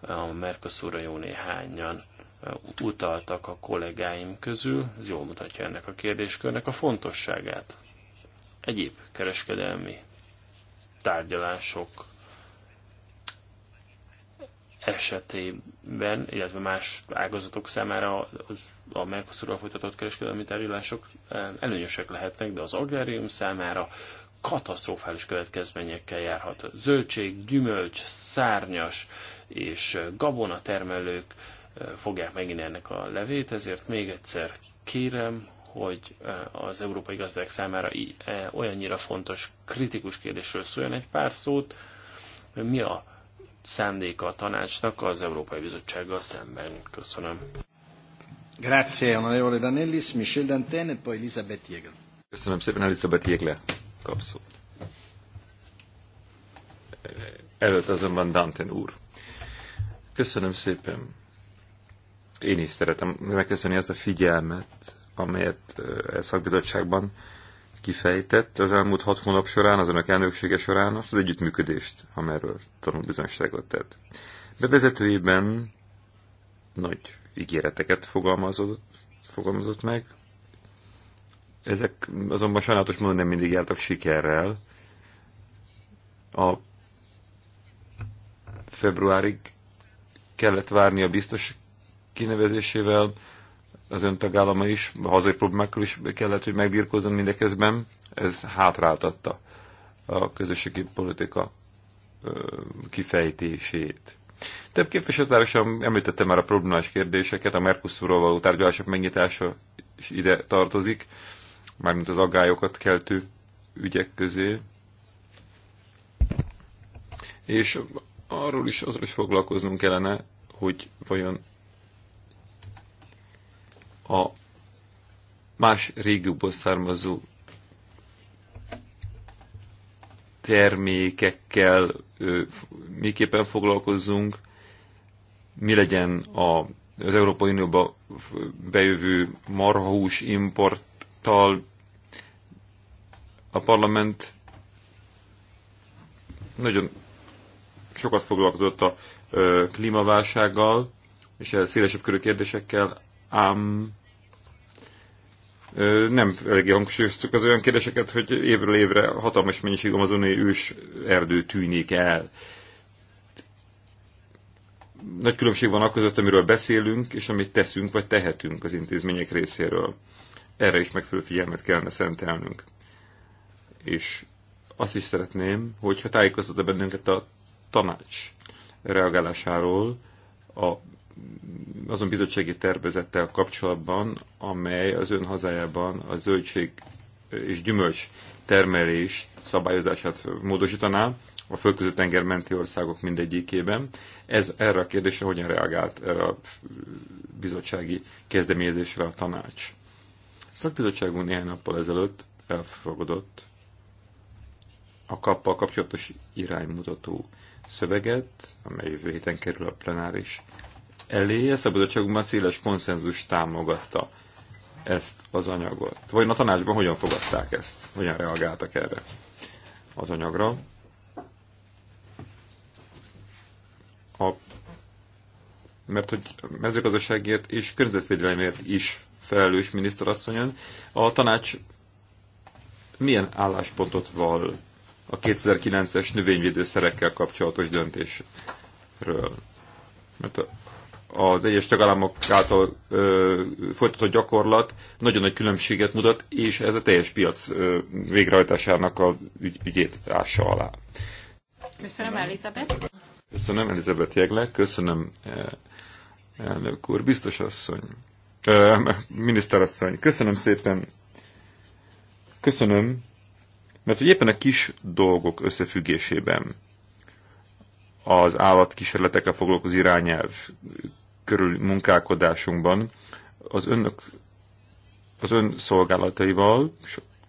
A Mercosurra jó néhányan uh, utaltak a kollégáim közül, ez jól mutatja ennek a kérdéskörnek a fontosságát. Egyéb kereskedelmi tárgyalások esetében, illetve más ágazatok számára az, a Mercosurral folytatott kereskedelmi tárgyalások eh, előnyösek lehetnek, de az agrárium számára katasztrofális következményekkel járhat. Zöldség, gyümölcs, szárnyas és gabona termelők eh, fogják megint ennek a levét, ezért még egyszer kérem, hogy eh, az európai gazdák számára olyannyira fontos kritikus kérdésről szóljon egy pár szót, mi a szándéka a tanácsnak az Európai Bizottsággal szemben. Köszönöm. Grazie, onorevole Danellis, Michel Danten, e poi Elisabeth Jäger. Köszönöm szépen, Elisabeth Jégle kapszót. Előtt azonban Danten úr. Köszönöm szépen. Én is szeretem megköszönni azt a figyelmet, amelyet eh, e szakbizottságban kifejtett az elmúlt hat hónap során, az önök elnöksége során, azt az együttműködést, amerről bizonyságot tett. Bevezetőjében nagy ígéreteket fogalmazott, fogalmazott meg, ezek azonban sajnálatos módon nem mindig jártak sikerrel. A februárig kellett várni a biztos kinevezésével, az ön tagállama is, a hazai problémákkal is kellett, hogy megbírkozzon mindeközben, ez hátráltatta a közösségi politika kifejtését. Több képviselőtársam említette már a problémás kérdéseket, a Mercosurról való tárgyalások megnyitása is ide tartozik, mármint az aggályokat keltő ügyek közé. És arról is, azról is foglalkoznunk kellene, hogy vajon a más régióból származó termékekkel ö, miképpen foglalkozzunk, mi legyen a, az Európai Unióba bejövő marhahús importtal. A parlament nagyon sokat foglalkozott a ö, klímaválsággal és a szélesebb körű kérdésekkel, ám nem eléggé hangsúlyoztuk az olyan kérdéseket, hogy évről évre hatalmas mennyiség amazoni ős erdő tűnik el. Nagy különbség van között, amiről beszélünk, és amit teszünk vagy tehetünk az intézmények részéről. Erre is megfelelő figyelmet kellene szentelnünk. És azt is szeretném, hogyha tájékoztatna bennünket a tanács reagálásáról a azon bizottsági tervezettel kapcsolatban, amely az ön hazájában a zöldség és gyümölcs termelés szabályozását módosítaná a földközi tenger menti országok mindegyikében. Ez erre a kérdésre hogyan reagált erre a bizottsági kezdeményezésre a tanács? A szakbizottságunk néhány nappal ezelőtt elfogadott a kappal kapcsolatos iránymutató szöveget, amely jövő héten kerül a plenáris elé, a szabadságokban széles konszenzus támogatta ezt az anyagot. Vagy a tanácsban hogyan fogadták ezt? Hogyan reagáltak erre az anyagra? A, mert hogy mezőgazdaságért és környezetvédelemért is felelős miniszterasszonyon, a tanács milyen álláspontot val a 2009-es növényvédőszerekkel kapcsolatos döntésről? Mert a, az egyes tagállamok által ö, folytatott gyakorlat nagyon nagy különbséget mutat, és ez a teljes piac ö, végrehajtásának a ügy, ügyét ássa alá. Köszönöm, Elizabeth. Köszönöm, Elizabeth Jegle, köszönöm, e, elnök úr, biztos asszony, ö, miniszterasszony, köszönöm szépen, köszönöm, mert hogy éppen a kis dolgok összefüggésében az állatkísérletekkel foglalkozó irányelv körül munkálkodásunkban az önök az ön szolgálataival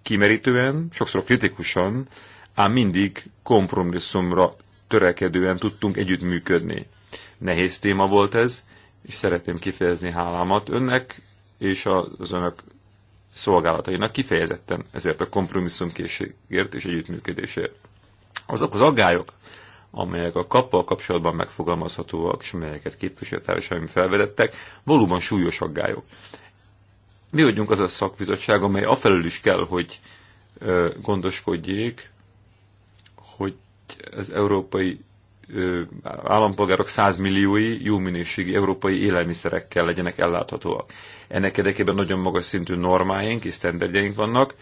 kimerítően, sokszor kritikusan, ám mindig kompromisszumra törekedően tudtunk együttműködni. Nehéz téma volt ez, és szeretném kifejezni hálámat önnek és az önök szolgálatainak kifejezetten ezért a kompromisszumkészségért és együttműködésért. Azok az aggályok, amelyek a kappal kapcsolatban megfogalmazhatóak, és amelyeket képviselőtársaim felvedettek, valóban súlyos aggályok. Mi vagyunk az a szakbizottság, amely afelől is kell, hogy gondoskodjék, hogy az európai állampolgárok százmilliói jó minőségi európai élelmiszerekkel legyenek elláthatóak. Ennek érdekében nagyon magas szintű normáink és sztenderdjeink vannak,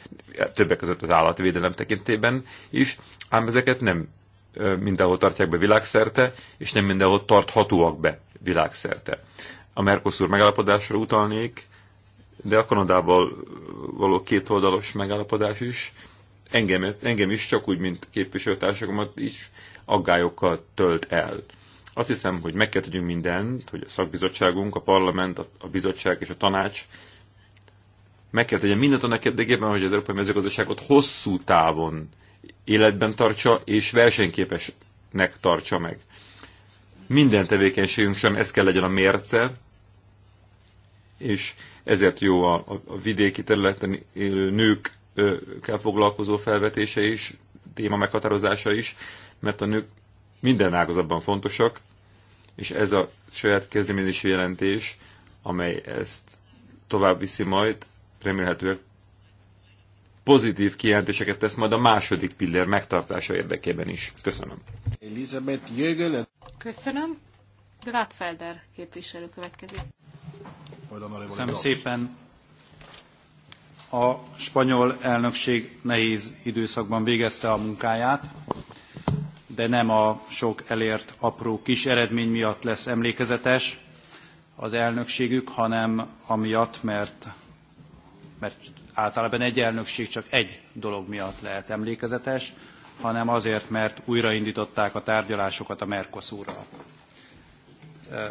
többek között az állatvédelem tekintében is, ám ezeket nem mindenhol tartják be világszerte, és nem mindenhol tarthatóak be világszerte. A Mercosur megállapodásra utalnék, de a Kanadával való kétoldalos megállapodás is engem, engem is, csak úgy, mint képviselőtársakomat is aggályokkal tölt el. Azt hiszem, hogy meg kell tudjunk mindent, hogy a szakbizottságunk, a parlament, a bizottság és a tanács meg kell tegyen mindent annak érdekében, hogy az európai mezőgazdaságot hosszú távon életben tartsa és versenyképesnek tartsa meg. Minden tevékenységünk sem ez kell legyen a mérce, és ezért jó a, a vidéki területen élő nőkkel foglalkozó felvetése is, téma meghatározása is, mert a nők minden ágazatban fontosak, és ez a saját kezdeményezési jelentés, amely ezt tovább viszi majd, remélhetőleg pozitív kijelentéseket tesz majd a második pillér megtartása érdekében is. Köszönöm. Elizabeth Jögel. Köszönöm. Gladfelder képviselő következik. Köszönöm szépen. A spanyol elnökség nehéz időszakban végezte a munkáját, de nem a sok elért apró kis eredmény miatt lesz emlékezetes az elnökségük, hanem amiatt, mert, mert általában egy elnökség csak egy dolog miatt lehet emlékezetes, hanem azért, mert újraindították a tárgyalásokat a Mercosurral.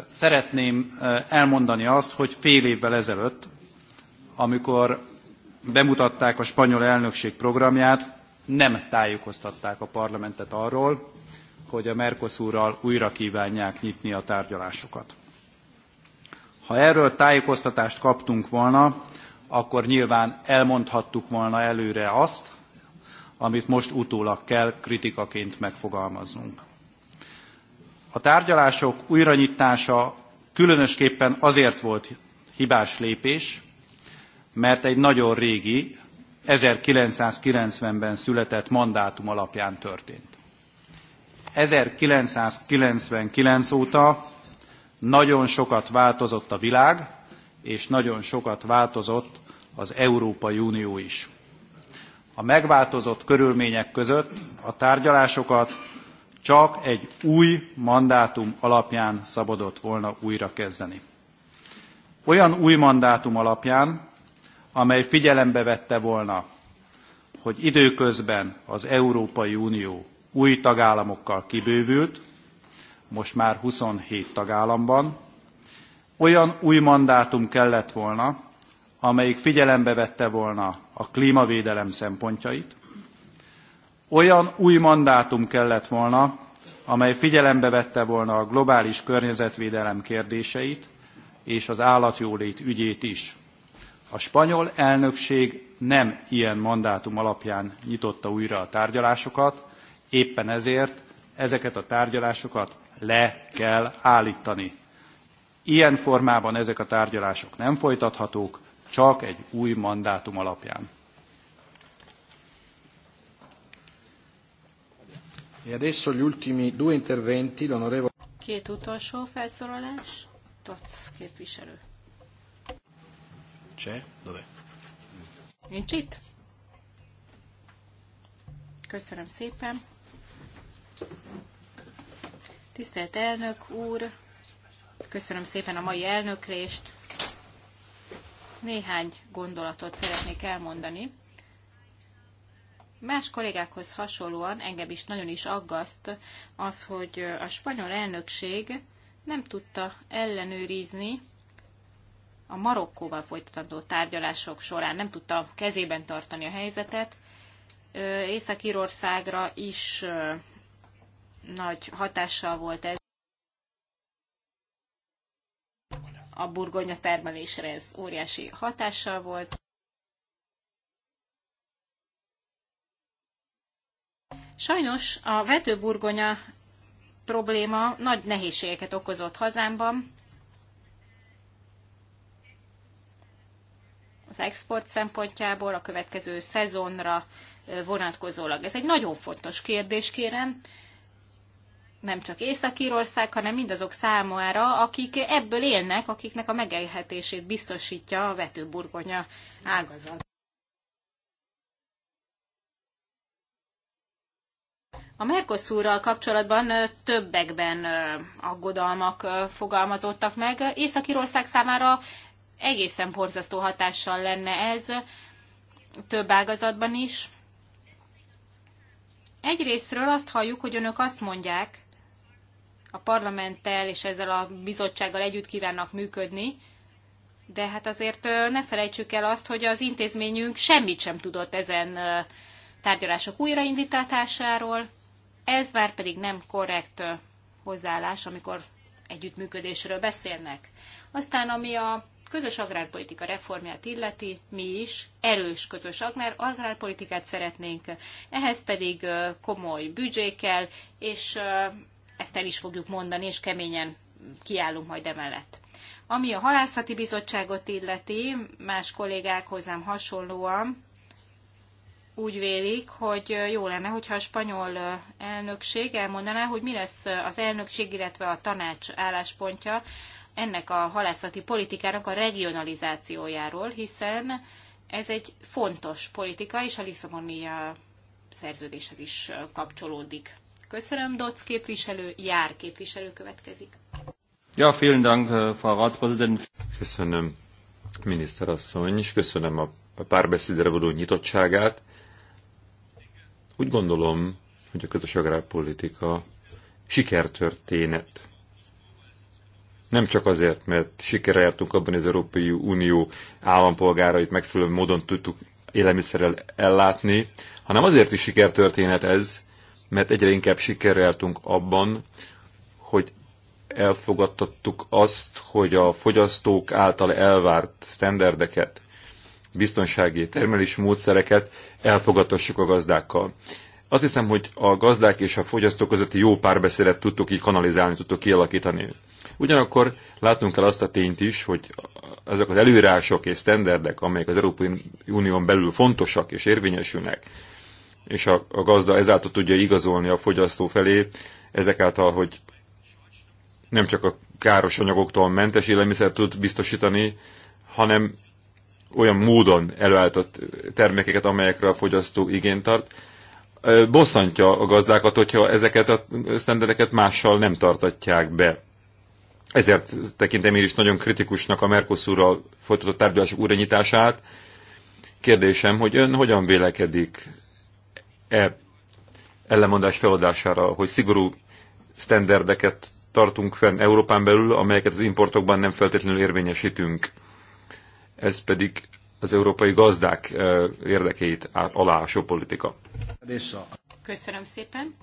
Szeretném elmondani azt, hogy fél évvel ezelőtt, amikor bemutatták a spanyol elnökség programját, nem tájékoztatták a parlamentet arról, hogy a Mercosurral újra kívánják nyitni a tárgyalásokat. Ha erről tájékoztatást kaptunk volna, akkor nyilván elmondhattuk volna előre azt, amit most utólag kell kritikaként megfogalmaznunk. A tárgyalások újranyitása különösképpen azért volt hibás lépés, mert egy nagyon régi, 1990-ben született mandátum alapján történt. 1999 óta nagyon sokat változott a világ, és nagyon sokat változott az Európai Unió is. A megváltozott körülmények között a tárgyalásokat csak egy új mandátum alapján szabadott volna újra kezdeni. Olyan új mandátum alapján, amely figyelembe vette volna, hogy időközben az Európai Unió új tagállamokkal kibővült, most már 27 tagállamban, olyan új mandátum kellett volna, amelyik figyelembe vette volna a klímavédelem szempontjait, olyan új mandátum kellett volna, amely figyelembe vette volna a globális környezetvédelem kérdéseit és az állatjólét ügyét is. A spanyol elnökség nem ilyen mandátum alapján nyitotta újra a tárgyalásokat, éppen ezért ezeket a tárgyalásokat le kell állítani. Ilyen formában ezek a tárgyalások nem folytathatók, csak egy új mandátum alapján. E Két utolsó felszorolás. Toc képviselő. Cseh, dove? Nincs itt? Köszönöm szépen. Tisztelt elnök úr, Köszönöm szépen a mai elnöklést. Néhány gondolatot szeretnék elmondani. Más kollégákhoz hasonlóan engem is nagyon is aggaszt az, hogy a spanyol elnökség nem tudta ellenőrizni a Marokkóval folytatandó tárgyalások során, nem tudta kezében tartani a helyzetet. Észak-Írországra is nagy hatással volt ez a burgonya termelésre ez óriási hatással volt. Sajnos a vetőburgonya probléma nagy nehézségeket okozott hazámban. Az export szempontjából a következő szezonra vonatkozólag. Ez egy nagyon fontos kérdés, kérem, nem csak Észak-Írország, hanem mindazok számára, akik ebből élnek, akiknek a megelhetését biztosítja a vetőburgonya ágazat. A Mercosurral kapcsolatban többekben aggodalmak fogalmazottak meg. Észak-Írország számára egészen borzasztó hatással lenne ez több ágazatban is. Egyrésztről azt halljuk, hogy önök azt mondják, a parlamenttel és ezzel a bizottsággal együtt kívánnak működni, de hát azért ne felejtsük el azt, hogy az intézményünk semmit sem tudott ezen tárgyalások újraindítatásáról, ez már pedig nem korrekt hozzáállás, amikor együttműködésről beszélnek. Aztán, ami a közös agrárpolitika reformját illeti, mi is erős közös agrár, agrárpolitikát szeretnénk, ehhez pedig komoly büdzsékkel és ezt el is fogjuk mondani, és keményen kiállunk majd emellett. Ami a halászati bizottságot illeti, más kollégák hozzám hasonlóan úgy vélik, hogy jó lenne, hogyha a spanyol elnökség elmondaná, hogy mi lesz az elnökség, illetve a tanács álláspontja ennek a halászati politikának a regionalizációjáról, hiszen ez egy fontos politika, és a Lisszaboni szerződéshez is kapcsolódik. Köszönöm, Doc képviselő, Jár képviselő következik. Ja, vielen Dank, äh, Frau Ratspräsident. Köszönöm, miniszterasszony, és köszönöm a párbeszédre való nyitottságát. Úgy gondolom, hogy a közös agrárpolitika sikertörténet. Nem csak azért, mert sikerre jártunk abban, hogy az Európai Unió állampolgárait megfelelő módon tudtuk élelmiszerrel ellátni, hanem azért is sikertörténet ez, mert egyre inkább sikereltünk abban, hogy elfogadtattuk azt, hogy a fogyasztók által elvárt sztenderdeket, biztonsági termelési módszereket elfogadtassuk a gazdákkal. Azt hiszem, hogy a gazdák és a fogyasztók közötti jó párbeszédet tudtuk így kanalizálni, tudtuk kialakítani. Ugyanakkor látnunk kell azt a tényt is, hogy ezek az előírások és sztenderdek, amelyek az Európai Unión belül fontosak és érvényesülnek, és a, a gazda ezáltal tudja igazolni a fogyasztó felé, ezek által, hogy nem csak a káros anyagoktól mentes élelmiszer tud biztosítani, hanem olyan módon előállított termékeket, amelyekre a fogyasztó igényt tart. Bosszantja a gazdákat, hogyha ezeket a sztendereket mással nem tartatják be. Ezért tekintem én is nagyon kritikusnak a Mercosurral folytatott tárgyalások újranyitását. Kérdésem, hogy ön hogyan vélekedik e ellenmondás feladására, hogy szigorú sztenderdeket tartunk fenn Európán belül, amelyeket az importokban nem feltétlenül érvényesítünk. Ez pedig az európai gazdák e, érdekeit alásó politika. Köszönöm szépen.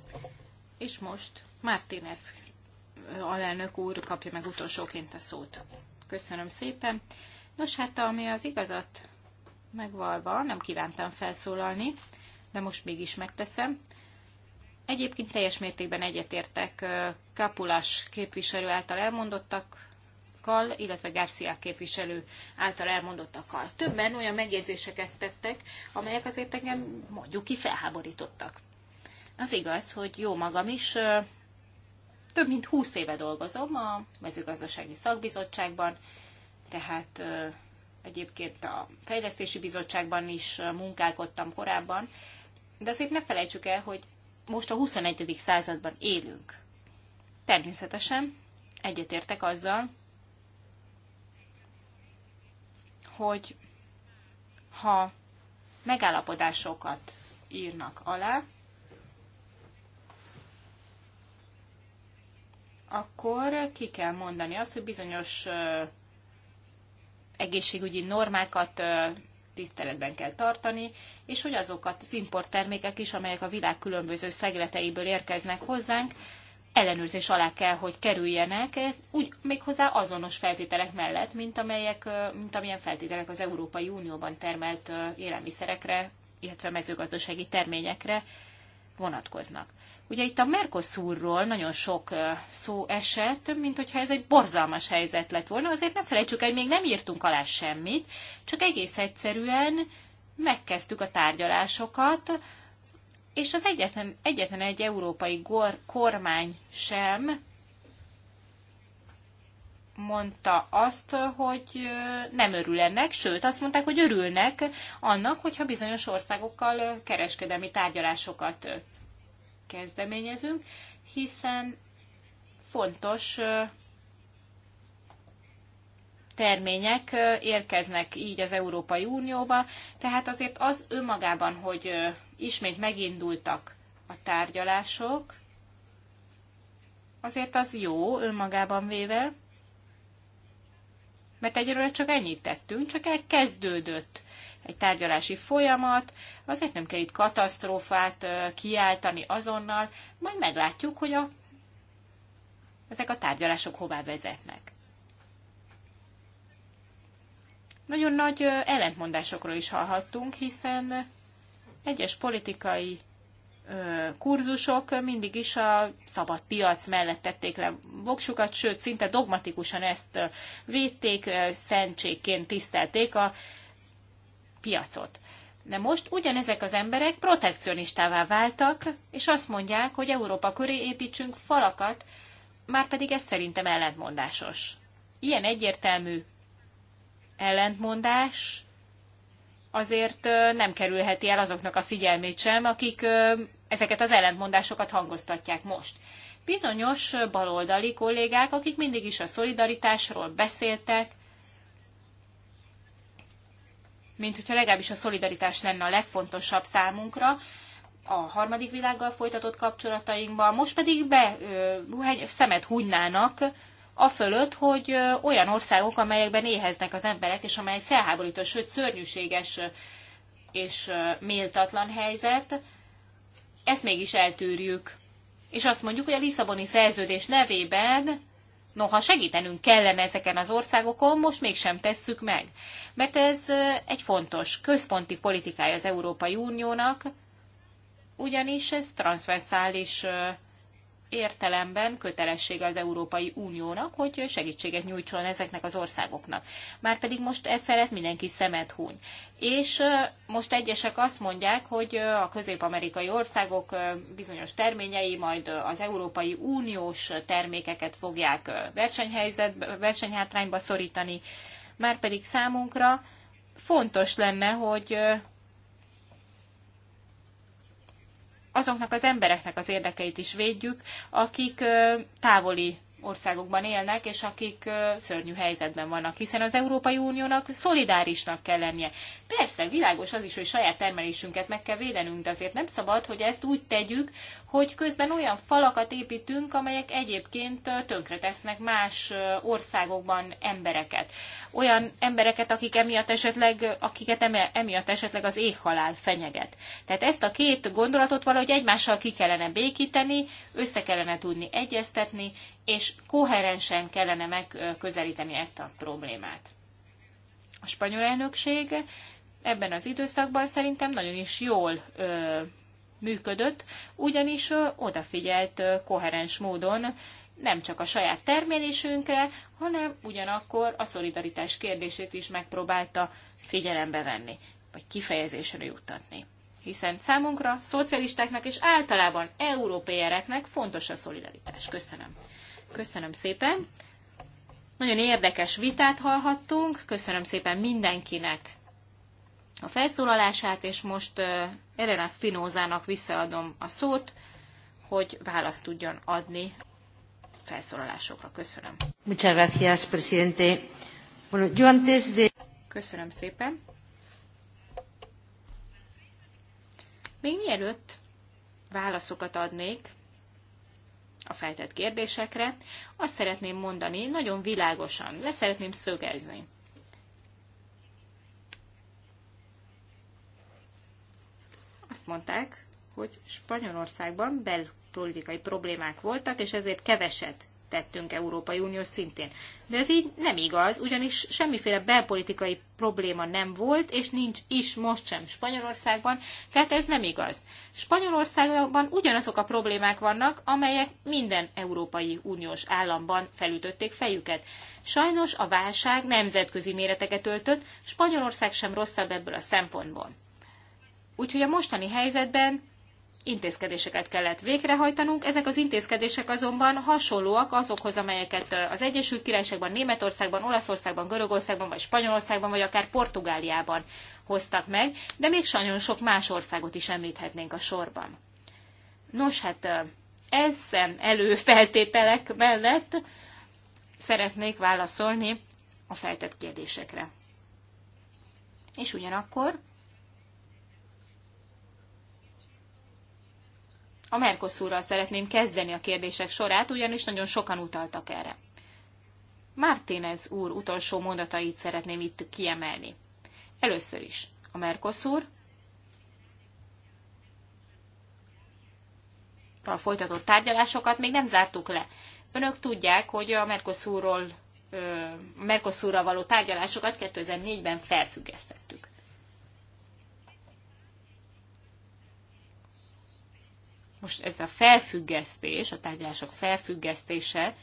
És most Martínez e, alelnök úr kapja meg utolsóként a szót. Köszönöm szépen. Nos, hát ami az igazat megvalva, nem kívántam felszólalni, de most mégis megteszem. Egyébként teljes mértékben egyetértek Kapulás képviselő által elmondottakkal, illetve Garcia képviselő által elmondottakkal. Többen olyan megjegyzéseket tettek, amelyek azért engem mondjuk ki felháborítottak. Az igaz, hogy jó magam is több mint 20 éve dolgozom a mezőgazdasági szakbizottságban, tehát egyébként a fejlesztési bizottságban is munkálkodtam korábban, de azért ne felejtsük el, hogy most a 21. században élünk. Természetesen egyetértek azzal, hogy ha megállapodásokat írnak alá, akkor ki kell mondani azt, hogy bizonyos egészségügyi normákat tiszteletben kell tartani, és hogy azokat az importtermékek is, amelyek a világ különböző szegleteiből érkeznek hozzánk, ellenőrzés alá kell, hogy kerüljenek, úgy méghozzá azonos feltételek mellett, mint, amelyek, mint amilyen feltételek az Európai Unióban termelt élelmiszerekre, illetve mezőgazdasági terményekre vonatkoznak. Ugye itt a Mercosurról nagyon sok szó esett, mint hogyha ez egy borzalmas helyzet lett volna, azért ne felejtsük el, még nem írtunk alá semmit, csak egész egyszerűen megkezdtük a tárgyalásokat, és az egyetlen, egyetlen egy európai gor, kormány sem mondta azt, hogy nem örül ennek, sőt azt mondták, hogy örülnek annak, hogyha bizonyos országokkal kereskedelmi tárgyalásokat kezdeményezünk, hiszen fontos termények érkeznek így az Európai Unióba, tehát azért az önmagában, hogy ismét megindultak a tárgyalások, azért az jó önmagában véve, mert egyelőre csak ennyit tettünk, csak elkezdődött egy tárgyalási folyamat, azért nem kell itt katasztrófát kiáltani azonnal, majd meglátjuk, hogy a, ezek a tárgyalások hová vezetnek. Nagyon nagy ellentmondásokról is hallhattunk, hiszen egyes politikai kurzusok mindig is a szabad piac mellett tették le voksukat, sőt, szinte dogmatikusan ezt védték, szentségként tisztelték a piacot. De most ugyanezek az emberek protekcionistává váltak, és azt mondják, hogy Európa köré építsünk falakat, már pedig ez szerintem ellentmondásos. Ilyen egyértelmű ellentmondás azért nem kerülheti el azoknak a figyelmét sem, akik ezeket az ellentmondásokat hangoztatják most. Bizonyos baloldali kollégák, akik mindig is a szolidaritásról beszéltek, mint hogyha legalábbis a szolidaritás lenne a legfontosabb számunkra, a harmadik világgal folytatott kapcsolatainkban, most pedig be ö, szemet hunynának a fölött, hogy ö, olyan országok, amelyekben éheznek az emberek, és amely felháborító, sőt szörnyűséges és ö, méltatlan helyzet, ezt mégis eltűrjük. És azt mondjuk, hogy a Lisszaboni szerződés nevében Noha segítenünk kellene ezeken az országokon, most mégsem tesszük meg. Mert ez egy fontos központi politikája az Európai Uniónak, ugyanis ez transzverszális értelemben kötelessége az Európai Uniónak, hogy segítséget nyújtson ezeknek az országoknak. Márpedig most e felett mindenki szemet húny. És most egyesek azt mondják, hogy a közép-amerikai országok bizonyos terményei majd az Európai Uniós termékeket fogják versenyhelyzetbe, versenyhátrányba szorítani. Márpedig számunkra fontos lenne, hogy azoknak az embereknek az érdekeit is védjük, akik távoli országokban élnek, és akik szörnyű helyzetben vannak, hiszen az Európai Uniónak szolidárisnak kell lennie. Persze, világos az is, hogy saját termelésünket meg kell védenünk, de azért nem szabad, hogy ezt úgy tegyük, hogy közben olyan falakat építünk, amelyek egyébként tönkretesznek más országokban embereket. Olyan embereket, akik emiatt esetleg, akiket emiatt esetleg az éhhalál fenyeget. Tehát ezt a két gondolatot valahogy egymással ki kellene békíteni, össze kellene tudni egyeztetni, és koherensen kellene megközelíteni ezt a problémát. A spanyol elnökség ebben az időszakban szerintem nagyon is jól ö, működött, ugyanis ö, odafigyelt ö, koherens módon nem csak a saját termelésünkre, hanem ugyanakkor a szolidaritás kérdését is megpróbálta figyelembe venni, vagy kifejezésre juttatni. Hiszen számunkra, szocialistáknak és általában európéereknek fontos a szolidaritás. Köszönöm. Köszönöm szépen. Nagyon érdekes vitát hallhattunk. Köszönöm szépen mindenkinek a felszólalását, és most Elena Spinozának visszaadom a szót, hogy választ tudjon adni felszólalásokra. Köszönöm. Muchas gracias, presidente. Bueno, yo antes de... Köszönöm szépen. Még mielőtt válaszokat adnék a feltett kérdésekre, azt szeretném mondani nagyon világosan, le szeretném szögezni. Azt mondták, hogy Spanyolországban belpolitikai problémák voltak, és ezért keveset tettünk Európai Unió szintén. De ez így nem igaz, ugyanis semmiféle belpolitikai probléma nem volt, és nincs is most sem Spanyolországban, tehát ez nem igaz. Spanyolországban ugyanazok a problémák vannak, amelyek minden Európai Uniós államban felütötték fejüket. Sajnos a válság nemzetközi méreteket öltött, Spanyolország sem rosszabb ebből a szempontból. Úgyhogy a mostani helyzetben intézkedéseket kellett végrehajtanunk. Ezek az intézkedések azonban hasonlóak azokhoz, amelyeket az Egyesült Királyságban, Németországban, Olaszországban, Görögországban, vagy Spanyolországban, vagy akár Portugáliában hoztak meg, de még sajnos sok más országot is említhetnénk a sorban. Nos, hát ezen előfeltételek mellett szeretnék válaszolni a feltett kérdésekre. És ugyanakkor A Mercosurral szeretném kezdeni a kérdések sorát, ugyanis nagyon sokan utaltak erre. Martínez úr utolsó mondatait szeretném itt kiemelni. Először is a Mercosur, a folytatott tárgyalásokat még nem zártuk le. Önök tudják, hogy a Mercosurról, Mercosurra való tárgyalásokat 2004-ben felfüggesztettük. most ez a felfüggesztés, a tárgyalások felfüggesztése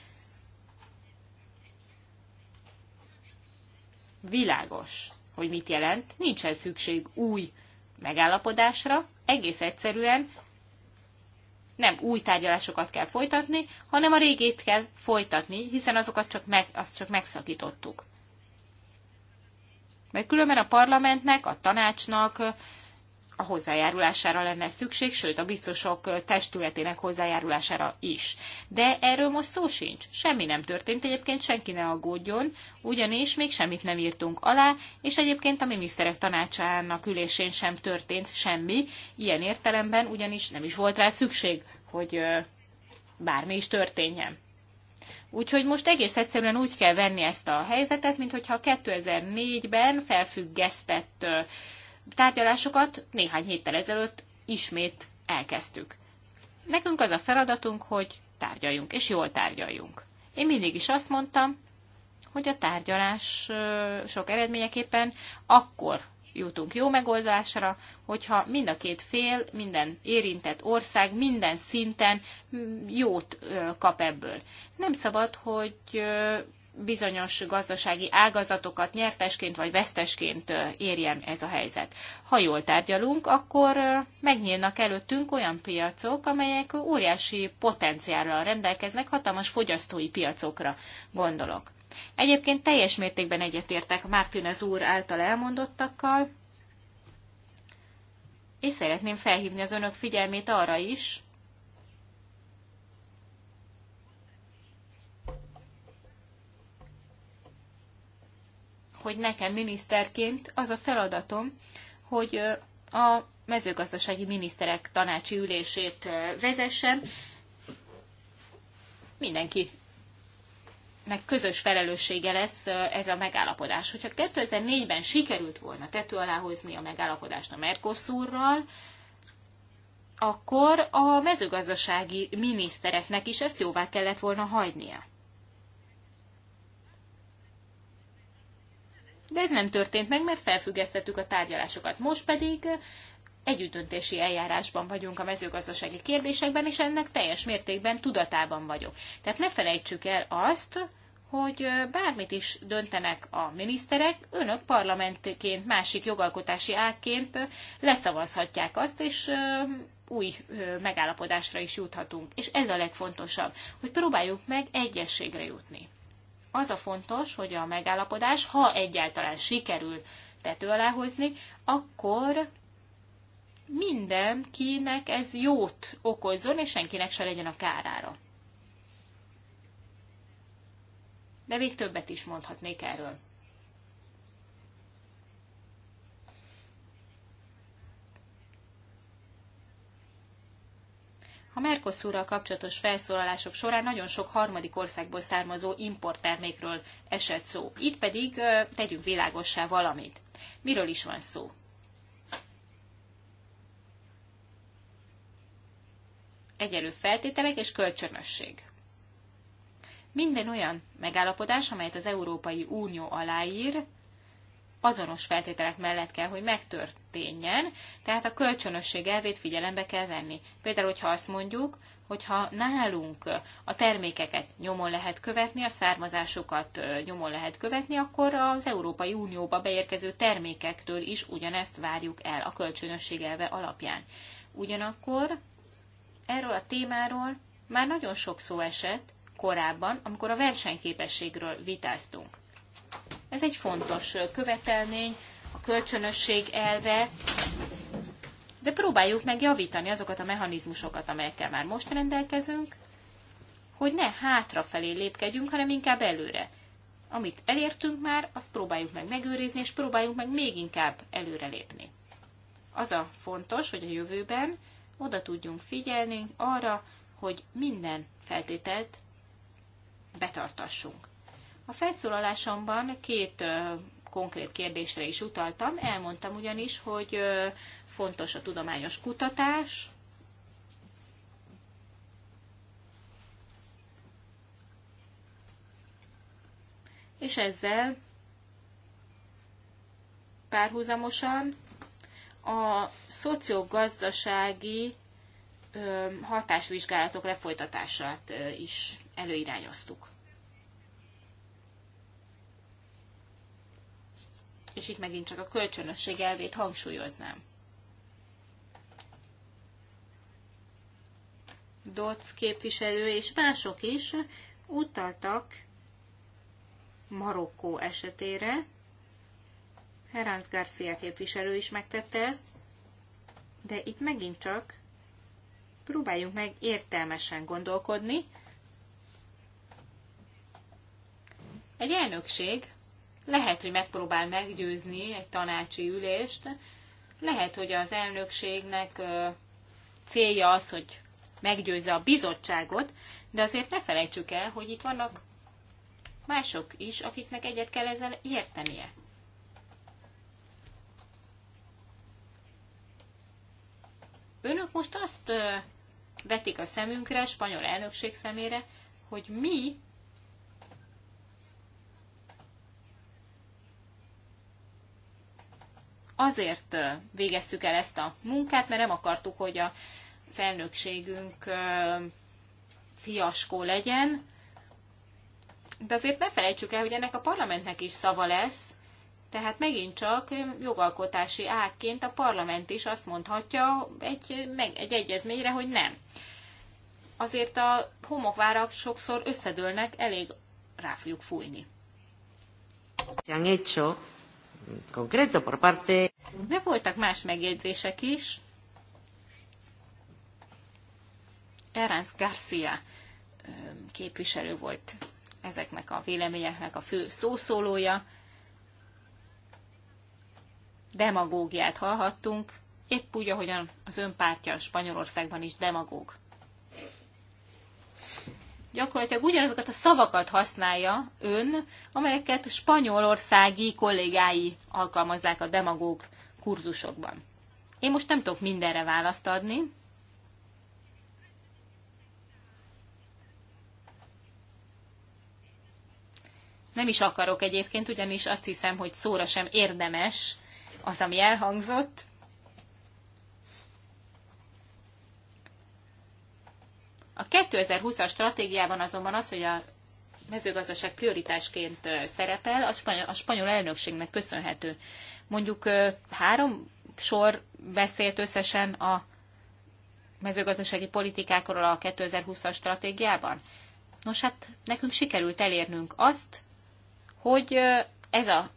világos, hogy mit jelent. Nincsen szükség új megállapodásra, egész egyszerűen nem új tárgyalásokat kell folytatni, hanem a régét kell folytatni, hiszen azokat csak, meg, azt csak megszakítottuk. Mert különben a parlamentnek, a tanácsnak, a hozzájárulására lenne szükség, sőt a biztosok testületének hozzájárulására is. De erről most szó sincs. Semmi nem történt, egyébként senki ne aggódjon, ugyanis még semmit nem írtunk alá, és egyébként a miniszterek tanácsának ülésén sem történt semmi, ilyen értelemben ugyanis nem is volt rá szükség, hogy bármi is történjen. Úgyhogy most egész egyszerűen úgy kell venni ezt a helyzetet, mintha 2004-ben felfüggesztett tárgyalásokat néhány héttel ezelőtt ismét elkezdtük. Nekünk az a feladatunk, hogy tárgyaljunk, és jól tárgyaljunk. Én mindig is azt mondtam, hogy a tárgyalás sok eredményeképpen akkor jutunk jó megoldásra, hogyha mind a két fél, minden érintett ország, minden szinten jót kap ebből. Nem szabad, hogy bizonyos gazdasági ágazatokat nyertesként vagy vesztesként érjen ez a helyzet. Ha jól tárgyalunk, akkor megnyílnak előttünk olyan piacok, amelyek óriási potenciállal rendelkeznek, hatalmas fogyasztói piacokra gondolok. Egyébként teljes mértékben egyetértek Mártinez úr által elmondottakkal, és szeretném felhívni az önök figyelmét arra is, hogy nekem miniszterként az a feladatom, hogy a mezőgazdasági miniszterek tanácsi ülését vezessem. Mindenki meg közös felelőssége lesz ez a megállapodás. Hogyha 2004-ben sikerült volna tető alá hozni a megállapodást a Mercosurral, akkor a mezőgazdasági minisztereknek is ezt jóvá kellett volna hagynia. de ez nem történt meg, mert felfüggesztettük a tárgyalásokat. Most pedig együttöntési eljárásban vagyunk a mezőgazdasági kérdésekben, és ennek teljes mértékben tudatában vagyok. Tehát ne felejtsük el azt, hogy bármit is döntenek a miniszterek, önök parlamentként, másik jogalkotási ágként leszavazhatják azt, és új megállapodásra is juthatunk. És ez a legfontosabb, hogy próbáljuk meg egyességre jutni. Az a fontos, hogy a megállapodás, ha egyáltalán sikerül tető alá hozni, akkor mindenkinek ez jót okozzon, és senkinek se legyen a kárára. De még többet is mondhatnék erről. A Mercosurral kapcsolatos felszólalások során nagyon sok harmadik országból származó importtermékről esett szó. Itt pedig tegyünk világossá valamit. Miről is van szó? Egyelő feltételek és kölcsönösség. Minden olyan megállapodás, amelyet az Európai Unió aláír, azonos feltételek mellett kell, hogy megtörténjen, tehát a kölcsönösség elvét figyelembe kell venni. Például, hogyha azt mondjuk, hogyha nálunk a termékeket nyomon lehet követni, a származásokat nyomon lehet követni, akkor az Európai Unióba beérkező termékektől is ugyanezt várjuk el a kölcsönösség elve alapján. Ugyanakkor erről a témáról már nagyon sok szó esett korábban, amikor a versenyképességről vitáztunk. Ez egy fontos követelmény, a kölcsönösség elve, de próbáljuk meg javítani azokat a mechanizmusokat, amelyekkel már most rendelkezünk, hogy ne hátrafelé lépkedjünk, hanem inkább előre. Amit elértünk már, azt próbáljuk meg megőrizni, és próbáljuk meg még inkább előre lépni. Az a fontos, hogy a jövőben oda tudjunk figyelni arra, hogy minden feltételt betartassunk. A felszólalásomban két konkrét kérdésre is utaltam. Elmondtam ugyanis, hogy fontos a tudományos kutatás, és ezzel párhuzamosan a szociogazdasági hatásvizsgálatok lefolytatását is előirányoztuk. és itt megint csak a kölcsönösség elvét hangsúlyoznám. Dodds képviselő és mások is utaltak Marokkó esetére. Heránz Garcia képviselő is megtette ezt, de itt megint csak próbáljunk meg értelmesen gondolkodni. Egy elnökség lehet, hogy megpróbál meggyőzni egy tanácsi ülést, lehet, hogy az elnökségnek célja az, hogy meggyőzze a bizottságot, de azért ne felejtsük el, hogy itt vannak mások is, akiknek egyet kell ezzel értenie. Önök most azt vetik a szemünkre, a spanyol elnökség szemére, hogy mi azért végeztük el ezt a munkát, mert nem akartuk, hogy a felnökségünk fiaskó legyen, de azért ne felejtsük el, hogy ennek a parlamentnek is szava lesz, tehát megint csak jogalkotási ágként a parlament is azt mondhatja egy, meg, egy egyezményre, hogy nem. Azért a homokvárak sokszor összedőlnek, elég rá fogjuk fújni concreto por parte... De voltak más megjegyzések is. Eráns Garcia képviselő volt ezeknek a véleményeknek a fő szószólója. Demagógiát hallhattunk, épp úgy, ahogyan az önpártya Spanyolországban is demagóg gyakorlatilag ugyanazokat a szavakat használja ön, amelyeket spanyolországi kollégái alkalmazzák a demagóg kurzusokban. Én most nem tudok mindenre választ adni. Nem is akarok egyébként, ugyanis azt hiszem, hogy szóra sem érdemes az, ami elhangzott. A 2020-as stratégiában azonban az, hogy a mezőgazdaság prioritásként szerepel, a spanyol, a spanyol elnökségnek köszönhető. Mondjuk három sor beszélt összesen a mezőgazdasági politikákról a 2020-as stratégiában. Nos hát nekünk sikerült elérnünk azt, hogy ez a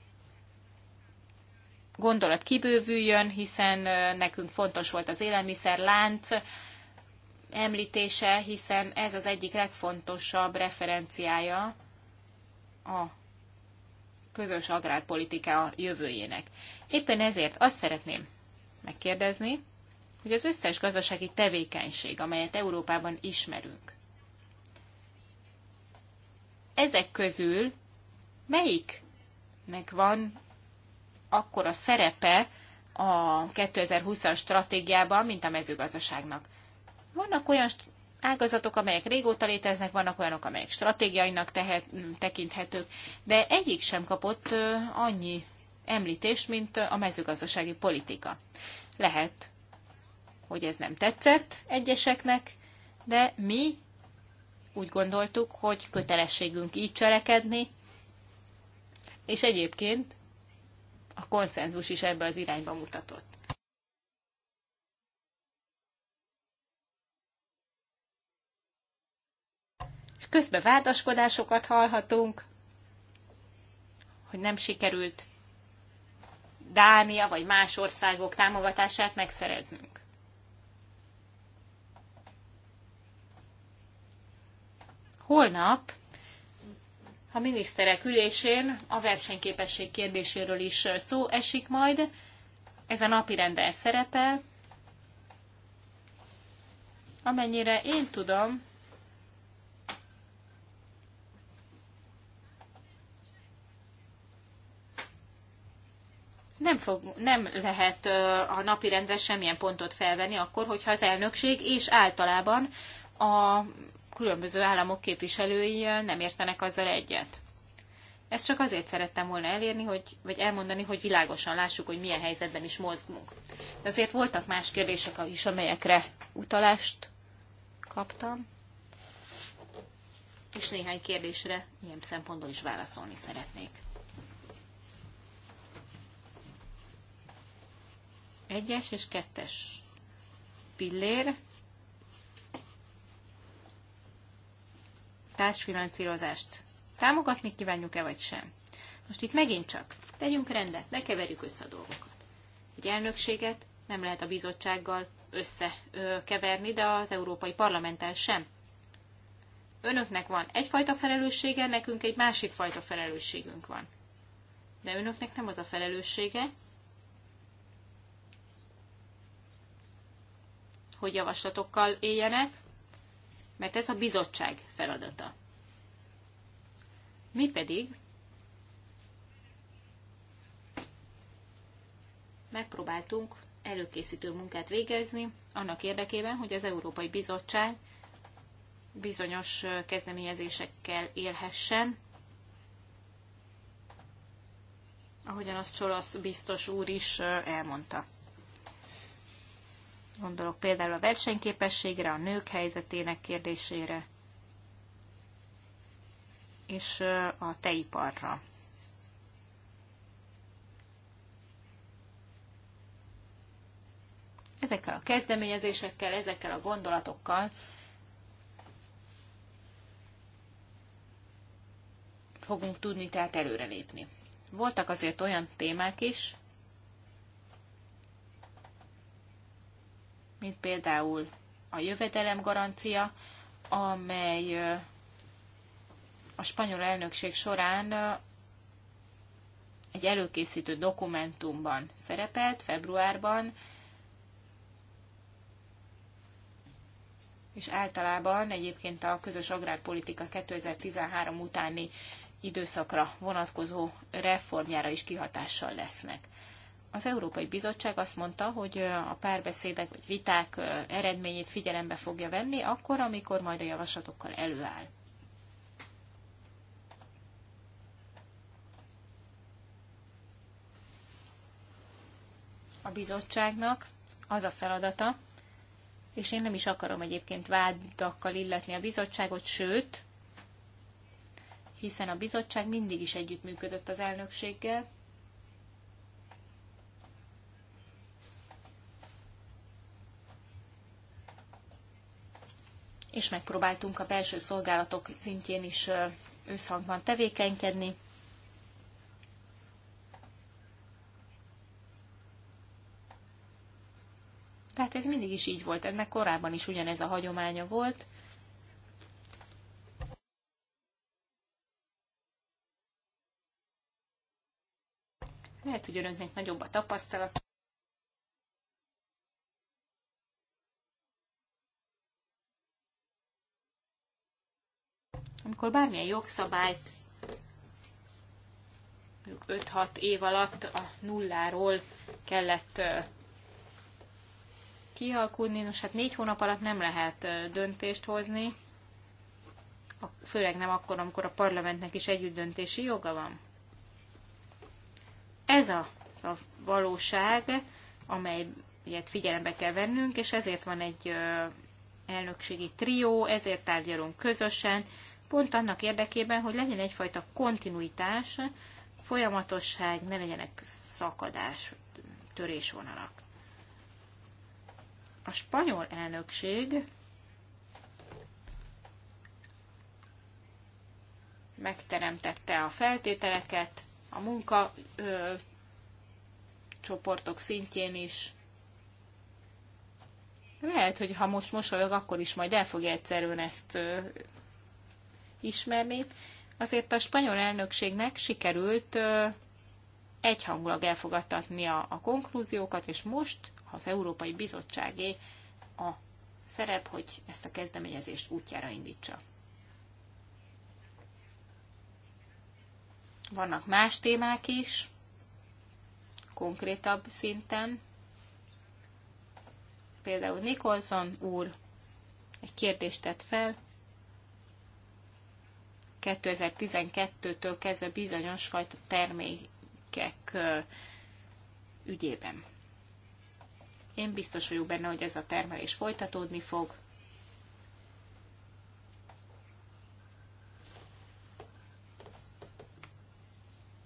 gondolat kibővüljön, hiszen nekünk fontos volt az élelmiszerlánc. lánc, említése, hiszen ez az egyik legfontosabb referenciája a közös agrárpolitika jövőjének. Éppen ezért azt szeretném megkérdezni, hogy az összes gazdasági tevékenység, amelyet Európában ismerünk, ezek közül melyiknek van akkora szerepe a 2020-as stratégiában, mint a mezőgazdaságnak? Vannak olyan ágazatok, amelyek régóta léteznek, vannak olyanok, amelyek stratégiainak tehet, tekinthetők, de egyik sem kapott annyi említést, mint a mezőgazdasági politika. Lehet, hogy ez nem tetszett egyeseknek, de mi úgy gondoltuk, hogy kötelességünk így cselekedni, és egyébként a konszenzus is ebbe az irányba mutatott. Közben vádaskodásokat hallhatunk, hogy nem sikerült Dánia vagy más országok támogatását megszereznünk. Holnap a miniszterek ülésén a versenyképesség kérdéséről is szó esik majd. Ez a napi renden szerepel. Amennyire én tudom, nem, fog, nem lehet a napi rendre semmilyen pontot felvenni akkor, hogyha az elnökség és általában a különböző államok képviselői nem értenek azzal egyet. Ezt csak azért szerettem volna elérni, hogy, vagy elmondani, hogy világosan lássuk, hogy milyen helyzetben is mozgunk. De azért voltak más kérdések is, amelyekre utalást kaptam, és néhány kérdésre ilyen szempontból is válaszolni szeretnék. Egyes és kettes pillér. Társfinanszírozást támogatni kívánjuk-e vagy sem. Most itt megint csak tegyünk rendet, ne keverjük össze a dolgokat. Egy elnökséget nem lehet a bizottsággal összekeverni, de az Európai Parlamenten sem. Önöknek van egyfajta felelőssége, nekünk egy másik fajta felelősségünk van. De önöknek nem az a felelőssége, hogy javaslatokkal éljenek, mert ez a bizottság feladata. Mi pedig megpróbáltunk előkészítő munkát végezni annak érdekében, hogy az Európai Bizottság bizonyos kezdeményezésekkel élhessen, ahogyan azt Csolasz biztos úr is elmondta. Gondolok például a versenyképességre, a nők helyzetének kérdésére, és a tejiparra. Ezekkel a kezdeményezésekkel, ezekkel a gondolatokkal fogunk tudni tehát előrelépni. Voltak azért olyan témák is, mint például a jövedelemgarancia, amely a spanyol elnökség során egy előkészítő dokumentumban szerepelt februárban, és általában egyébként a közös agrárpolitika 2013 utáni időszakra vonatkozó reformjára is kihatással lesznek. Az Európai Bizottság azt mondta, hogy a párbeszédek vagy viták eredményét figyelembe fogja venni, akkor, amikor majd a javaslatokkal előáll. A bizottságnak az a feladata, és én nem is akarom egyébként vádakkal illetni a bizottságot, sőt, hiszen a bizottság mindig is együttműködött az elnökséggel, és megpróbáltunk a belső szolgálatok szintjén is összhangban tevékenykedni. Tehát ez mindig is így volt, ennek korábban is ugyanez a hagyománya volt. Lehet, hogy önöknek nagyobb a tapasztalat. Amikor bármilyen jogszabályt 5-6 év alatt a nulláról kellett kihalkudni, nos hát négy hónap alatt nem lehet döntést hozni, főleg nem akkor, amikor a parlamentnek is együtt döntési joga van. Ez a, a valóság, amelyet figyelembe kell vennünk, és ezért van egy elnökségi trió, ezért tárgyalunk közösen, pont annak érdekében, hogy legyen egyfajta kontinuitás, folyamatosság, ne legyenek szakadás, törésvonalak. A spanyol elnökség megteremtette a feltételeket, a munka ö, csoportok szintjén is. Lehet, hogy ha most mosolyog, akkor is majd el fogja egyszerűen ezt ismerni, azért a spanyol elnökségnek sikerült egyhangulag elfogadtatnia a konklúziókat, és most az Európai Bizottságé a szerep, hogy ezt a kezdeményezést útjára indítsa. Vannak más témák is, konkrétabb szinten. Például Nicholson úr egy kérdést tett fel, 2012-től kezdve bizonyos fajta termékek ügyében. Én biztos vagyok benne, hogy ez a termelés folytatódni fog.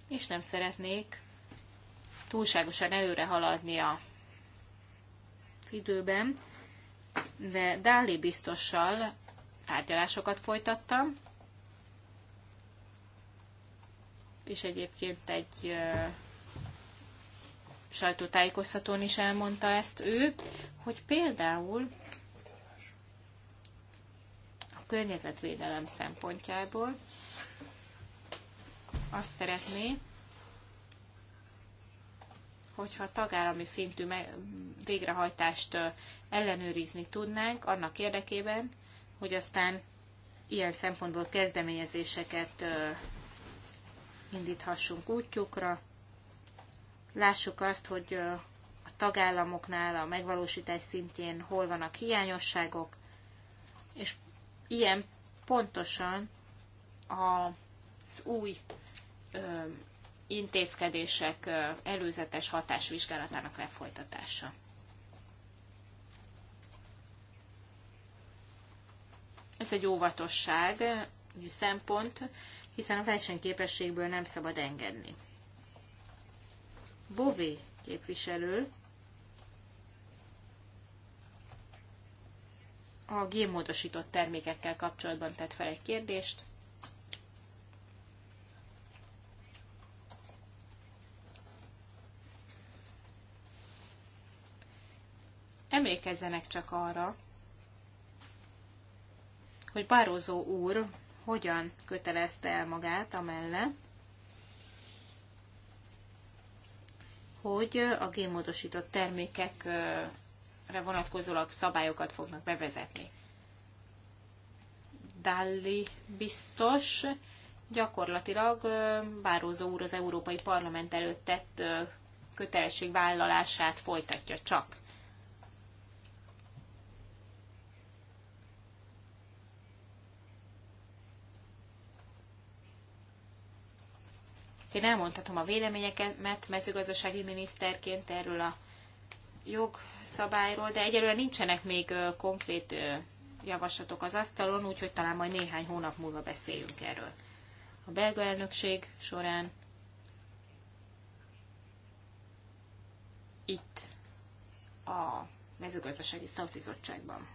És nem szeretnék túlságosan előre haladni a időben, de Dáli biztossal tárgyalásokat folytattam, és egyébként egy sajtótájékoztatón is elmondta ezt ő, hogy például a környezetvédelem szempontjából azt szeretné, hogyha tagállami szintű végrehajtást ellenőrizni tudnánk, annak érdekében, hogy aztán ilyen szempontból kezdeményezéseket indíthassunk útjukra. Lássuk azt, hogy a tagállamoknál a megvalósítás szintjén hol vannak hiányosságok, és ilyen pontosan az új intézkedések előzetes hatásvizsgálatának lefolytatása. Ez egy óvatosság szempont, hiszen a versenyképességből nem szabad engedni. Bové képviselő a gémmódosított termékekkel kapcsolatban tett fel egy kérdést. Emlékezzenek csak arra, hogy Bározó úr hogyan kötelezte el magát amellett, hogy a génmódosított termékekre vonatkozólag szabályokat fognak bevezetni. Dalli biztos gyakorlatilag Bározó úr az Európai Parlament előtt tett kötelességvállalását folytatja csak. én elmondhatom a véleményeket mezőgazdasági miniszterként erről a jogszabályról, de egyelőre nincsenek még konkrét javaslatok az asztalon, úgyhogy talán majd néhány hónap múlva beszéljünk erről. A belga elnökség során itt a mezőgazdasági szakbizottságban.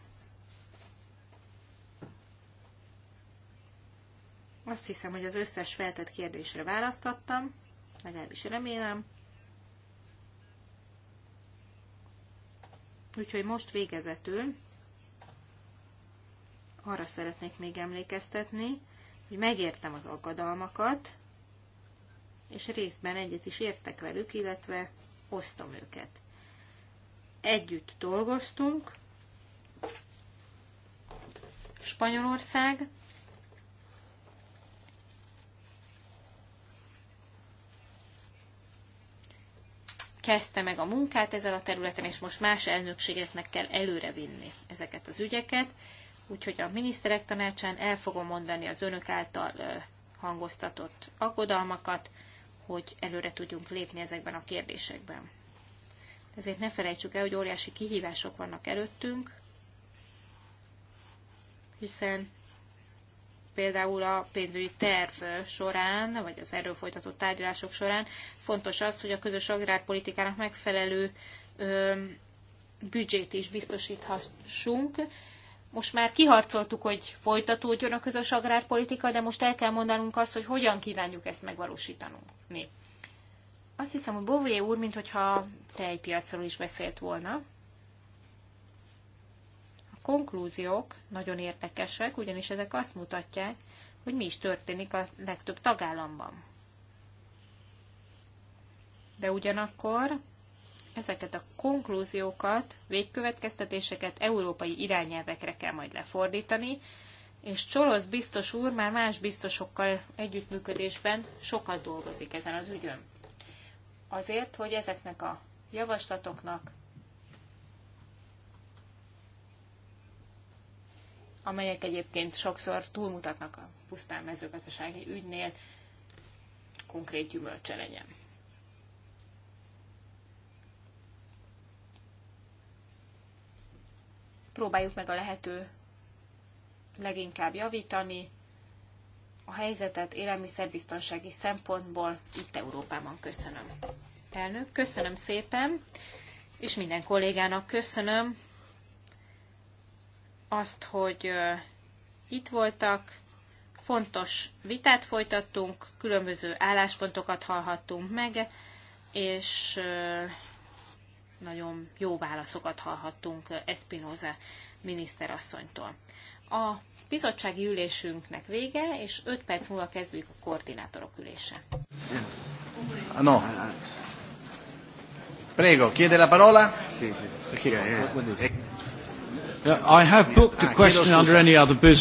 Azt hiszem, hogy az összes feltett kérdésre választottam, legalábbis remélem. Úgyhogy most végezetül arra szeretnék még emlékeztetni, hogy megértem az aggodalmakat, és részben egyet is értek velük, illetve osztom őket. Együtt dolgoztunk, Spanyolország, kezdte meg a munkát ezen a területen, és most más elnökségeknek kell előrevinni ezeket az ügyeket. Úgyhogy a miniszterek tanácsán el fogom mondani az önök által hangoztatott aggodalmakat, hogy előre tudjunk lépni ezekben a kérdésekben. Ezért ne felejtsük el, hogy óriási kihívások vannak előttünk, hiszen például a pénzügyi terv során, vagy az erről folytatott tárgyalások során fontos az, hogy a közös agrárpolitikának megfelelő büdzsét is biztosíthassunk. Most már kiharcoltuk, hogy folytatódjon a közös agrárpolitika, de most el kell mondanunk azt, hogy hogyan kívánjuk ezt megvalósítani. Azt hiszem, hogy Bové úr, mintha tejpiacról is beszélt volna konklúziók nagyon érdekesek, ugyanis ezek azt mutatják, hogy mi is történik a legtöbb tagállamban. De ugyanakkor ezeket a konklúziókat, végkövetkeztetéseket európai irányelvekre kell majd lefordítani, és Csolosz biztos úr már más biztosokkal együttműködésben sokat dolgozik ezen az ügyön. Azért, hogy ezeknek a javaslatoknak amelyek egyébként sokszor túlmutatnak a pusztán mezőgazdasági ügynél, konkrét gyümölcse legyen. Próbáljuk meg a lehető leginkább javítani a helyzetet élelmiszerbiztonsági szempontból itt Európában. Köszönöm. Elnök, köszönöm szépen, és minden kollégának köszönöm azt, hogy itt voltak, fontos vitát folytattunk, különböző álláspontokat hallhattunk meg, és nagyon jó válaszokat hallhattunk Espinoza miniszterasszonytól. A bizottsági ülésünknek vége, és 5 perc múlva kezdjük a koordinátorok ülése. Ah, no. Prego, chiede la parola? Sì, sì. Okay. I have booked a ah, question under any other business.